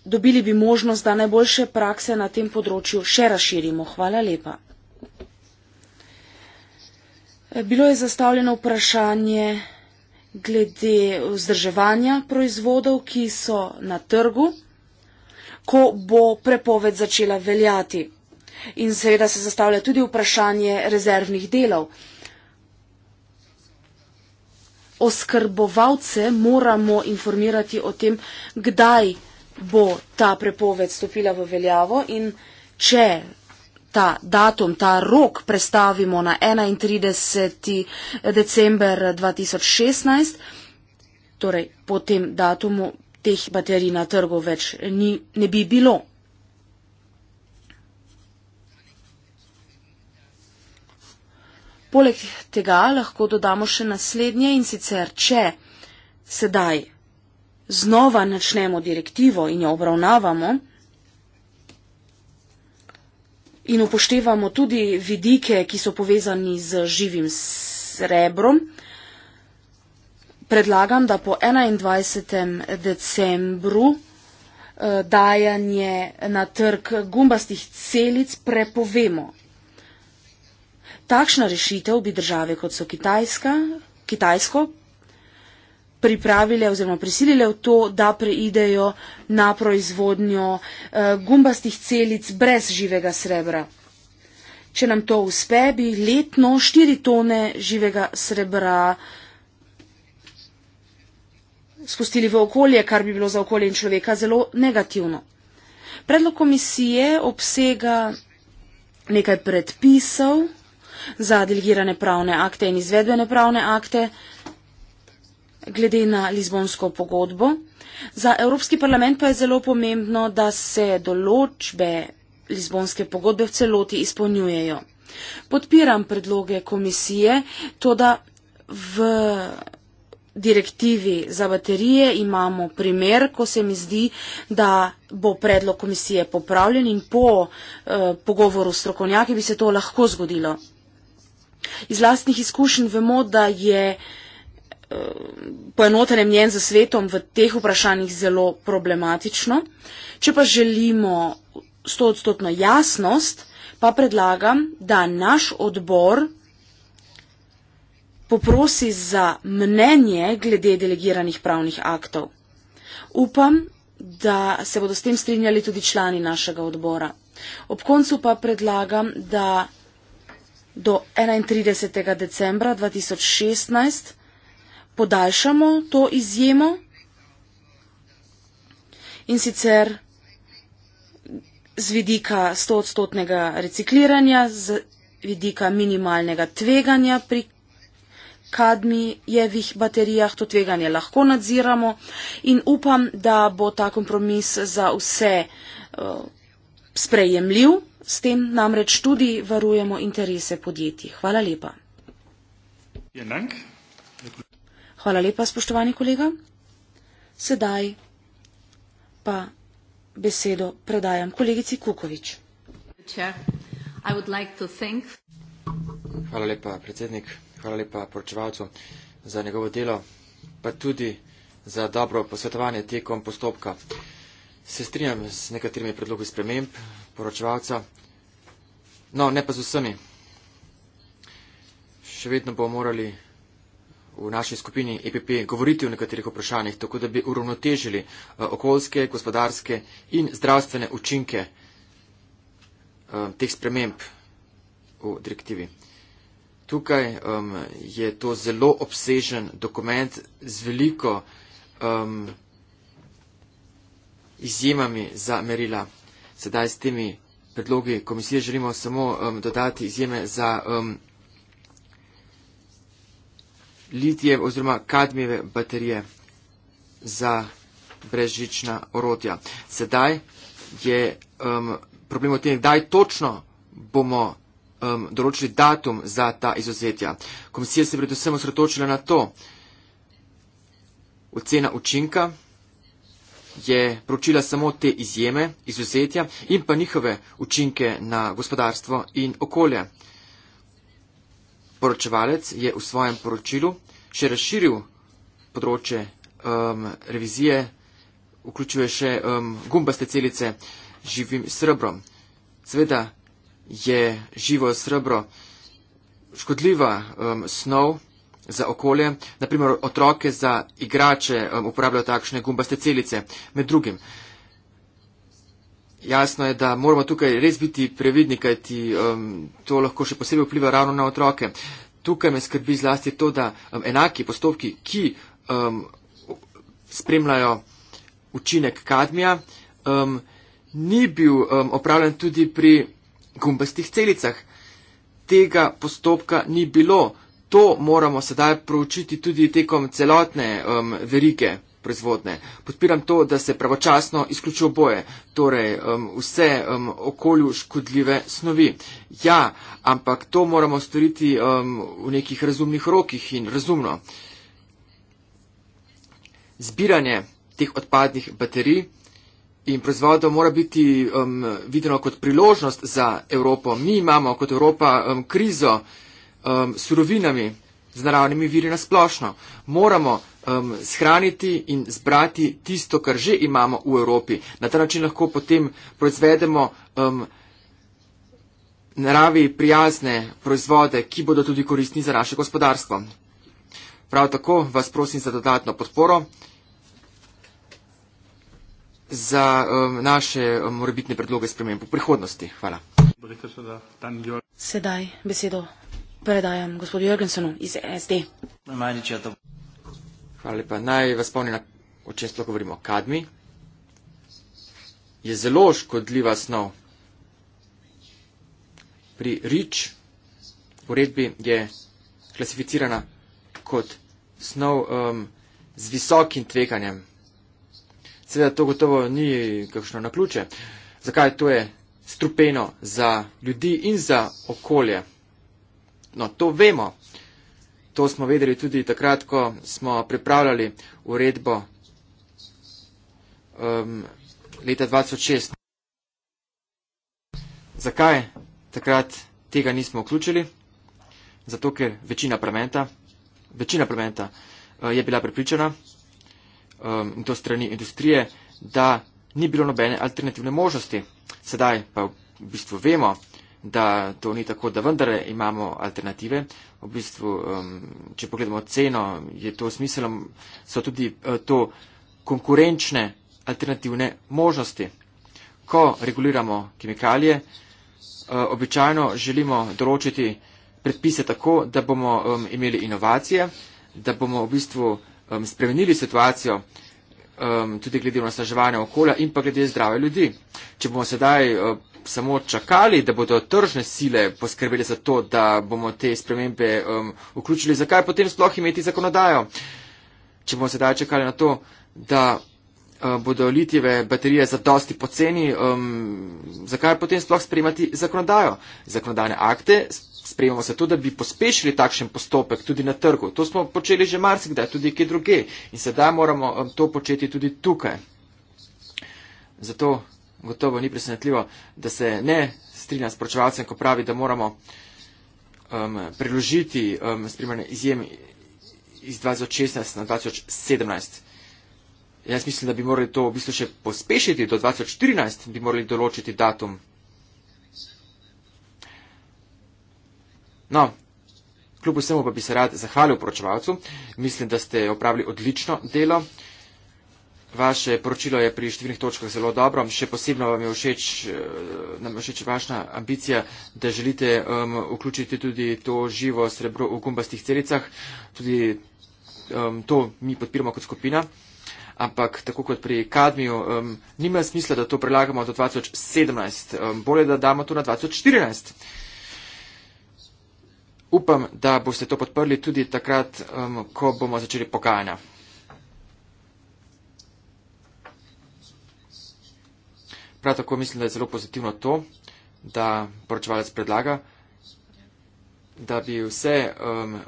dobili bi možnost, da najboljše prakse na tem področju še razširimo. Hvala lepa. Eh, bilo je zastavljeno vprašanje glede vzdrževanja proizvodov, ki so na trgu, ko bo prepoved začela veljati. In seveda se zastavlja tudi vprašanje rezervnih delov. Oskrbovalce moramo informirati o tem, kdaj bo ta prepoved stopila v veljavo in če ta datum, ta rok prestavimo na 31. december 2016, torej po tem datumu teh baterij na trgu več ni, ne bi bilo. Poleg tega lahko dodamo še naslednje in sicer, če sedaj znova načnemo direktivo in jo obravnavamo in upoštevamo tudi vidike, ki so povezani z živim srebrom, predlagam, da po 21. decembru eh, dajanje na trg gumbastih celic prepovemo. Takšna rešitev bi države, kot so Kitajska, Kitajsko, pripravile oziroma prisilile v to, da preidejo na proizvodnjo eh, gumbastih celic brez živega srebra. Če nam to uspe, bi letno 4 tone živega srebra spustili v okolje, kar bi bilo za okolje in človeka zelo negativno. Predlog komisije obsega nekaj predpisov za delegirane pravne akte in izvedbene pravne akte, glede na Lizbonsko pogodbo. Za Evropski parlament pa je zelo pomembno, da se določbe Lizbonske pogodbe v celoti izpolnjujejo. Podpiram predloge komisije, to da v direktivi za baterije imamo primer, ko se mi zdi, da bo predlog komisije popravljen in po eh, pogovoru s strokovnjaki bi se to lahko zgodilo. Iz lastnih izkušenj vemo, da je eh, Eh, poenotenje mnen za svetom v teh vprašanjih zelo problematično. Če pa želimo stoodstotno jasnost, pa predlagam, da naš odbor poprosi za mnenje glede delegiranih pravnih aktov. Upam, da se bodo s tem strinjali tudi člani našega odbora. Ob koncu pa predlagam, da do 31. decembra 2016 podaljšamo to izjemo in sicer z vidika 100-odstotnega recikliranja, z vidika minimalnega tveganja pri kadmi je v baterijah, to tveganje lahko nadziramo in upam, da bo ta kompromis za vse uh, sprejemljiv, s tem namreč tudi varujemo interese podjetij. Hvala lepa. Vielen Dank. Hvala lepa, spoštovani kolega. Sedaj pa besedo predajam kolegici Kukovič. Hvala lepa, predsednik. Hvala lepa poročevalcu za njegovo delo, pa tudi za dobro posvetovanje tekom postopka. Se strinjam s nekaterimi predlogi sprememb poročevalca, no ne pa z vsemi. Še vedno bomo morali v naši skupini EPP govoriti o nekaterih vprašanjih, tako da bi uravnotežili eh, okoljske, gospodarske in zdravstvene učinke eh, teh sprememb v direktivi. Tukaj um, je to zelo obsežen dokument z veliko um, izjemami za merila. Sedaj s temi predlogi komisije želimo samo um, dodati izjeme za um, litije oziroma kadmijeve baterije za brežična orodja. Sedaj je um, problem v tem, kdaj točno bomo um, določili datum za ta izuzetja. Komisija se je predvsem osredotočila na to. Ocena učinka je pročila samo te izjeme, izuzetja in pa njihove učinke na gospodarstvo in okolje poročevalec je v svojem poročilu še razširil področje um, revizije, vključuje še um, gumbaste celice živim srebrom. Seveda je živo srebro škodljiva um, snov za okolje, naprimer otroke za igrače um, uporabljajo takšne gumbaste celice, med drugim. Jasno je, da moramo tukaj res biti previdni, kajti um, to lahko še posebej vpliva ravno na otroke. Tukaj me skrbi zlasti to, da um, enaki postopki, ki um, spremljajo učinek kadmija, um, ni bil um, opravljen tudi pri gumbastih celicah. Tega postopka ni bilo. To moramo sedaj proučiti tudi tekom celotne um, verige proizvodne. Podpiram to, da se pravočasno izključijo boje, torej um, vse um, okolju škodljive snovi. Ja, ampak to moramo storiti um, v nekih razumnih rokih in razumno. Zbiranje teh odpadnih baterij in proizvodo mora biti um, videno kot priložnost za Evropo. Mi imamo kot Evropa um, krizo um, surovinami z naravnimi viri nasplošno. Moramo um, shraniti in zbrati tisto, kar že imamo v Evropi. Na ta način lahko potem proizvedemo um, naravi prijazne proizvode, ki bodo tudi koristni za naše gospodarstvo. Prav tako vas prosim za dodatno podporo za um, naše um, morebitne predloge sprememb v prihodnosti. Hvala. Sedaj besedo predajam gospodu Jorgensenu iz SD. Hvala lepa. Naj vas spomnim, o čem sploh govorimo. Kadmi je zelo škodljiva snov. Pri REACH uredbi je klasificirana kot snov um, z visokim tveganjem. Seveda to gotovo ni kakšno naključje. Zakaj to je strupeno za ljudi in za okolje? No, to vemo. To smo vedeli tudi takrat, ko smo pripravljali uredbo um, leta 2006. Zakaj takrat tega nismo vključili? Zato, ker večina prementa, večina prementa uh, je bila pripričana um, in to strani industrije, da ni bilo nobene alternativne možnosti. Sedaj pa v bistvu vemo, da to ni tako, da vendar imamo alternative. V bistvu, um, če pogledamo ceno, je to smiselno, so tudi uh, to konkurenčne alternativne možnosti. Ko reguliramo kemikalije, uh, običajno želimo določiti predpise tako, da bomo um, imeli inovacije, da bomo v bistvu um, spremenili situacijo um, tudi glede na osnaževanje okolja in pa glede zdrave ljudi. Če bomo sedaj uh, samo čakali, da bodo tržne sile poskrbeli za to, da bomo te spremembe um, vključili, zakaj potem sploh imeti zakonodajo? Če bomo sedaj čakali na to, da uh, bodo litijeve baterije za dosti poceni, um, zakaj potem sploh sprejemati zakonodajo? Zakonodajne akte sprejemamo zato, da bi pospešili takšen postopek tudi na trgu. To smo počeli že marsikdaj, tudi kje druge. In sedaj moramo um, to početi tudi tukaj. Zato gotovo ni presenetljivo, da se ne strinja s pročevalcem, ko pravi, da moramo um, preložiti um, spremljanje izjem iz 2016 na 2017. Jaz mislim, da bi morali to v bistvu še pospešiti do 2014, bi morali določiti datum. No, kljub vsemu pa bi se rad zahvalil poročevalcu. Mislim, da ste opravili odlično delo. Vaše poročilo je pri številnih točkah zelo dobro, še posebno vam je všeč, eh, nam všeč vaša ambicija, da želite um, vključiti tudi to živo srebro v gumbastih celicah. Tudi um, to mi podpiramo kot skupina. Ampak tako kot pri Kadmiju, um, nima smisla, da to prelagamo do 2017. Um, bolje, da damo to na 2014. Upam, da boste to podprli tudi takrat, um, ko bomo začeli pokajanja. Prav tako mislim, da je zelo pozitivno to, da poročevalec predlaga, da bi vse um,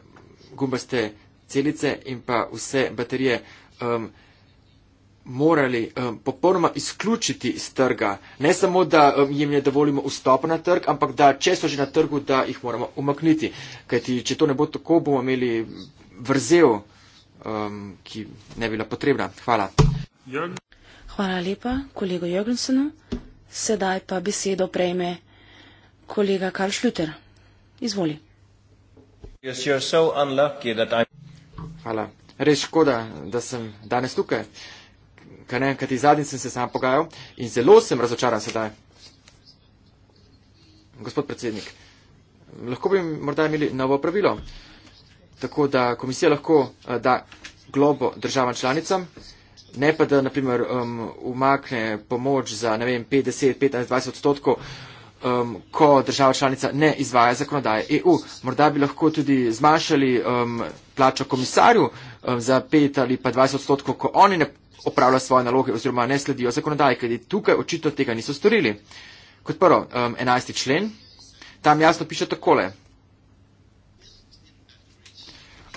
gumbaste celice in pa vse baterije um, morali um, popolnoma izključiti iz trga. Ne samo, da um, jim ne dovolimo vstop na trg, ampak da če so že na trgu, da jih moramo umakniti. Kajti, če to ne bo tako, bomo imeli vrzel, um, ki ne bi bila potrebna. Hvala. Jan. Hvala lepa kolegu Jogensenu. Sedaj pa besedo prejme kolega Karl Šluter. Izvoli. Yes, Hvala. Res škoda, da sem danes tukaj. Kaj ne, kaj ti zadnji sem se sam pogajal in zelo sem razočaran sedaj. Gospod predsednik, lahko bi morda imeli novo pravilo, tako da komisija lahko eh, da globo državam članicam ne pa da naprimer um, umakne pomoč za ne vem 50, 15, 20 odstotkov, um, ko država članica ne izvaja zakonodaje EU. Morda bi lahko tudi zmanjšali um, plačo komisarju um, za 5 ali pa 20 odstotkov, ko oni ne opravlja svoje naloge oziroma ne sledijo zakonodaje, kajti tukaj očitno tega niso storili. Kot prvo, um, 11. člen, tam jasno piše takole.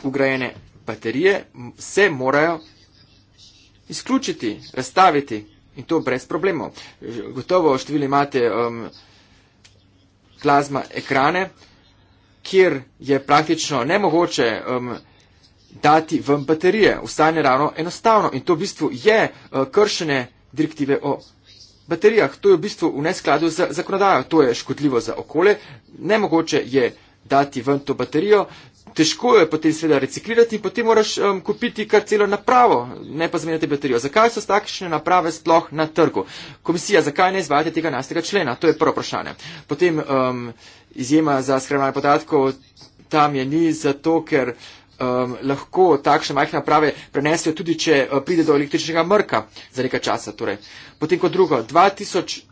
Ugrajene baterije se morajo izključiti, razstaviti in to brez problemov. Gotovo številni imate um, plazma ekrane, kjer je praktično nemogoče um, dati vam baterije. Vstane ravno enostavno in to v bistvu je uh, kršene direktive o. Baterijah, to je v bistvu v neskladu z zakonodajo, to je škodljivo za okolje, nemogoče je dati ven to baterijo, težko je potem seveda reciklirati in potem moraš um, kupiti kar celo napravo, ne pa zamenjati baterijo. Zakaj so takšne naprave sploh na trgu? Komisija, zakaj ne izvajate tega nastega člena? To je prvo vprašanje. Potem um, izjema za skrivanje podatkov tam je ni zato, ker um, lahko takšne majhne naprave prenesijo tudi, če uh, pride do električnega mrka za nekaj časa. Torej. Potem kot drugo, 2009,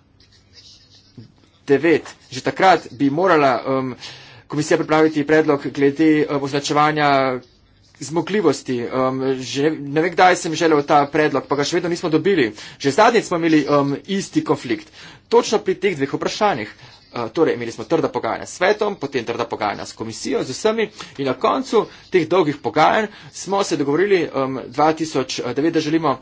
že takrat bi morala. Um, komisija pripraviti predlog glede eh, označevanja zmogljivosti. Um, že, ne vem, kdaj sem želel ta predlog, pa ga še vedno nismo dobili. Že zadnjič smo imeli um, isti konflikt. Točno pri teh dveh vprašanjih. Uh, torej, imeli smo trda pogajanja s svetom, potem trda pogajanja s komisijo, z vsemi in na koncu teh dolgih pogajanj smo se dogovorili um, 2009, da želimo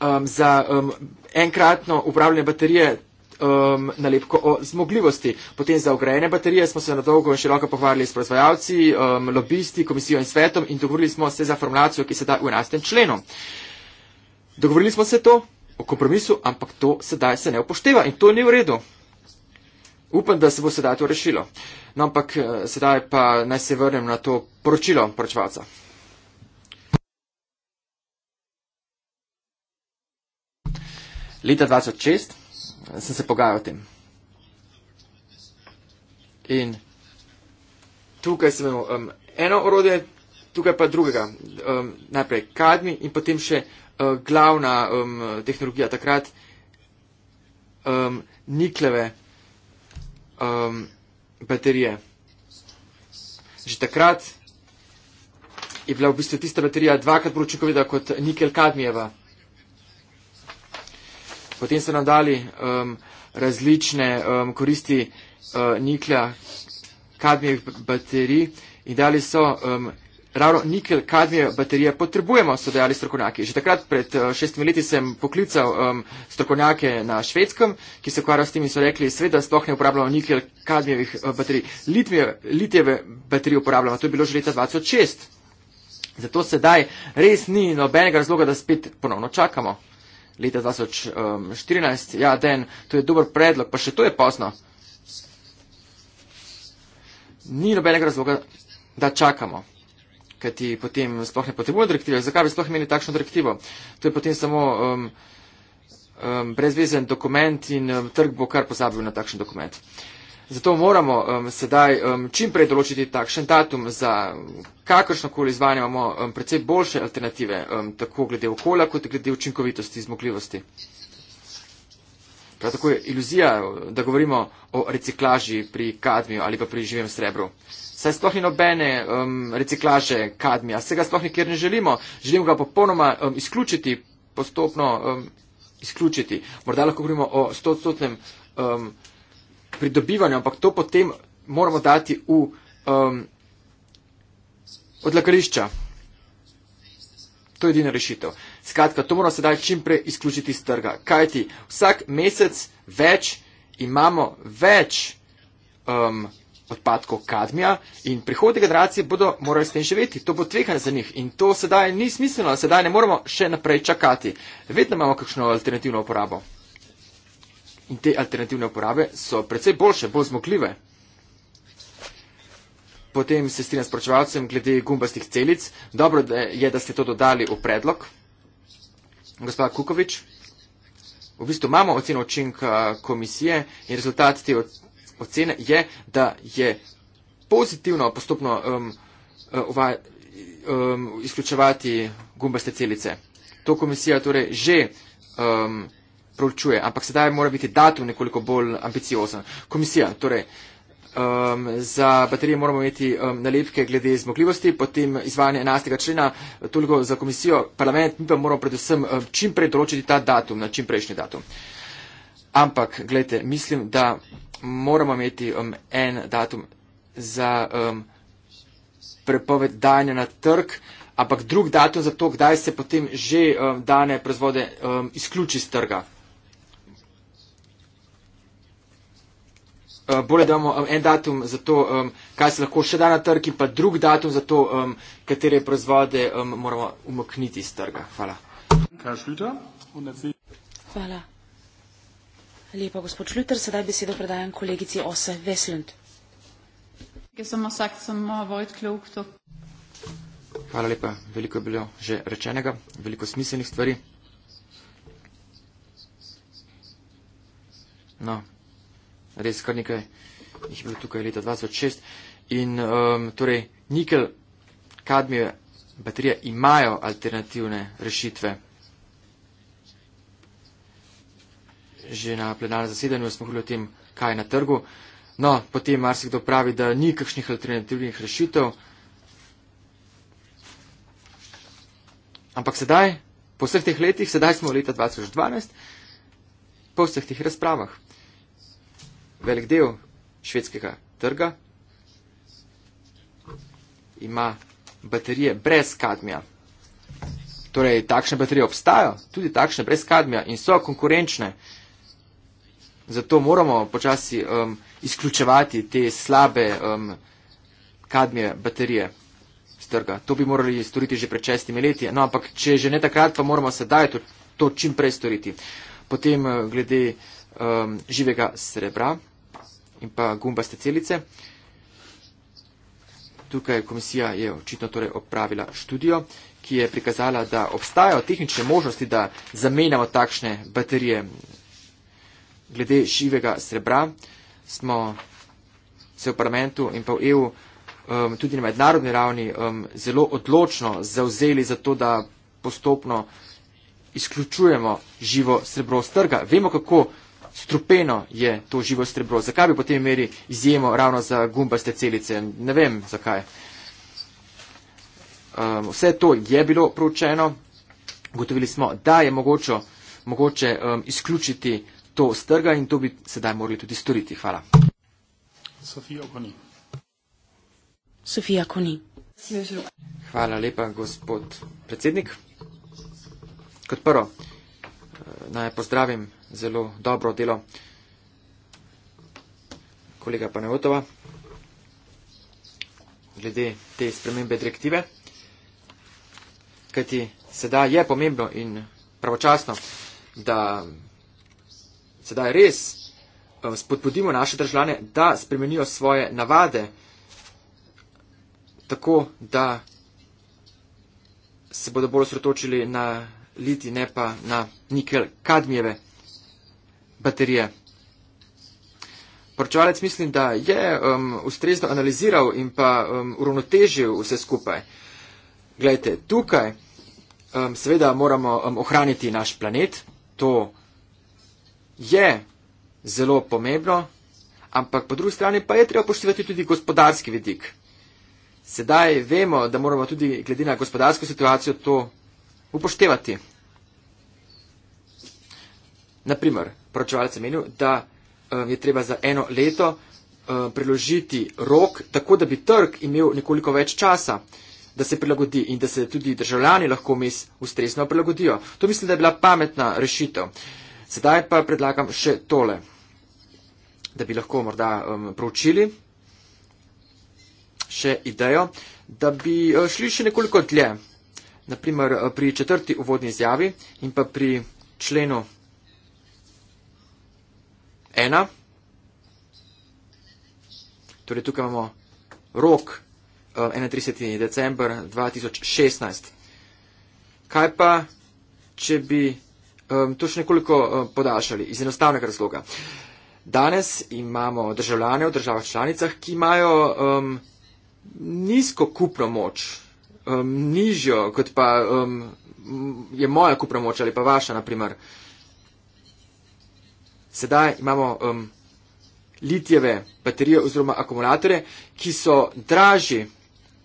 um, za um, enkratno upravljanje baterije um, nalepko o zmogljivosti. Potem za ogrejene baterije smo se na dolgo in široko pohvalili s proizvajalci, um, lobisti, komisijo in svetom in dogovorili smo se za formulacijo, ki se da v 11. členu. Dogovorili smo se to o kompromisu, ampak to sedaj se ne upošteva in to ni v redu. Upam, da se bo sedaj to rešilo. No, ampak eh, sedaj pa naj se vrnem na to poročilo poročevalca. Leta 2006 sem se pogajal o tem. In tukaj sem imel um, eno orodje, tukaj pa drugega. Um, najprej kadmi in potem še uh, glavna um, tehnologija takrat, um, nikleve um, baterije. Že takrat je bila v bistvu tista baterija dvakrat bolj učinkovita kot nikel kadmijeva. Potem so nam dali um, različne um, koristi uh, nikla, kadmijev baterij in dali so um, ravno nikel, kadmijev baterije potrebujemo, so dejali strokovnjaki. Že takrat pred uh, šestimi leti sem poklical um, strokovnjake na švedskem, ki se ukvarjajo s tem in so rekli, sveda sploh ne uporabljamo nikel, kadmijevih uh, baterij. Litmije, litijeve baterije uporabljamo, to je bilo že leta 2006. Zato sedaj res ni nobenega razloga, da spet ponovno čakamo leta 2014. Um, ja, den, to je dober predlog, pa še to je pozno. Ni nobenega razloga, da čakamo, ker ti potem sploh ne potrebuje direktive. Zakaj bi sploh imeli takšno direktivo? To je potem samo um, um, brezvezen dokument in um, trg bo kar pozabil na takšen dokument. Uh, Zato moramo um, sedaj um, čim prej določiti takšen datum za um, kakršno koli izvajanje imamo um, predvsej boljše alternative, um, tako glede okolja, kot glede učinkovitosti in zmogljivosti. Prav tako je iluzija, da govorimo o reciklaži pri kadmiju ali pa pri živem srebru. Saj sploh ni nobene um, reciklaže kadmija, vsega sploh nikjer ne želimo. Želimo ga popolnoma um, izključiti, postopno um, izključiti. Morda lahko govorimo o stotstotnem. Um, pridobivanju, ampak to potem moramo dati v um, odlagališča. To je edina rešitev. Skratka, to moramo sedaj čim prej izključiti iz trga. Kaj ti? Vsak mesec več imamo več um, odpadkov kadmija in prihodne generacije bodo morali s tem živeti. To bo tvekanje za njih in to sedaj ni smiselno, sedaj ne moramo še naprej čakati. Vedno imamo kakšno alternativno uporabo. In te alternativne uporabe so predvsej boljše, bolj zmogljive. Potem se strinjam s pročevalcem glede gumbastih celic. Dobro je, da ste to dodali v predlog. Gospod Kukovič, v bistvu imamo oceno učinka eh, komisije in rezultat te ocene je, da je pozitivno postopno um, uva, um, izključevati gumbaste celice. To komisija torej že. Um, proučuje, ampak sedaj mora biti datum nekoliko bolj ambiciozen. Komisija, torej. Um, za baterije moramo imeti um, nalepke glede zmogljivosti, potem izvajanje 11. člena, toliko za komisijo, parlament, mi pa moramo predvsem um, čim prej določiti ta datum, na čim prejšnji datum. Ampak, gledajte, mislim, da moramo imeti um, en datum za um, prepoved dajanja na trg, ampak drug datum za to, kdaj se potem že um, dane proizvode um, izključi iz trga. Eh, bolje damo um, en datum za to, um, kaj se lahko še da na trg in pa drug datum za to, um, katere proizvode um, moramo umakniti iz trga. Hvala. Hvala. Lepo, gospod Šluter, sedaj besedo predajam kolegici Ose Veslund. Eh, Hvala lepa, veliko je bilo že rečenega, veliko smiselnih stvari. No, res kar nekaj jih je bilo tukaj leta 2006. In um, torej nikel, kadmijo, baterije imajo alternativne rešitve. Že na plenarnem zasedanju smo govorili o tem, kaj je na trgu. No, potem marsikdo pravi, da ni kakšnih alternativnih rešitev. Ampak sedaj, po vseh teh letih, sedaj smo v leta 2012, po vseh teh razpravah velik del švedskega trga ima baterije brez kadmija. Torej, takšne baterije obstajajo, tudi takšne brez kadmija in so konkurenčne. Zato moramo počasi um, izključevati te slabe um, kadmije baterije z trga. To bi morali storiti že pred šestimi leti, no, ampak če že ne takrat, pa moramo sedaj to, to čim prej storiti. Potem uh, glede um, živega srebra in pa gumbaste celice. Tukaj komisija je očitno torej opravila študijo, ki je prikazala, da obstajajo tehnične možnosti, da zamenjamo takšne baterije. Glede živega srebra smo se v parlamentu in pa v EU um, tudi na mednarodni ravni um, zelo odločno zauzeli za to, da postopno izključujemo živo srebro z trga. Vemo, kako strupeno je to živo srebro. Zakaj bi potem imeli izjemo ravno za gumbaste celice? Ne vem zakaj. Um, vse to je bilo proučeno. Gotovili smo, da je mogoče, mogoče um, izključiti to strga in to bi sedaj morali tudi storiti. Hvala. Sofija Koni. Sofija Koni. Hvala lepa, gospod predsednik. Kot prvo, eh, naj pozdravim zelo dobro delo kolega Panevotova glede te spremembe direktive. Kajti sedaj je pomembno in pravočasno, da sedaj res eh, spodbudimo naše državljane, da spremenijo svoje navade tako, da se bodo bolj osredotočili na liti, ne pa na nikel kadmijeve baterije. Poročevalec mislim, da je um, ustrezno analiziral in pa um, uravnotežil vse skupaj. Glejte, tukaj um, seveda moramo um, ohraniti naš planet, to je zelo pomembno, ampak po drugi strani pa je treba poštivati tudi gospodarski vidik. Sedaj vemo, da moramo tudi glede na gospodarsko situacijo to upoštevati. Naprimer, poročevalec menil, da um, je treba za eno leto um, priložiti rok, tako da bi trg imel nekoliko več časa, da se prilagodi in da se tudi državljani lahko mis ustrezno prilagodijo. To mislim, da je bila pametna rešitev. Sedaj pa predlagam še tole, da bi lahko morda um, proučili še idejo, da bi eh, šli še nekoliko dlje. Naprimer pri četrti uvodni izjavi in pa pri členu ena. Torej tukaj imamo rok 31. Eh, december 2016. Kaj pa, če bi um, to še nekoliko um, podaljšali iz enostavnega razloga? Danes imamo državljane v državah članicah, ki imajo um, nizko kupno moč, um, nižjo kot pa um, je moja kupna moč ali pa vaša, na primer. Uh, sedaj imamo um, litijeve baterije oziroma akumulatore, ki so dražji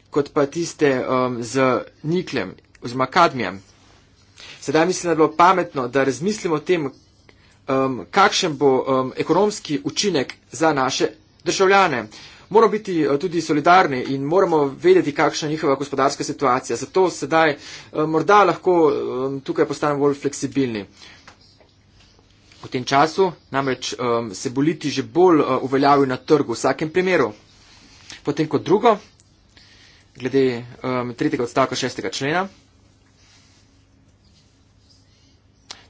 kot pa tiste um, z niklem oziroma kadmijem. Sedaj mislim, da je bilo pametno, da razmislimo o tem, um, kakšen bo um, ekonomski učinek za naše državljane. Moramo biti uh, tudi solidarni in moramo vedeti, kakšna je njihova gospodarska situacija. Zato sedaj uh, morda lahko um, tukaj postanemo bolj fleksibilni. V tem času namreč um, se boliti že bolj uh, uveljavijo na trgu v vsakem primeru. Potem kot drugo, glede um, tretjega odstavka šestega člena,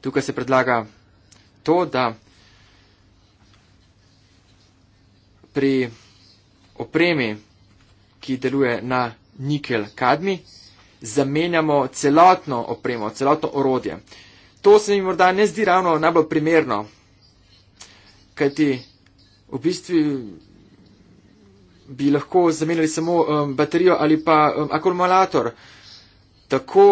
tukaj se predlaga to, da pri opremi, ki deluje na nikel kadmi, zamenjamo celotno opremo, celotno orodje. Uh, to se mi morda ne zdi ravno najbolj primerno, kajti v bistvu bi lahko zamenjali samo um, baterijo ali pa um, akumulator. Tako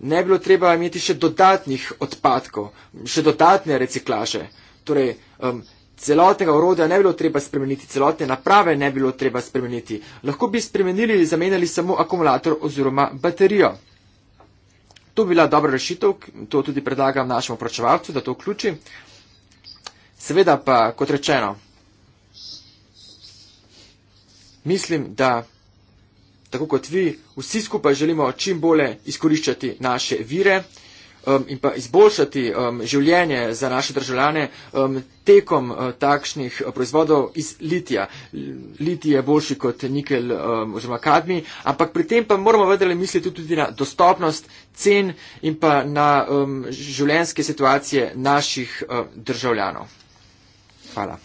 ne bi bilo treba imeti še dodatnih odpadkov, še dodatne reciklaže. Torej, um, Celotnega orodja ne bi bilo treba spremeniti, celotne naprave ne bi bilo treba spremeniti. Lahko bi spremenili ali zamenjali samo akumulator oziroma baterijo to bila dobra rešitev, to tudi predlagam našemu pročevalcu, da to vključi. Seveda pa, kot rečeno, mislim, da tako kot vi, vsi skupaj želimo čim bolje izkoriščati naše vire um, in pa izboljšati um, življenje za naše državljane um, tekom uh, takšnih uh, proizvodov iz litija. Litij je boljši kot nikel um, oziroma kadmi, ampak pri tem pa moramo vendarle misliti tudi na dostopnost cen in pa na um, življenjske situacije naših uh, državljanov. Hvala.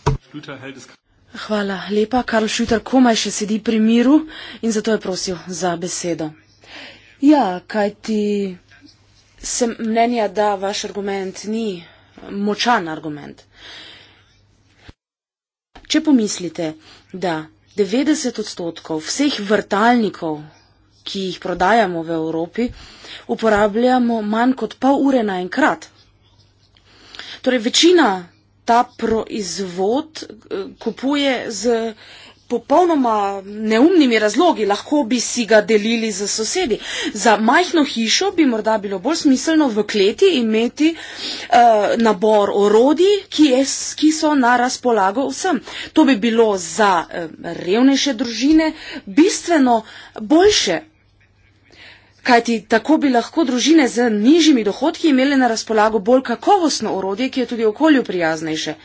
Hvala lepa, Karl Šuter komaj še sedi pri miru in zato je prosil za besedo. Ja, kaj ti sem mnenja, da vaš argument ni močan argument. Če pomislite, da 90 odstotkov vseh vrtalnikov, ki jih prodajamo v Evropi, uporabljamo manj kot pol ure naenkrat. Torej, večina ta proizvod eh, kupuje z uh, popolnoma neumnimi razlogi, lahko bi si ga delili z sosedi. Za majhno hišo bi morda bilo bolj smiselno v kleti imeti uh, nabor orodij, ki, je, ki so na razpolago vsem. To bi bilo za uh, revnejše družine bistveno boljše. Kajti tako bi lahko družine z nižjimi dohodki imele na razpolago bolj kakovostno orodje, ki je tudi okolju prijaznejše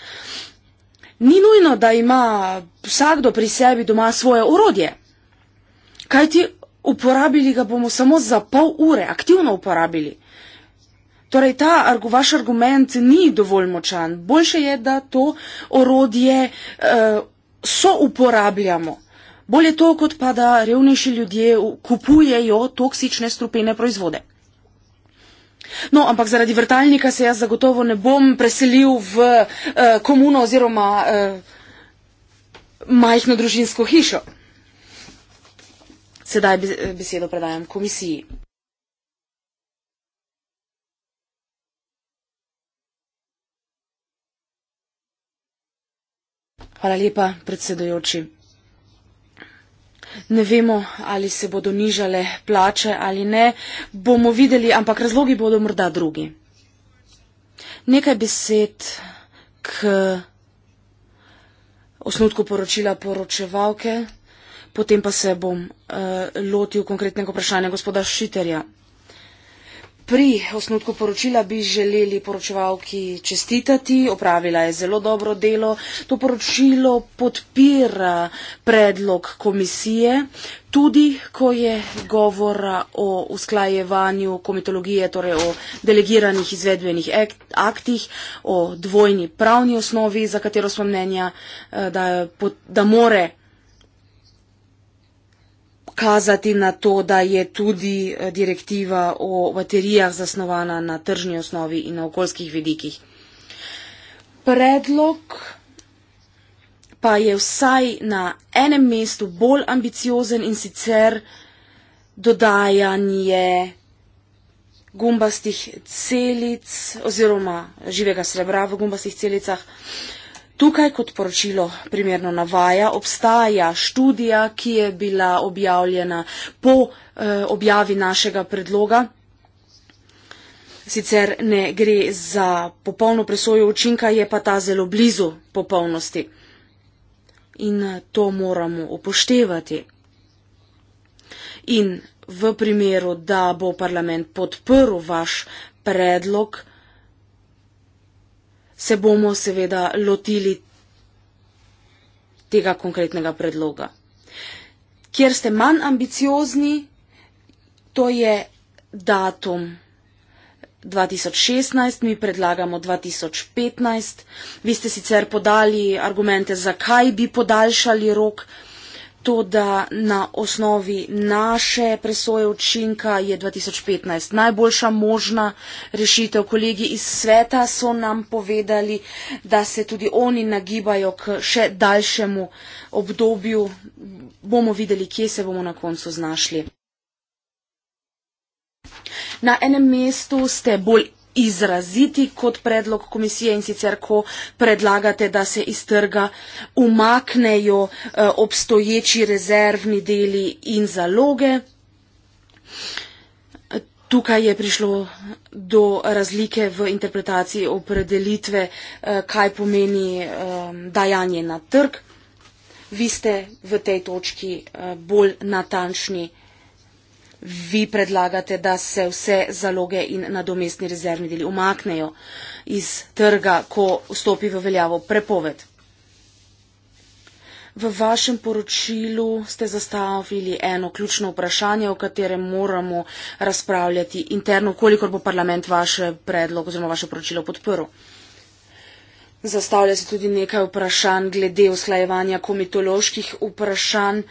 ni nujno, da ima vsakdo pri sebi doma svoje urodje. Kaj ti uporabili ga bomo samo za pol ure, aktivno uporabili. Torej, ta vaš argument ni dovolj močan. Boljše je, da to orodje uh, eh, so uporabljamo. Bolje to, kot pa da revnejši ljudje kupujejo toksične strupene proizvode. No, ampak zaradi vrtalnika se jaz zagotovo ne bom preselil v eh, komuno oziroma eh, majhno družinsko hišo. Sedaj besedo predajam komisiji. Hvala lepa, predsedujoči ne vemo, ali se bodo nižale plače ali ne, bomo videli, ampak razlogi bodo morda drugi. Nekaj besed k osnutku poročila poročevalke, potem pa se bom uh, lotil konkretnega vprašanja gospoda Šiterja. Pri osnutku poročila bi želeli poročevalki čestitati, opravila je zelo dobro delo. To poročilo podpira predlog komisije, tudi ko je govora o usklajevanju komitologije, torej o delegiranih izvedbenih aktih, o dvojni pravni osnovi, za katero smo mnenja, eh, da, da more kazati na to, da je tudi eh, direktiva o baterijah zasnovana na tržni osnovi in na okoljskih vidikih. Predlog pa je vsaj na enem mestu bolj ambiciozen in sicer dodajanje gumbastih celic oziroma živega srebra v gumbastih celicah. Uh, Tukaj kot poročilo primerno navaja, obstaja študija, ki je bila objavljena po eh, objavi našega predloga. Sicer ne gre za popolno presojo učinka, je pa ta zelo blizu popolnosti. In eh, to moramo upoštevati. In v primeru, da bo parlament podprl vaš predlog, se bomo seveda lotili tega konkretnega predloga. Kjer ste manj ambiciozni, to je datum 2016, mi predlagamo 2015. Vi ste sicer podali argumente, zakaj bi podaljšali rok to, da na osnovi naše presoje učinka je 2015 najboljša možna rešitev. Kolegi iz sveta so nam povedali, da se tudi oni nagibajo k še daljšemu obdobju. Bomo videli, kje se bomo na koncu znašli. Na enem mestu ste bolj izraziti kot predlog komisije in sicer, ko predlagate, da se iz trga umaknejo eh, obstoječi rezervni deli in zaloge. Tukaj je prišlo do razlike v interpretaciji opredelitve, eh, kaj pomeni eh, dajanje na trg. Vi ste v tej točki bolj natančni vi predlagate, da se vse zaloge in nadomestni rezervni deli umaknejo iz trga, ko vstopi v veljavo prepoved. V vašem poročilu ste zastavili eno ključno vprašanje, o katerem moramo razpravljati interno, kolikor bo parlament vaše predlog oziroma vaše poročilo podprl. Zastavlja se tudi nekaj vprašanj glede usklajevanja komitoloških vprašanj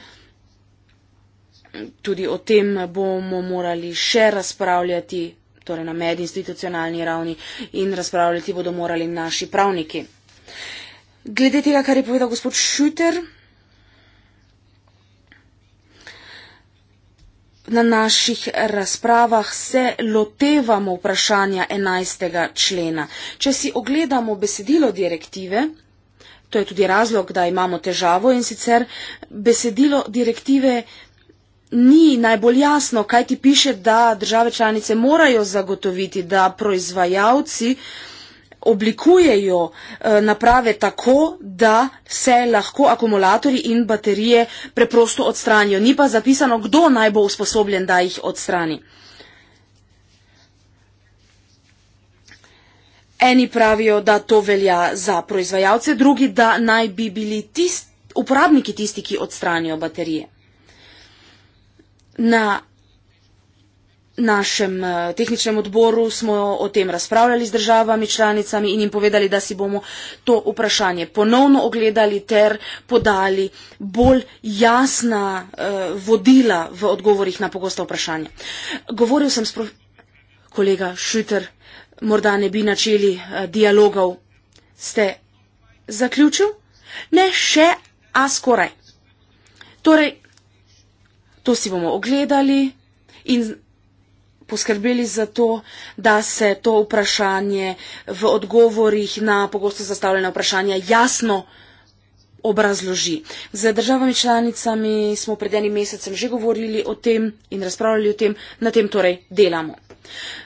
tudi o tem bomo morali še razpravljati, torej na medinstitucionalni ravni in razpravljati bodo morali naši pravniki. Glede tega, kar je povedal gospod Šuter, na naših razpravah se lotevamo vprašanja 11. člena. Če si ogledamo besedilo direktive, to je tudi razlog, da imamo težavo in sicer besedilo direktive ni najbolj jasno, kaj ti piše, da države članice morajo zagotoviti, da proizvajalci oblikujejo eh, naprave tako, da se lahko akumulatori in baterije preprosto odstranijo. Ni pa zapisano, kdo naj bo usposobljen, da jih odstrani. Eni pravijo, da to velja za proizvajalce, drugi, da naj bi bili tist, uporabniki tisti, ki odstranijo baterije. Na našem eh, tehničnem odboru smo o tem razpravljali z državami članicami in jim povedali, da si bomo to vprašanje ponovno ogledali ter podali bolj jasna uh, vodila v odgovorih na pogosta vprašanja. Govoril sem s kolega Šuter, morda ne bi načeli uh, dialogov. Ste zaključil? Ne, še, a skoraj. Torej, to si bomo ogledali in poskrbeli za to, da se to vprašanje v odgovorih na pogosto zastavljena vprašanja jasno obrazloži. Z državami članicami smo pred enim mesecem že govorili o tem in razpravljali o tem, na tem torej delamo.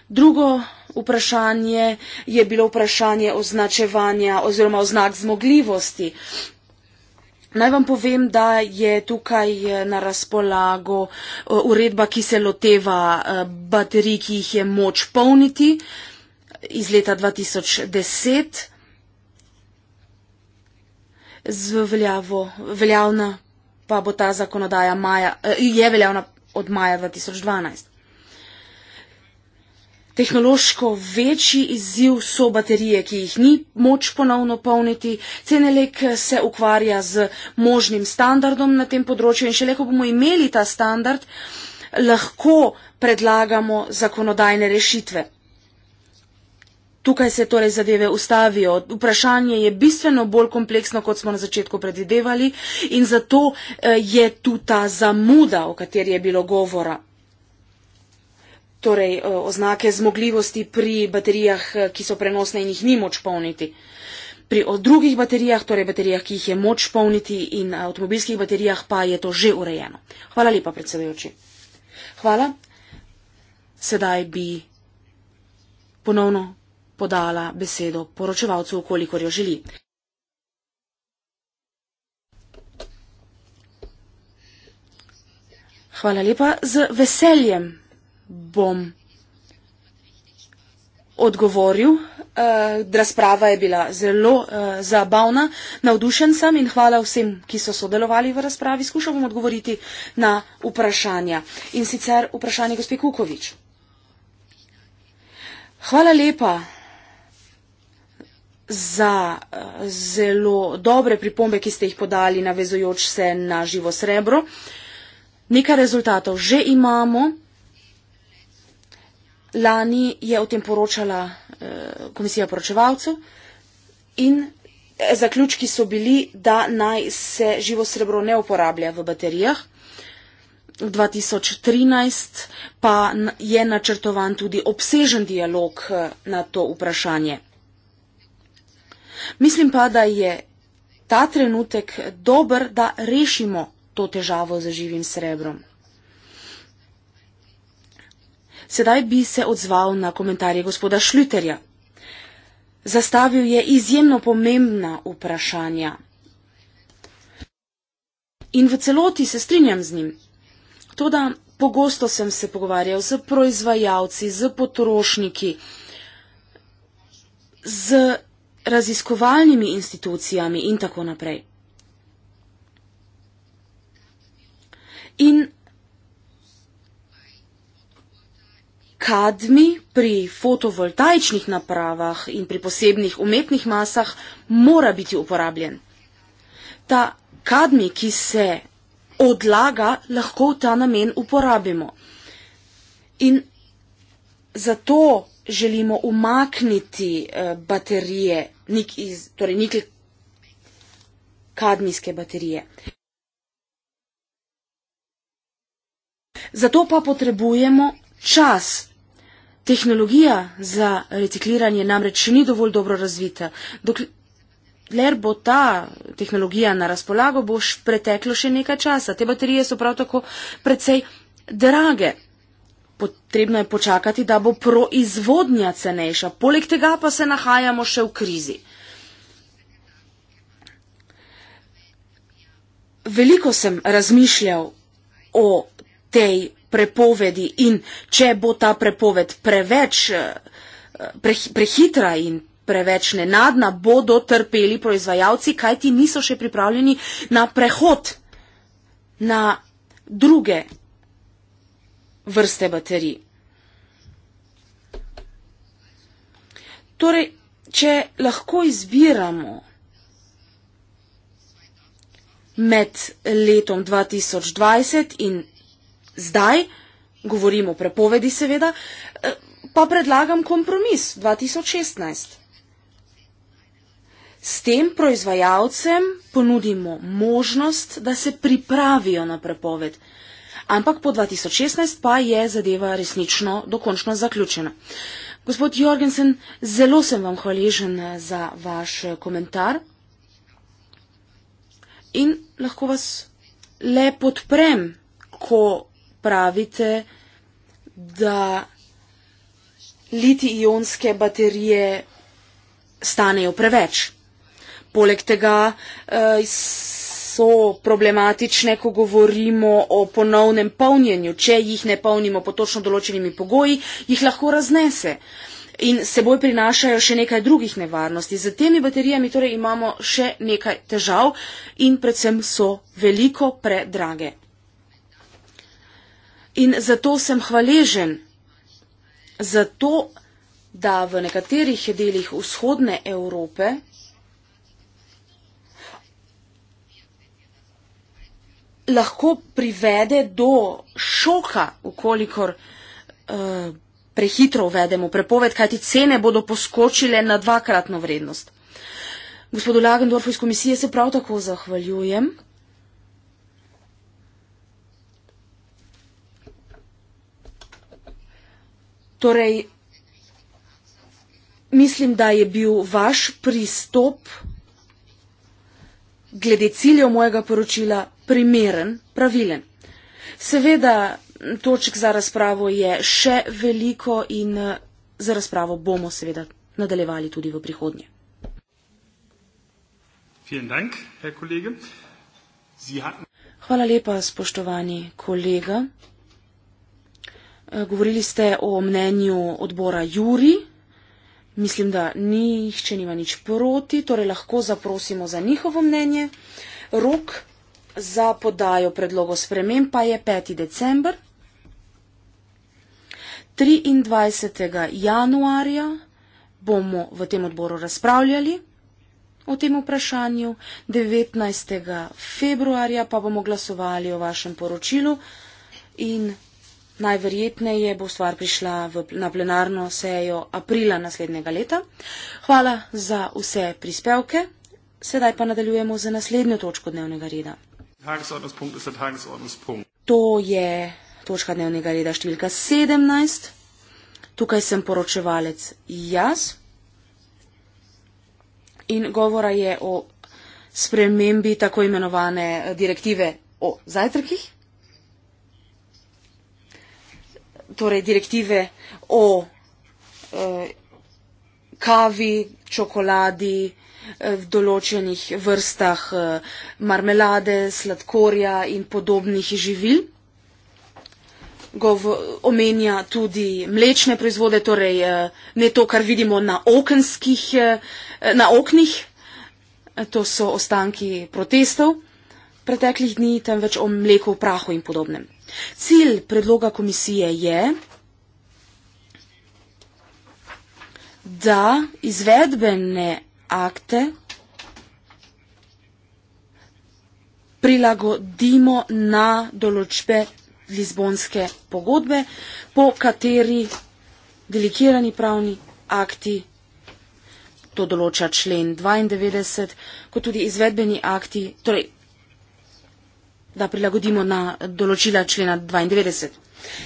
Drugo vprašanje je bilo vprašanje označevanja oziroma oznak zmogljivosti. Naj vam povem, da je tukaj eh, na razpolago eh, uredba, ki se loteva eh, baterij, ki jih je moč polniti iz leta 2010. Zveljavo, veljavna pa bo ta zakonodaja maja, je veljavna od maja 2012. Tehnološko večji izziv so baterije, ki jih ni moč ponovno polniti. Cenelek se ukvarja z možnim standardom na tem področju in šele, ko bomo imeli ta standard, lahko predlagamo zakonodajne rešitve. Tukaj se torej zadeve ustavijo. Vprašanje je bistveno bolj kompleksno, kot smo na začetku predvidevali in zato eh, je tu ta zamuda, o kateri je bilo govora torej eh, oznake zmogljivosti pri baterijah, eh, ki so prenosne in jih ni moč polniti. Pri drugih baterijah, torej baterijah, ki jih je moč polniti in avtomobilskih baterijah, pa je to že urejeno. Hvala lepa, predsedujoči. Hvala. Sedaj bi ponovno podala besedo poročevalcu, kolikor jo želi. Hvala lepa, z veseljem bom odgovoril. Uh, razprava je bila zelo uh, zabavna. Navdušen sem in hvala vsem, ki so sodelovali v razpravi. Skušal bom odgovoriti na vprašanja. In sicer vprašanje gospe Kukovič. Hvala lepa za eh, zelo dobre pripombe, ki ste jih podali, navezujoč se na živo srebro. Nekaj rezultatov že imamo. Lani je o tem poročala eh, komisija poročevalcev in eh, zaključki so bili, da naj se živo srebro ne uporablja v baterijah. 2013 pa je načrtovan tudi obsežen dialog eh, na to vprašanje. Mislim pa, da je ta trenutek dober, da rešimo to težavo z živim srebrom. Sedaj bi se odzval na komentarje gospoda Šluterja. Zastavil je izjemno pomembna vprašanja. In v celoti se strinjam z njim. Toda pogosto sem se pogovarjal z proizvajalci, z potrošniki, z raziskovalnimi institucijami in tako naprej. In kadmi pri fotovoltaičnih napravah in pri posebnih umetnih masah mora biti uporabljen. Ta kadmi, ki se odlaga, lahko v ta namen uporabimo. In zato želimo umakniti eh, baterije, nik iz, torej nikl kadmijske baterije. Zato pa potrebujemo čas, Tehnologija za recikliranje namreč še ni dovolj dobro razvita. Dokler bo ta tehnologija na razpolago, boš preteklo še nekaj časa. Te baterije so prav tako precej drage. Potrebno je počakati, da bo proizvodnja cenejša. Poleg tega pa se nahajamo še v krizi. Veliko sem razmišljal o tej prepovedi in če bo ta prepoved preveč eh, pre, prehitra in preveč nenadna, bodo trpeli proizvajalci, kajti niso še pripravljeni na prehod na druge vrste baterij. Torej, če lahko izbiramo med letom 2020 in Zdaj, govorim o prepovedi seveda, eh, pa predlagam kompromis 2016. S tem proizvajalcem ponudimo možnost, da se pripravijo na prepoved. Ampak po 2016 pa je zadeva resnično dokončno zaključena. Gospod Jorgensen, zelo sem vam hvaležen eh, za vaš eh, komentar in lahko vas le podprem, ko pravite, da litijonske baterije stanejo preveč. Poleg tega eh, so problematične, ko govorimo o ponovnem polnjenju. Če jih ne polnimo po točno določenimi pogoji, jih lahko raznese. In seboj prinašajo še nekaj drugih nevarnosti. Z temi baterijami torej imamo še nekaj težav in predvsem so veliko predrage. In zato sem hvaležen, zato, da v nekaterih delih vzhodne Evrope lahko privede do šoka, ukolikor uh, eh, prehitro uvedemo prepoved, kajti cene bodo poskočile na dvakratno vrednost. Gospodu Lagendorfu iz komisije se prav tako zahvaljujem. Torej, mislim, da je bil vaš pristop glede ciljev mojega poročila primeren, pravilen. Seveda, točk za razpravo je še veliko in eh, za razpravo bomo seveda nadaljevali tudi v prihodnje. Hvala lepa, spoštovani kolega. Eh, govorili ste o mnenju odbora Juri. Mislim, da nihče nima nič proti, torej lahko zaprosimo za njihovo mnenje. Rok za podajo predlogo sprememb pa je 5. december. 23. januarja bomo v tem odboru razpravljali o tem vprašanju, 19. februarja pa bomo glasovali o vašem poročilu in najverjetneje bo stvar prišla v, na plenarno sejo aprila naslednjega leta. Hvala za vse prispevke. Sedaj pa nadaljujemo z naslednjo točko dnevnega reda. To je točka dnevnega reda številka 17. Tukaj sem poročevalec jaz in govora je o spremembi tako imenovane eh, direktive o zajtrkih. torej direktive o eh, kavi, čokoladi, eh, v določenih vrstah eh, marmelade, sladkorja in podobnih živil. Gov omenja tudi mlečne proizvode, torej eh, ne to, kar vidimo na, okenskih, na oknih, to so ostanki protestov preteklih dni, temveč o mleku, prahu in podobnem. Cilj predloga komisije je, da izvedbene akte prilagodimo na določbe Lizbonske pogodbe, po kateri delikirani pravni akti, to določa člen 92, kot tudi izvedbeni akti, torej da prilagodimo na določila člena 92.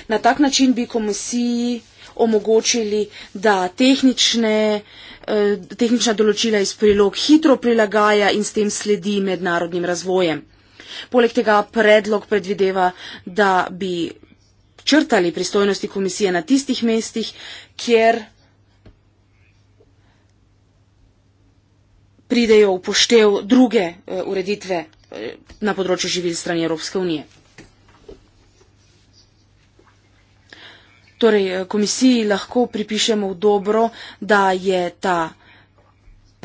Na tak način bi komisiji omogočili, da tehnične, eh, tehnična določila iz prilog hitro prilagaja in s tem sledi mednarodnim razvojem. Poleg tega predlog predvideva, da bi črtali pristojnosti komisije na tistih mestih, kjer pridejo v poštev druge eh, ureditve na področju živil strani Evropske unije. Torej, eh, komisiji lahko pripišemo v dobro, da je ta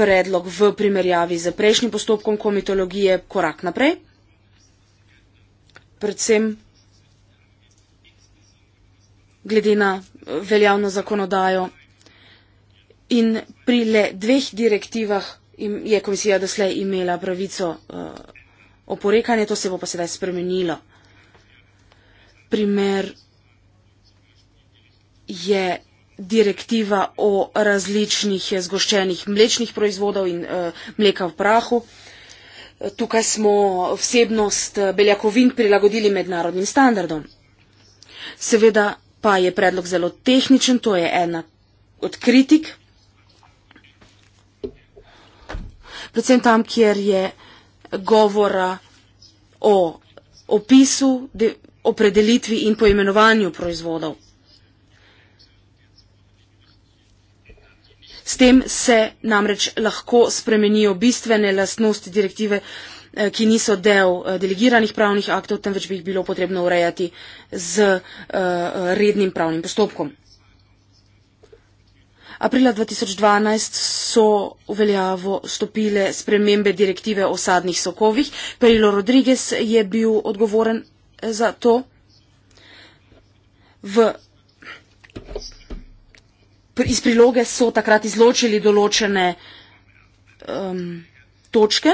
predlog v primerjavi z prejšnjim postopkom komitologije korak naprej. Predvsem glede na eh, veljavno zakonodajo in pri le dveh direktivah je komisija doslej imela pravico. Uh, oporekanje, to se bo pa sedaj spremenilo. Primer je direktiva o različnih eh, zgoščenih mlečnih proizvodov in uh, mleka v prahu. Tukaj smo vsebnost eh, beljakovin prilagodili mednarodnim standardom. Seveda pa je predlog zelo tehničen, to je ena od kritik. Predvsem tam, kjer je govora o opisu, de, opredelitvi in poimenovanju proizvodov. S tem se namreč lahko spremenijo bistvene lastnosti direktive, eh, ki niso del eh, delegiranih pravnih aktov, temveč bi jih bilo potrebno urejati z eh, rednim pravnim postopkom. Aprila 2012 so v veljavo stopile spremembe direktive o sadnih sokovih. Perilo Rodriguez je bil odgovoren eh, za to. V Iz priloge so takrat izločili določene um, točke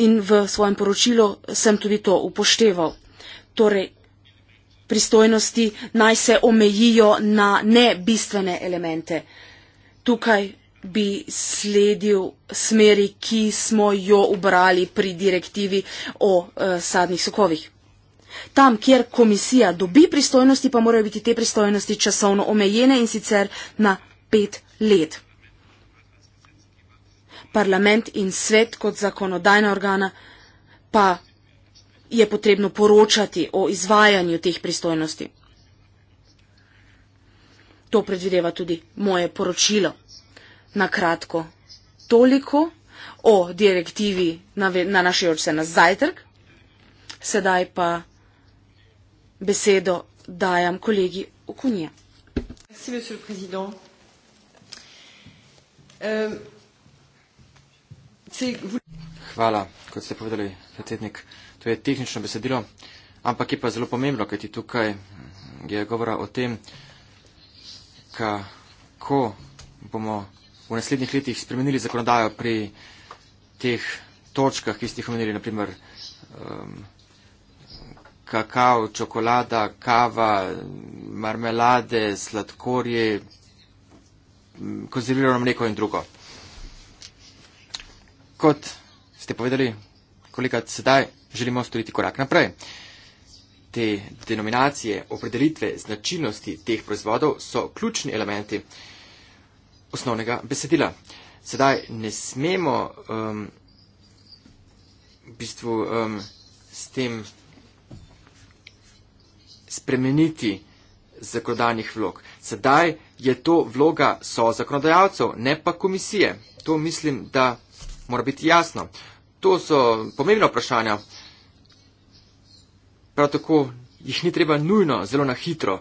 in v svojem poročilu sem tudi to upošteval. Torej, pristojnosti naj se omejijo na nebistvene elemente. Tukaj bi sledil smeri, ki smo jo ubrali pri direktivi o eh, sadnih sokovih. Tam, kjer komisija dobi pristojnosti, pa morajo biti te pristojnosti časovno omejene in sicer na pet let. Parlament in svet kot zakonodajna organa pa je potrebno poročati o izvajanju teh pristojnosti. To predvideva tudi moje poročilo. Na kratko toliko o direktivi na naši oče na zajtrk. Sedaj pa besedo dajam kolegi Okunija. Merci, monsieur le président. Euh, Hvala, kot ste povedali, predsednik to je tehnično besedilo, ampak je pa zelo pomembno, kajti tukaj je govora o tem, kako bomo v naslednjih letih spremenili zakonodajo pri teh točkah, ki ste jih omenili, naprimer um, kakav, čokolada, kava, marmelade, sladkorje, konzervirano mleko in drugo. Kot ste povedali, kolikrat sedaj želimo storiti korak naprej. Te denominacije, opredelitve, značilnosti teh proizvodov so ključni elementi osnovnega besedila. Sedaj ne smemo um, v bistvu um, s tem spremeniti zakonodajnih vlog. Sedaj je to vloga so zakonodajalcev, ne pa komisije. To mislim, da mora biti jasno. To so pomembna vprašanja prav tako jih ni treba nujno zelo na hitro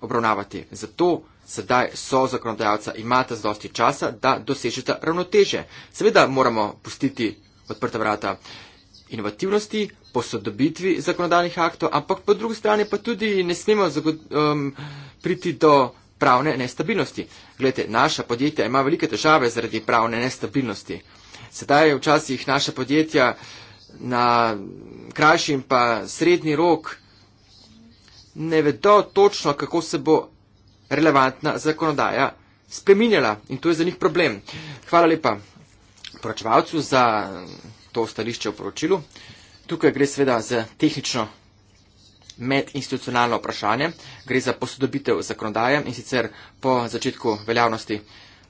obravnavati. Zato sedaj so zakonodajalca imata z dosti časa, da dosežete ravnoteže. Seveda moramo pustiti odprta vrata inovativnosti, posodobitvi zakonodajnih aktov, ampak po drugi strani pa tudi ne smemo um, priti do pravne nestabilnosti. Glede, naša podjetja ima velike težave zaradi pravne nestabilnosti. Sedaj je včasih naša podjetja uh, na krajši in pa srednji rok, ne vedo točno, kako se bo relevantna zakonodaja spreminjala in to je za njih problem. Hvala lepa poročevalcu za to stališče v poročilu. Tukaj gre sveda za tehnično medinstitucionalno vprašanje, gre za posodobitev zakonodaje in sicer po začetku veljavnosti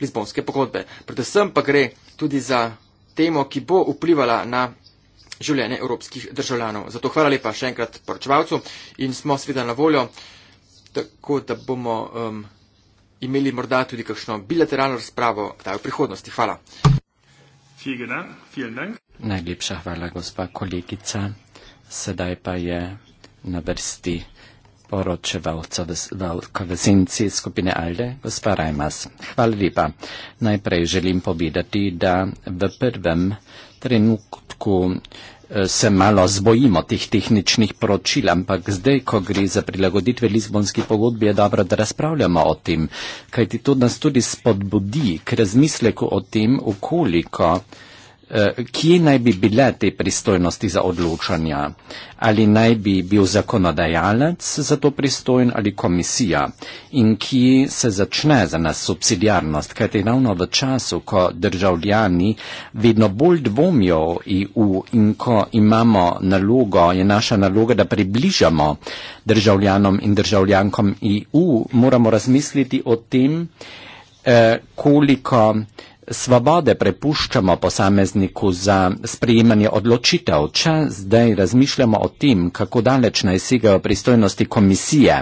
Lizbonske pogodbe. Predvsem pa gre tudi za temo, ki bo vplivala na življenje evropskih državljanov. Zato hvala lepa še enkrat poročevalcu in smo sveda na voljo, tako da bomo um, imeli morda tudi kakšno bilateralno razpravo kdaj v prihodnosti. Hvala. Najlepša hvala, gospa kolegica. Sedaj pa je na vrsti poročevalca v, v senci skupine Alde, gospa Rajmas. Hvala lepa. Najprej želim povedati, da v prvem trenutku eh, se malo zbojimo teh tehničnih poročil, ampak zdaj, ko gre za prilagoditve Lizbonski pogodbi, je dobro, da razpravljamo o tem, kajti to nas tudi spodbudi k razmisleku o tem, ukoliko Eh, kje naj bi bile te pristojnosti za odločanja? Ali naj bi bil zakonodajalec za to pristojen ali komisija? In kje se začne za nas subsidijarnost? Kajte ravno v času, ko državljani vedno bolj dvomijo EU in ko imamo nalogo, je naša naloga, da približamo državljanom in državljankom EU, moramo razmisliti o tem, eh, koliko svobode prepuščamo posamezniku za sprejemanje odločitev, če zdaj razmišljamo o tem, kako daleč naj segajo pristojnosti komisije.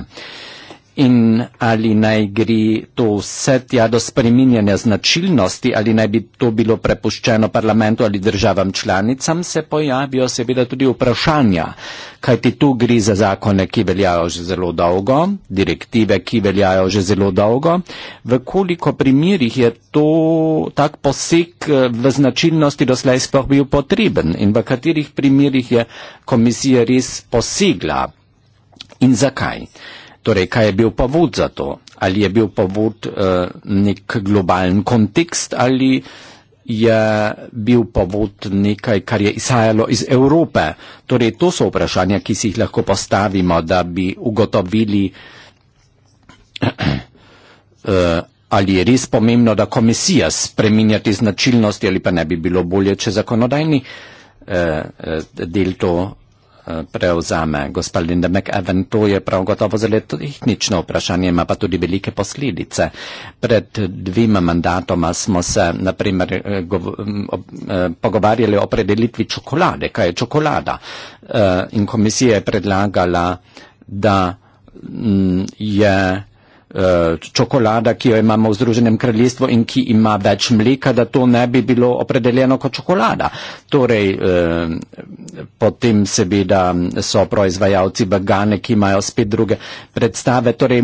In ali naj gre to vse tja do spreminjanja značilnosti, ali naj bi to bilo prepuščeno parlamentu ali državam članicam, se pojavijo seveda tudi vprašanja. Kajti tu gre za zakone, ki veljajo že zelo dolgo, direktive, ki veljajo že zelo dolgo. V koliko primerjih je to tak poseg eh, v značilnosti doslej sploh bil potreben in v katerih primerjih je komisija res posegla in zakaj? Torej, kaj je bil povod za to? Ali je bil povod uh, nek globalen kontekst ali je bil povod nekaj, kar je izhajalo iz Evrope? Torej, to so vprašanja, ki si jih lahko postavimo, da bi ugotovili, uh, ali je res pomembno, da komisija spreminja te značilnosti ali pa ne bi bilo bolje, če zakonodajni uh, del to prevzame. Gospa Linda McEwen, to je prav gotovo zelo tehnično vprašanje, ima pa tudi velike posledice. Pred dvima mandatoma smo se, na primer, eh, eh, pogovarjali o predelitvi čokolade, kaj je čokolada. Eh, in komisija je predlagala, da je Eh, čokolada, ki jo imamo v Združenem kraljestvu in ki ima več mleka, da to ne bi bilo opredeljeno kot čokolada. Torej, eh, potem seveda so proizvajalci bagane, ki imajo spet druge predstave. Torej,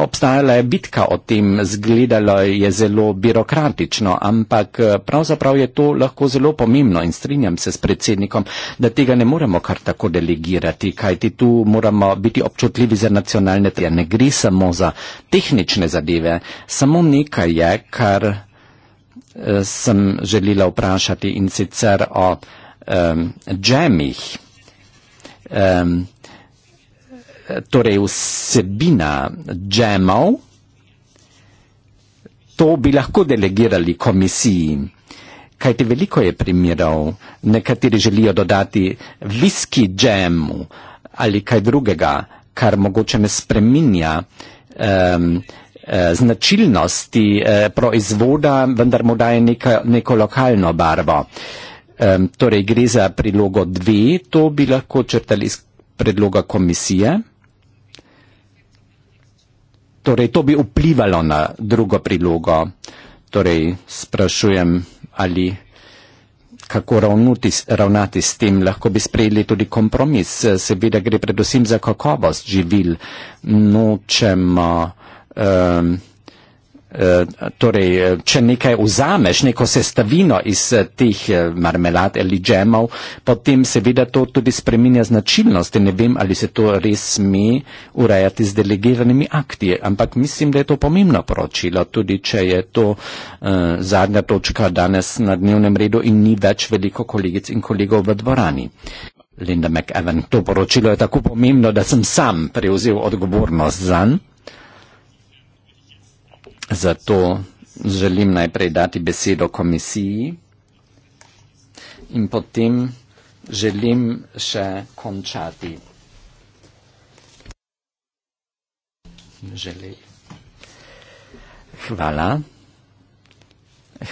obstajala je bitka o tem, zgledalo je zelo birokratično, ampak eh, pravzaprav je to lahko zelo pomembno in strinjam se s predsednikom, da tega ne moremo kar tako delegirati, kajti tu moramo biti občutljivi za nacionalne trije. Ja, ne gre samo za tehnične zadeve. Samo nekaj je, kar eh, sem želela vprašati in sicer o um, džemih. Um, torej vsebina džemov, to bi lahko delegirali komisiji. Kajti veliko je primerov, nekateri želijo dodati viski džemu ali kaj drugega, kar mogoče ne spreminja uh, um, značilnosti eh, proizvoda, vendar mu daje neka, neko lokalno barvo. Um, torej gre za prilogo 2, to bi lahko črtali iz predloga komisije. Torej to bi vplivalo na drugo prilogo. Torej sprašujem, ali kako ravnuti, ravnati s tem. Lahko bi sprejeli tudi kompromis. Seveda gre predvsem za kakovost živil. Nočemo. Uh, Eh, torej, eh, če nekaj vzameš, neko sestavino iz eh, teh marmelad ali džemov, potem seveda to tudi spreminja značilnost. Ne vem, ali se to res sme urejati z delegiranimi akti, ampak mislim, da je to pomembno poročilo, tudi če je to uh, zadnja točka danes na dnevnem redu in ni več veliko kolegic in kolegov v dvorani. Linda McEwen, to poročilo je tako pomembno, da sem sam prevzel odgovornost zanj. Zato želim najprej dati besedo komisiji in potem želim še končati. Želi. Hvala.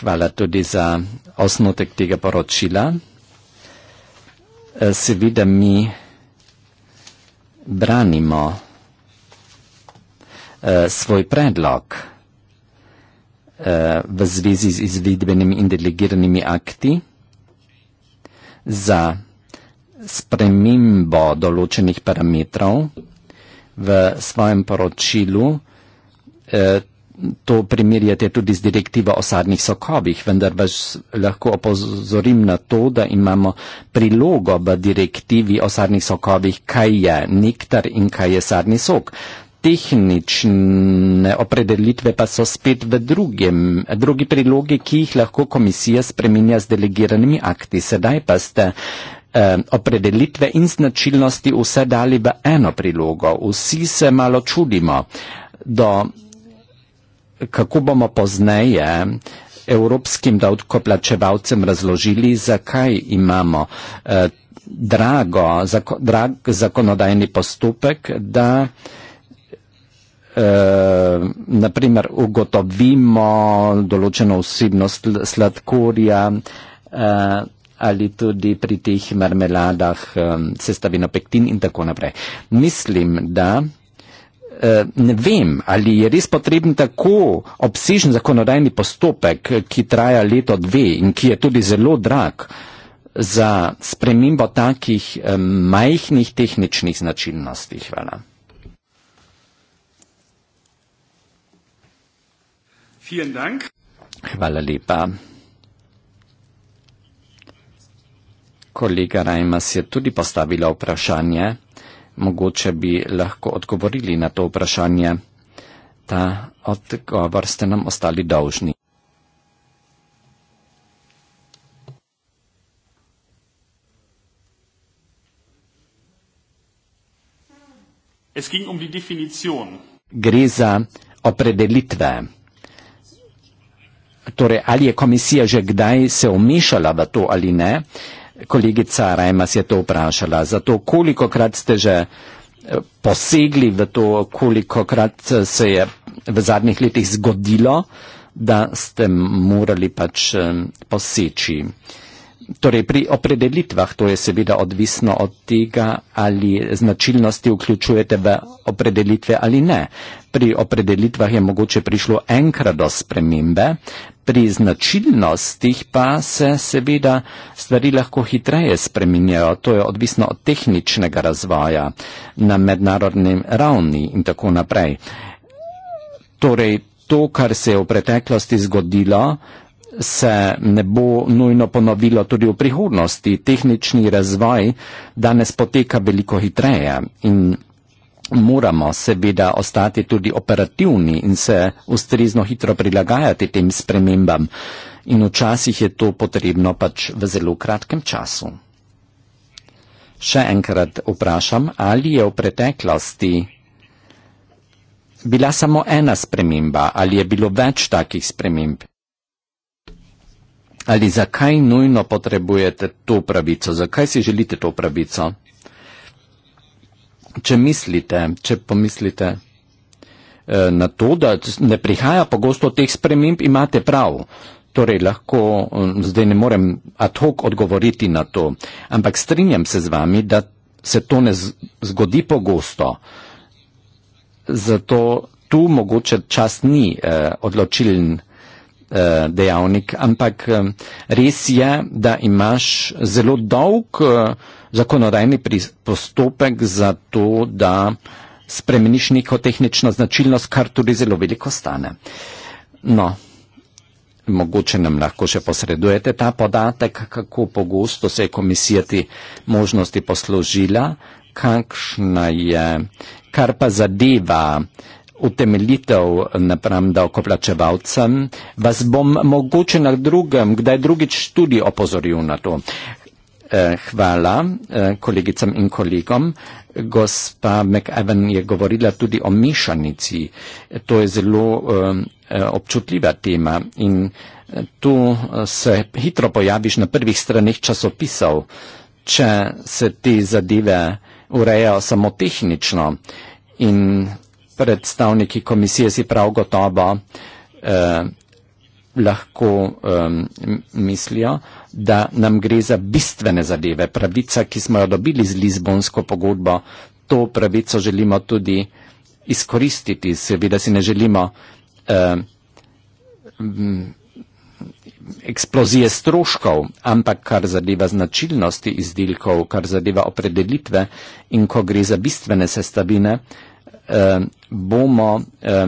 Hvala tudi za osnotek tega poročila. Seveda mi branimo eh, svoj predlog v zvezi z izvedbenimi in delegiranimi akti za spremembo določenih parametrov v svojem poročilu. Eh, to primerjate tudi z direktivo o sadnih sokovih, vendar vas lahko opozorim na to, da imamo prilogo v direktivi o sadnih sokovih, kaj je nektar in kaj je sadni sok tehnične opredelitve pa so spet v drugem, drugi prilogi, ki jih lahko komisija spreminja z delegiranimi akti. Sedaj pa ste eh, opredelitve in značilnosti vse dali v eno prilogo. Vsi se malo čudimo, do, kako bomo pozneje evropskim davkoplačevalcem razložili, zakaj imamo eh, drago, zako, drag zakonodajni postopek, da eh, Eh, na primer ugotovimo določeno vsebnost sladkorja eh, ali tudi pri teh marmeladah eh, sestavino pektin in tako naprej. Mislim, da ne vem, ali je res potreben tako obsežen zakonodajni postopek, ki traja leto dve in ki je tudi zelo drag za spremembo takih majhnih tehničnih značilnosti. Hvala. Vielen Dank. Hvala lepa. Kolega Rajmas je tudi postavila vprašanje. Mogoče bi lahko odgovorili na to vprašanje. Ta odgovor ste nam ostali dolžni. Um Gre za opredelitve. Torej, ali je komisija že kdaj se omišala v to ali ne? Kolegica Rajmas je to vprašala. Zato koliko krat ste že eh, posegli v to, koliko krat eh, se je v zadnjih letih zgodilo, da ste morali pač eh, poseči. Torej, pri opredelitvah to je seveda odvisno od tega, ali značilnosti vključujete v opredelitve ali ne. Pri opredelitvah je mogoče prišlo enkrat do spremembe, pri značilnostih pa se seveda stvari lahko hitreje spreminjajo. To je odvisno od tehničnega razvoja na mednarodnem ravni in tako naprej. Torej, to, kar se je v preteklosti zgodilo, se ne bo nujno ponovilo tudi v prihodnosti. Tehnični razvoj danes poteka veliko hitreje in moramo seveda ostati tudi operativni in se ustrezno hitro prilagajati tem spremembam. In včasih je to potrebno pač v zelo kratkem času. Še enkrat vprašam, ali je v preteklosti bila samo ena sprememba, ali je bilo več takih sprememb ali zakaj nujno potrebujete to pravico, zakaj si želite to pravico. Če mislite, če pomislite eh, na to, da ne prihaja pogosto teh sprememb, imate prav. Torej lahko, eh, zdaj ne morem ad hoc odgovoriti na to, ampak strinjam se z vami, da se to ne zgodi pogosto. Zato tu mogoče čas ni eh, odločilen eh, Eh, dejavnik. Ampak eh, res je, da imaš zelo dolg eh, zakonodajni postopek za to, da spremeniš neko tehnično značilnost, kar tudi zelo veliko stane. No, mogoče nam lahko še posredujete ta podatek, kako pogosto se je komisija ti možnosti poslužila, kakšna je, kar pa zadeva utemeljitev napram davkoplačevalcem, vas bom mogoče na drugem, kdaj drugič tudi opozoril na to. Eh, hvala eh, kolegicam in kolegom. Gospa McEwan je govorila tudi o mešanici. To je zelo eh, občutljiva tema in tu se hitro pojaviš na prvih straneh časopisov, če se te zadeve urejajo samo tehnično in predstavniki komisije si prav gotovo eh, lahko eh, mislijo, da nam gre za bistvene zadeve. Pravica, ki smo jo dobili z Lizbonsko pogodbo, to pravico želimo tudi izkoristiti. Seveda si ne želimo eh, eksplozije stroškov, ampak kar zadeva značilnosti izdelkov, kar zadeva opredelitve in ko gre za bistvene sestavine, eh, bomo eh,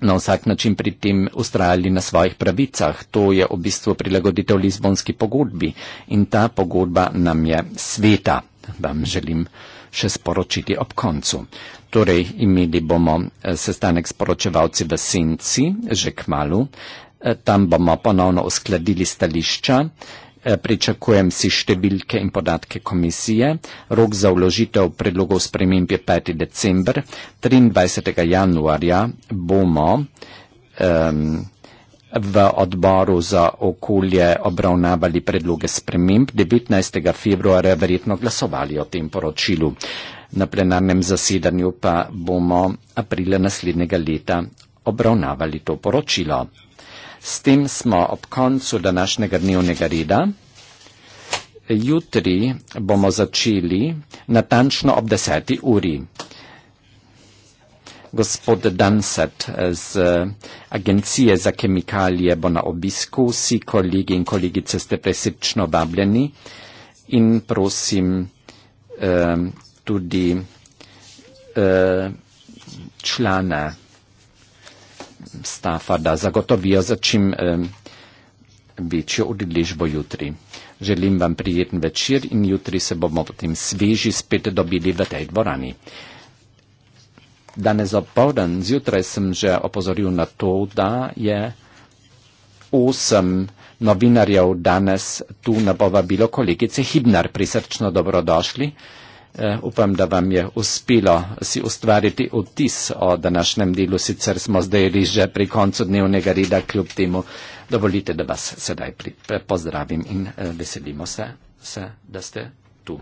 na vsak način pri tem ustrajali na svojih pravicah. To je v bistvu prilagoditev Lizbonski pogodbi in ta pogodba nam je sveta, vam želim še sporočiti ob koncu. Torej, imeli bomo eh, sestanek s poročevalci v Senci, že k malu. Eh, tam bomo ponovno uskladili stališča Eh, pričakujem si številke in podatke komisije. Rok za vložitev predlogov sprememb je 5. december. 23. januarja bomo um, v odboru za okolje obravnavali predloge sprememb. 19. februarja verjetno glasovali o tem poročilu. Na plenarnem zasedanju pa bomo aprila naslednjega leta obravnavali to poročilo. S tem smo ob koncu današnjega dnevnega reda. Jutri bomo začeli natančno ob deseti uri. Gospod Danset z Agencije za kemikalije bo na obisku. Vsi kolegi in kolegice ste presečno vabljeni in prosim eh, tudi eh, člana stafa, da zagotovijo za čim eh, večjo udeležbo jutri. Želim vam prijeten večer in jutri se bomo potem sveži spet dobili v tej dvorani. Danes opoldan zjutraj sem že opozoril na to, da je osem novinarjev danes tu na povabilo kolegice Hibnar prisrčno dobrodošli. Eh, upam, da vam je uspelo si ustvariti odtis o današnjem delu, sicer smo zdaj že pri koncu dnevnega reda, kljub temu dovolite, da vas sedaj eh, pozdravim in eh, veselimo se, se da ste tu.